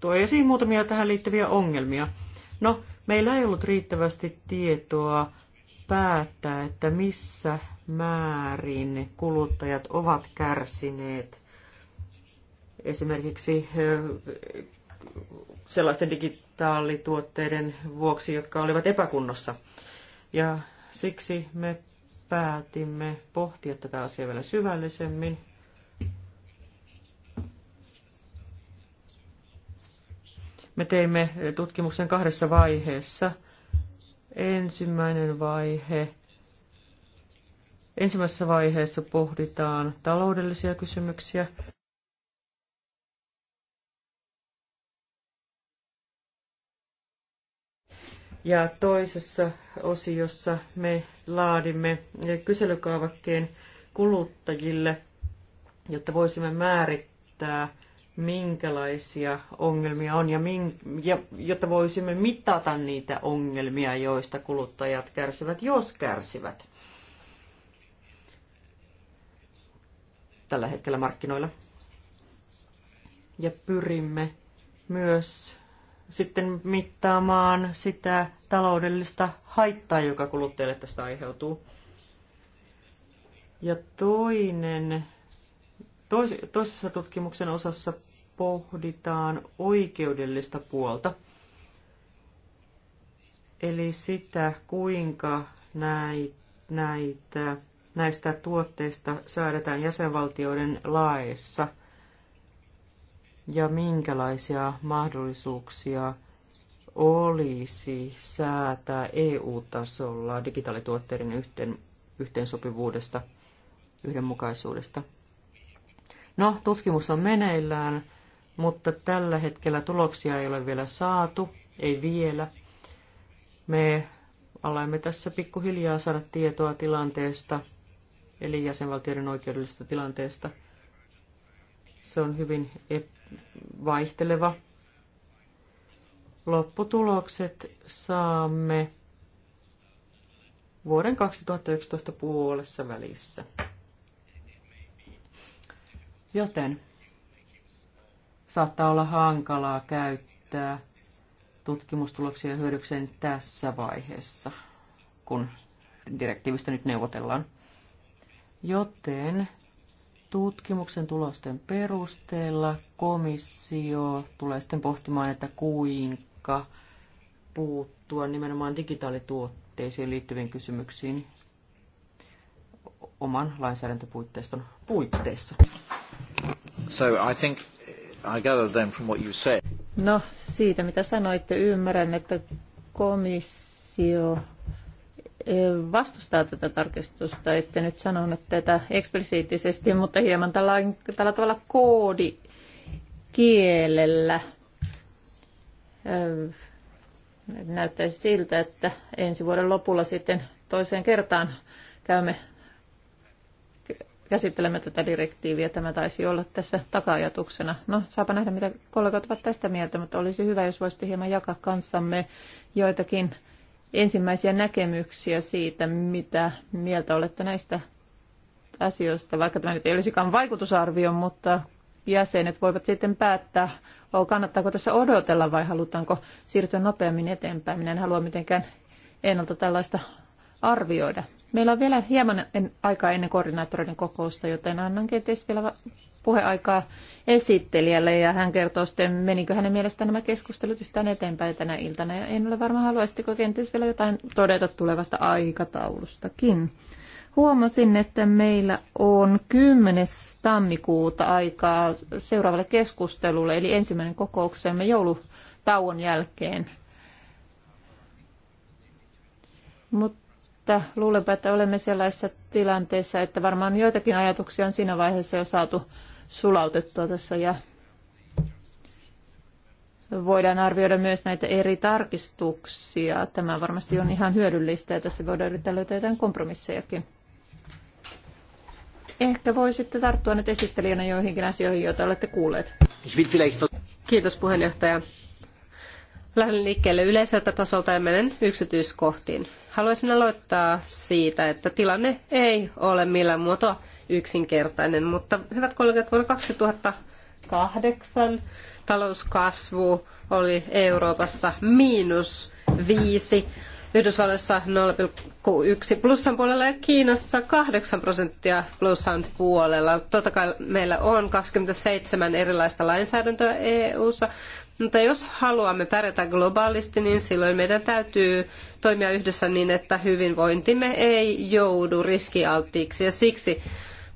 tuo esiin muutamia tähän liittyviä ongelmia – No, meillä ei ollut riittävästi tietoa päättää, että missä määrin kuluttajat ovat kärsineet esimerkiksi sellaisten digitaalituotteiden vuoksi, jotka olivat epäkunnossa. Ja siksi me päätimme pohtia tätä asiaa vielä syvällisemmin Me teimme tutkimuksen kahdessa vaiheessa. Ensimmäinen vaihe. Ensimmäisessä vaiheessa pohditaan taloudellisia kysymyksiä. Ja toisessa osiossa me laadimme kyselykaavakkeen kuluttajille, jotta voisimme määrittää minkälaisia ongelmia on ja, min, ja jotta voisimme mitata niitä ongelmia, joista kuluttajat kärsivät, jos kärsivät. Tällä hetkellä markkinoilla. Ja pyrimme myös sitten mittaamaan sitä taloudellista haittaa, joka kuluttajille tästä aiheutuu. Ja toinen, tois, toisessa tutkimuksen osassa pohditaan oikeudellista puolta, eli sitä, kuinka näitä, näistä tuotteista säädetään jäsenvaltioiden laeissa ja minkälaisia mahdollisuuksia olisi säätää EU-tasolla digitaalituotteiden yhteen, yhteensopivuudesta, yhdenmukaisuudesta. No, tutkimus on meneillään mutta tällä hetkellä tuloksia ei ole vielä saatu, ei vielä. Me alamme tässä pikkuhiljaa saada tietoa tilanteesta, eli jäsenvaltioiden oikeudellisesta tilanteesta. Se on hyvin vaihteleva. Lopputulokset saamme vuoden 2011 puolessa välissä. Joten saattaa olla hankalaa käyttää tutkimustuloksia hyödykseen tässä vaiheessa, kun direktiivistä nyt neuvotellaan. Joten tutkimuksen tulosten perusteella komissio tulee sitten pohtimaan, että kuinka puuttua nimenomaan digitaalituotteisiin liittyviin kysymyksiin oman lainsäädäntöpuitteiston puitteissa. So I think I gather then from what you No, siitä mitä sanoitte, ymmärrän, että komissio eh, vastustaa tätä tarkistusta, Ette nyt sanonut tätä eksplisiittisesti, mutta hieman tällä, tällä tavalla koodikielellä. Eh, näyttäisi siltä, että ensi vuoden lopulla sitten toiseen kertaan käymme käsittelemme tätä direktiiviä. Tämä taisi olla tässä taka No, saapa nähdä, mitä kollegat ovat tästä mieltä, mutta olisi hyvä, jos voisitte hieman jakaa kanssamme joitakin ensimmäisiä näkemyksiä siitä, mitä mieltä olette näistä asioista, vaikka tämä nyt ei olisikaan vaikutusarvio, mutta jäsenet voivat sitten päättää, oh, kannattaako tässä odotella vai halutaanko siirtyä nopeammin eteenpäin. Minä en halua mitenkään ennalta tällaista arvioida. Meillä on vielä hieman en aikaa ennen koordinaattoreiden kokousta, joten annan kenties vielä puheaikaa esittelijälle ja hän kertoo sitten, menikö hänen mielestään nämä keskustelut yhtään eteenpäin tänä iltana. Ja en ole varma, haluaisitko kenties vielä jotain todeta tulevasta aikataulustakin. Huomasin, että meillä on 10. tammikuuta aikaa seuraavalle keskustelulle, eli ensimmäinen kokouksemme joulutauon jälkeen. Mutta että luulenpa, että olemme sellaisessa tilanteessa, että varmaan joitakin ajatuksia on siinä vaiheessa jo saatu sulautettua tässä ja voidaan arvioida myös näitä eri tarkistuksia. Tämä varmasti on ihan hyödyllistä ja tässä voidaan yrittää löytää jotain kompromissejakin. Ehkä voisitte tarttua nyt esittelijänä joihinkin asioihin, joita olette kuulleet. Kiitos puheenjohtaja. Lähden liikkeelle yleiseltä tasolta ja menen yksityiskohtiin. Haluaisin aloittaa siitä, että tilanne ei ole millään muotoa yksinkertainen, mutta hyvät kollegat, vuonna 2008 talouskasvu oli Euroopassa miinus viisi, Yhdysvalloissa 0,1 plussan puolella ja Kiinassa 8 prosenttia plussan puolella. Totta kai meillä on 27 erilaista lainsäädäntöä EU-ssa, mutta jos haluamme pärjätä globaalisti, niin silloin meidän täytyy toimia yhdessä niin, että hyvinvointimme ei joudu riskialttiiksi. Ja siksi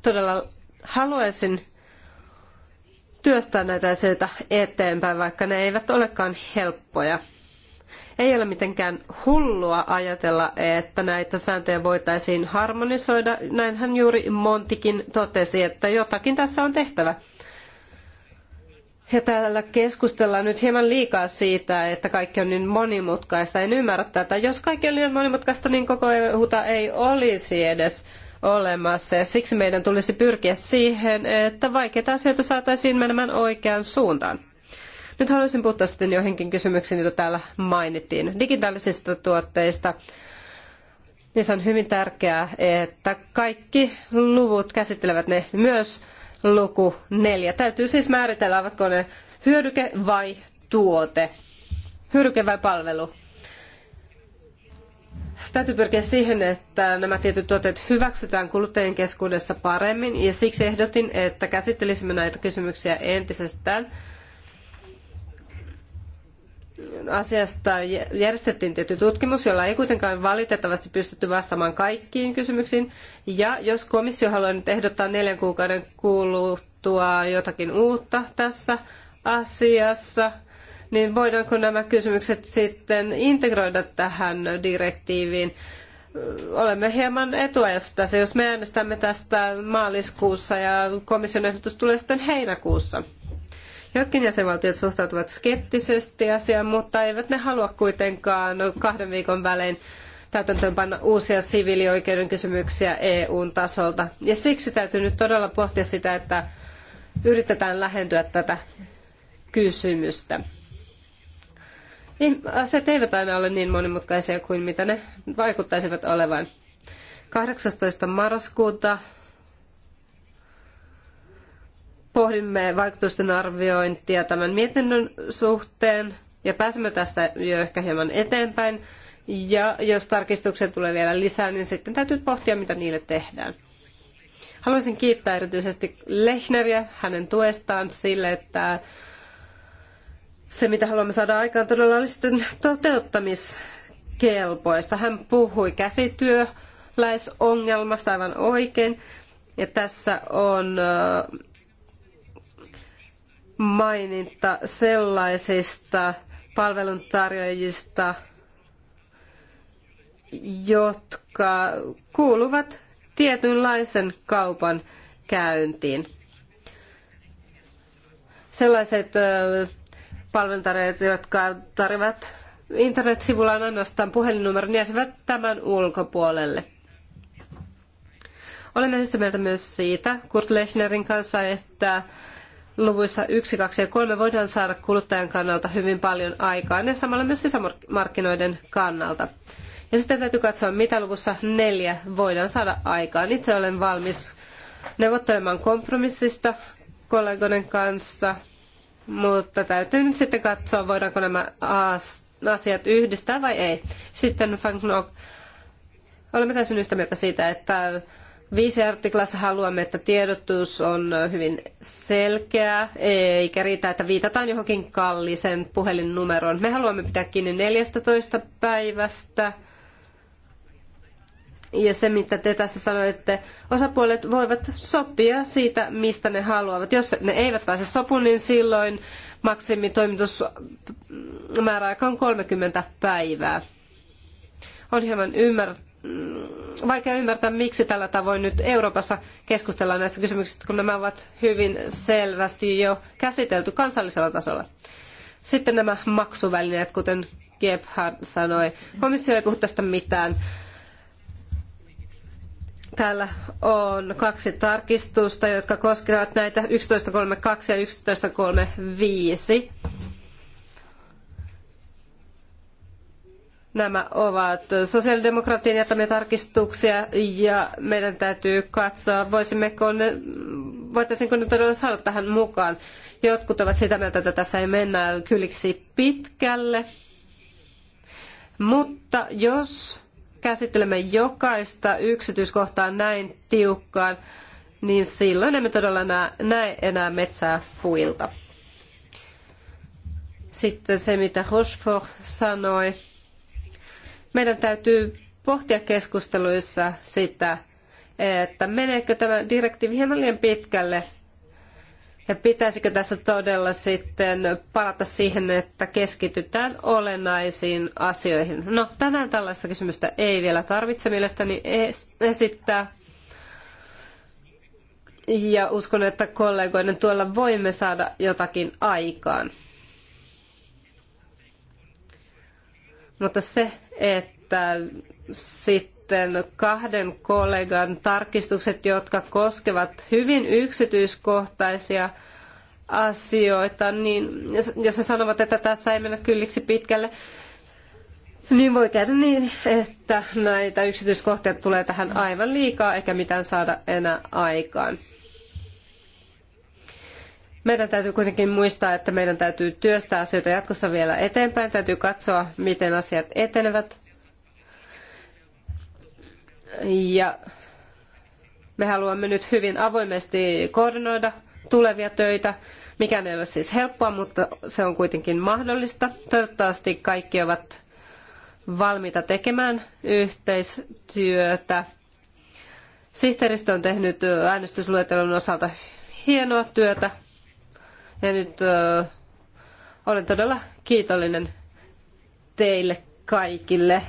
todella haluaisin työstää näitä asioita eteenpäin, vaikka ne eivät olekaan helppoja. Ei ole mitenkään hullua ajatella, että näitä sääntöjä voitaisiin harmonisoida. Näinhän juuri Montikin totesi, että jotakin tässä on tehtävä. Ja täällä keskustellaan nyt hieman liikaa siitä, että kaikki on niin monimutkaista. En ymmärrä tätä. Jos kaikki on niin monimutkaista, niin koko EUta ei olisi edes olemassa. Ja siksi meidän tulisi pyrkiä siihen, että vaikeita asioita saataisiin menemään oikeaan suuntaan. Nyt haluaisin puuttua sitten joihinkin kysymyksiin, joita täällä mainittiin. Digitaalisista tuotteista. Niissä on hyvin tärkeää, että kaikki luvut käsittelevät ne myös luku neljä. Täytyy siis määritellä, ovatko ne hyödyke vai tuote. Hyödyke vai palvelu. Täytyy pyrkiä siihen, että nämä tietyt tuotteet hyväksytään kuluttajien keskuudessa paremmin, ja siksi ehdotin, että käsittelisimme näitä kysymyksiä entisestään asiasta järjestettiin tietty tutkimus, jolla ei kuitenkaan valitettavasti pystytty vastaamaan kaikkiin kysymyksiin. Ja jos komissio haluaa nyt ehdottaa neljän kuukauden kuluttua jotakin uutta tässä asiassa, niin voidaanko nämä kysymykset sitten integroida tähän direktiiviin? Olemme hieman etuajassa tässä, jos me äänestämme tästä maaliskuussa ja komission ehdotus tulee sitten heinäkuussa. Jotkin jäsenvaltiot suhtautuvat skeptisesti asiaan, mutta eivät ne halua kuitenkaan kahden viikon välein täytäntöönpanna uusia siviilioikeuden kysymyksiä EUn tasolta. Ja siksi täytyy nyt todella pohtia sitä, että yritetään lähentyä tätä kysymystä. Aseet eivät aina ole niin monimutkaisia kuin mitä ne vaikuttaisivat olevan. 18. marraskuuta pohdimme vaikutusten arviointia tämän mietinnön suhteen ja pääsemme tästä jo ehkä hieman eteenpäin. Ja jos tarkistuksia tulee vielä lisää, niin sitten täytyy pohtia, mitä niille tehdään. Haluaisin kiittää erityisesti Lechneriä hänen tuestaan sille, että se, mitä haluamme saada aikaan, todella oli sitten toteuttamiskelpoista. Hän puhui käsityöläisongelmasta aivan oikein. Ja tässä on maininta sellaisista palveluntarjoajista, jotka kuuluvat tietynlaisen kaupan käyntiin. Sellaiset palveluntarjoajat, jotka tarjoavat internetsivullaan ainoastaan puhelinnumeron, jäisivät tämän ulkopuolelle. Olemme yhtä mieltä myös siitä Kurt Lechnerin kanssa, että luvuissa 1, 2 ja 3 voidaan saada kuluttajan kannalta hyvin paljon aikaan ja samalla myös sisämarkkinoiden kannalta. Ja sitten täytyy katsoa, mitä luvussa 4 voidaan saada aikaan. Itse olen valmis neuvottelemaan kompromissista kollegoiden kanssa, mutta täytyy nyt sitten katsoa, voidaanko nämä asiat yhdistää vai ei. Sitten Frank Nog, olemme täysin yhtä mieltä siitä, että Viisi artiklassa haluamme, että tiedotus on hyvin selkeä, eikä riitä, että viitataan johonkin kallisen puhelinnumeroon. Me haluamme pitää kiinni 14 päivästä. Ja se, mitä te tässä sanoitte, osapuolet voivat sopia siitä, mistä ne haluavat. Jos ne eivät pääse sopuun, niin silloin maksimitoimitusmääräaika on 30 päivää. On hieman ymmärrettävää vaikea ymmärtää, miksi tällä tavoin nyt Euroopassa keskustellaan näistä kysymyksistä, kun nämä ovat hyvin selvästi jo käsitelty kansallisella tasolla. Sitten nämä maksuvälineet, kuten Gebhard sanoi. Komissio ei puhu tästä mitään. Täällä on kaksi tarkistusta, jotka koskevat näitä 11.32 ja 11.35. Nämä ovat sosiaalidemokraattien jättämiä tarkistuksia ja meidän täytyy katsoa, voisimmeko ne, voitaisiinko ne todella saada tähän mukaan. Jotkut ovat sitä mieltä, että tässä ei mennä kylliksi pitkälle. Mutta jos käsittelemme jokaista yksityiskohtaa näin tiukkaan, niin silloin emme todella näe enää metsää puilta. Sitten se, mitä Rochefort sanoi meidän täytyy pohtia keskusteluissa sitä, että meneekö tämä direktiivi hieman liian pitkälle ja pitäisikö tässä todella sitten palata siihen, että keskitytään olennaisiin asioihin? No, tänään tällaista kysymystä ei vielä tarvitse mielestäni esittää. Ja uskon, että kollegoiden tuolla voimme saada jotakin aikaan. Mutta se, että sitten kahden kollegan tarkistukset, jotka koskevat hyvin yksityiskohtaisia asioita, niin jos he sanovat, että tässä ei mennä kylliksi pitkälle, niin voi käydä niin, että näitä yksityiskohtia tulee tähän aivan liikaa, eikä mitään saada enää aikaan. Meidän täytyy kuitenkin muistaa, että meidän täytyy työstää asioita jatkossa vielä eteenpäin. Täytyy katsoa, miten asiat etenevät. Ja me haluamme nyt hyvin avoimesti koordinoida tulevia töitä. Mikään ei ole siis helppoa, mutta se on kuitenkin mahdollista. Toivottavasti kaikki ovat valmiita tekemään yhteistyötä. Sihteeristö on tehnyt äänestysluettelon osalta hienoa työtä. Ja nyt ö, olen todella kiitollinen teille kaikille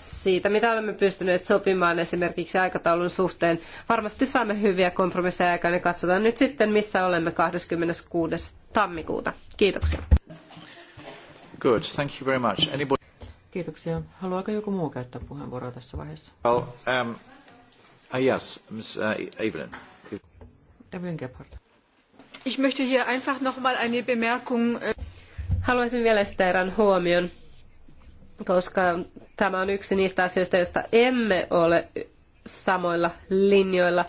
siitä, mitä olemme pystyneet sopimaan esimerkiksi aikataulun suhteen. Varmasti saamme hyviä kompromisseja aikaan ja katsotaan nyt sitten, missä olemme 26. tammikuuta. Kiitoksia. Good, thank you very much. Anybody... Kiitoksia. Haluaako joku muu käyttää puheenvuoroa tässä vaiheessa? Well, um, uh, yes, Miss uh, Evelyn. Evelyn Gebhardt. Ich möchte hier einfach noch mal eine Bemerkung. Äh, Haluaisin vielä erään huomion, koska tämä on yksi niistä asioista, joista emme ole samoilla linjoilla.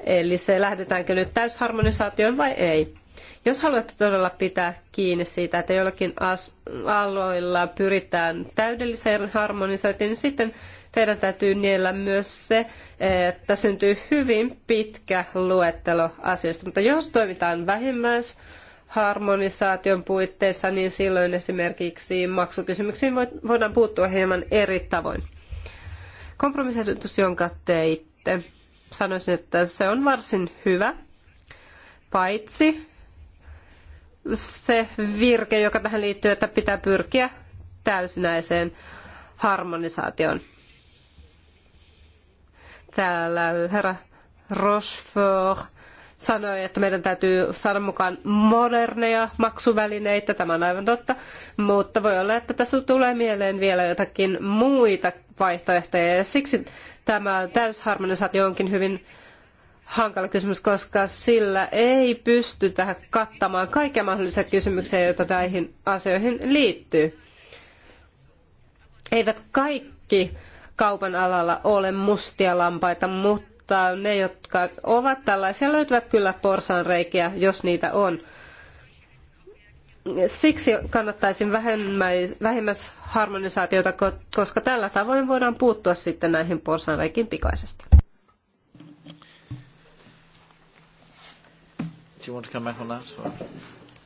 Eli se lähdetäänkö nyt täysharmonisaatioon vai ei? Jos haluatte todella pitää kiinni siitä, että jollakin aloilla pyritään täydelliseen harmonisointiin, niin sitten teidän täytyy niellä myös se, että syntyy hyvin pitkä luettelo asioista. Mutta jos toimitaan vähimmäis harmonisaation puitteissa, niin silloin esimerkiksi maksukysymyksiin voidaan puuttua hieman eri tavoin. Kompromissiehdotus, jonka teitte, sanoisin, että se on varsin hyvä, paitsi se virke, joka tähän liittyy, että pitää pyrkiä täysinäiseen harmonisaatioon. Täällä herra Rochefort sanoi, että meidän täytyy saada mukaan moderneja maksuvälineitä, tämä on aivan totta, mutta voi olla, että tässä tulee mieleen vielä jotakin muita vaihtoehtoja ja siksi tämä täysharmonisaatio onkin hyvin hankala kysymys, koska sillä ei pystytä kattamaan kaikkia mahdollisia kysymyksiä, joita näihin asioihin liittyy. Eivät kaikki kaupan alalla ole mustia lampaita, mutta ne, jotka ovat tällaisia, löytyvät kyllä porsaanreikiä, jos niitä on. Siksi kannattaisin vähemmäs harmonisaatiota, koska tällä tavoin voidaan puuttua sitten näihin porsaanreikiin pikaisesti. Do you want to come back on that? Or?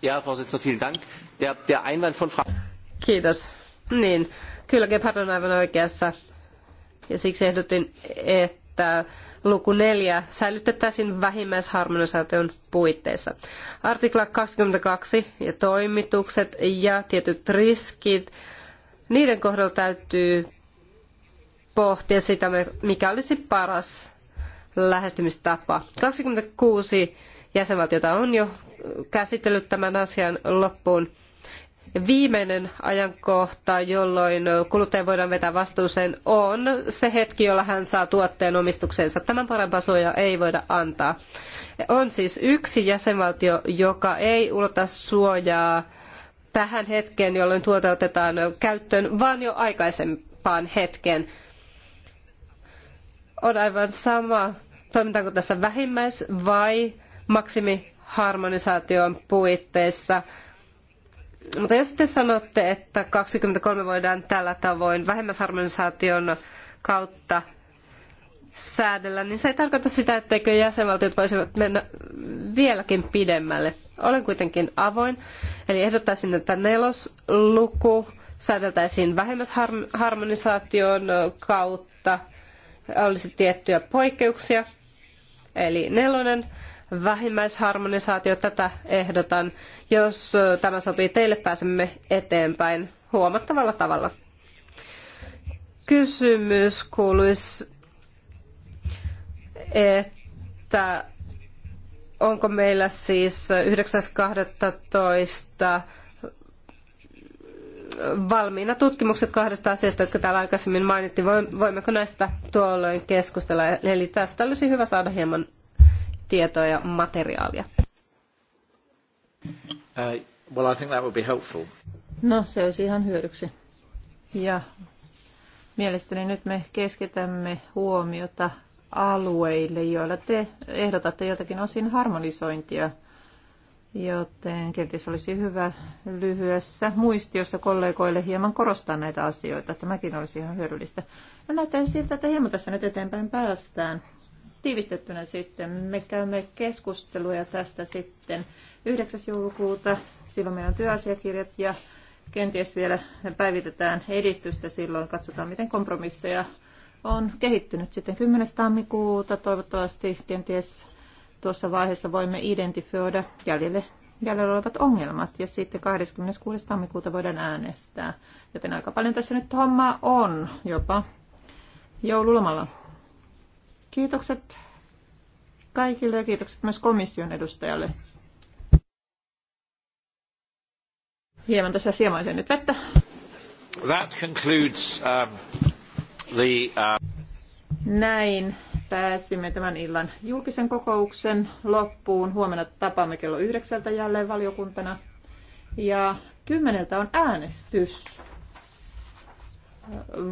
Ja, Vorsitzender, vielen Dank. Der, der Einwand von Frau... Kiitos. Niin, kyllä Gebhard on aivan oikeassa. Ja siksi ehdotin, että luku 4 säilytettäisiin vähimmäisharmonisaation puitteissa. Artikla 22 ja toimitukset ja tietyt riskit, niiden kohdalla täytyy pohtia sitä, mikä olisi paras lähestymistapa. 26 jäsenvaltiota on jo käsitellyt tämän asian loppuun. Viimeinen ajankohta, jolloin kuluttaja voidaan vetää vastuuseen, on se hetki, jolla hän saa tuotteen omistukseensa. Tämän parempaa suojaa ei voida antaa. On siis yksi jäsenvaltio, joka ei ulota suojaa tähän hetkeen, jolloin tuote otetaan käyttöön, vaan jo aikaisempaan hetkeen. On aivan sama, toimitaanko tässä vähimmäis- vai maksimiharmonisaation puitteissa. Mutta jos te sanotte, että 23 voidaan tällä tavoin vähemmäsharmonisaation kautta säädellä, niin se ei tarkoita sitä, etteikö jäsenvaltiot voisivat mennä vieläkin pidemmälle. Olen kuitenkin avoin, eli ehdottaisin, että nelosluku säädeltäisiin vähemmäsharmonisaation kautta, olisi tiettyjä poikkeuksia, eli nelonen, vähimmäisharmonisaatio, tätä ehdotan. Jos tämä sopii teille, pääsemme eteenpäin huomattavalla tavalla. Kysymys kuuluisi, että onko meillä siis 9.12. valmiina tutkimukset kahdesta asiasta, jotka täällä aikaisemmin mainittiin. Voimmeko näistä tuolloin keskustella? Eli tästä olisi hyvä saada hieman tietoa ja materiaalia? Uh, well, I think that would be helpful. No, se olisi ihan hyödyksi. Ja mielestäni nyt me keskitämme huomiota alueille, joilla te ehdotatte jotakin osin harmonisointia, joten kenties olisi hyvä lyhyessä muistiossa kollegoille hieman korostaa näitä asioita. Tämäkin olisi ihan hyödyllistä. No näyttää siltä, että hieman tässä nyt eteenpäin päästään tiivistettynä sitten. Me käymme keskusteluja tästä sitten 9. joulukuuta. Silloin meillä on työasiakirjat ja kenties vielä päivitetään edistystä silloin. Katsotaan, miten kompromisseja on kehittynyt sitten 10. tammikuuta. Toivottavasti kenties tuossa vaiheessa voimme identifioida jäljelle, jäljellä olevat ongelmat ja sitten 26. tammikuuta voidaan äänestää. Joten aika paljon tässä nyt hommaa on jopa joululomalla. Kiitokset kaikille ja kiitokset myös komission edustajalle. Hieman tässä siemaisen nyt vettä. That concludes, um, the, uh... Näin pääsimme tämän illan julkisen kokouksen loppuun. Huomenna tapaamme kello yhdeksältä jälleen valiokuntana. Ja kymmeneltä on äänestys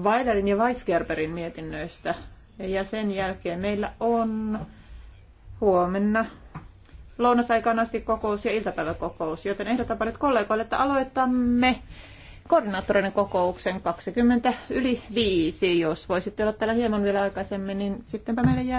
Weilerin ja Weisgerberin mietinnöistä. Ja sen jälkeen meillä on huomenna lounasaikaan asti kokous ja iltapäiväkokous, joten ehdotan paljon kollegoille, että aloitamme koordinaattorinen kokouksen 20 yli 5. Jos voisitte olla täällä hieman vielä aikaisemmin, niin sittenpä meille jää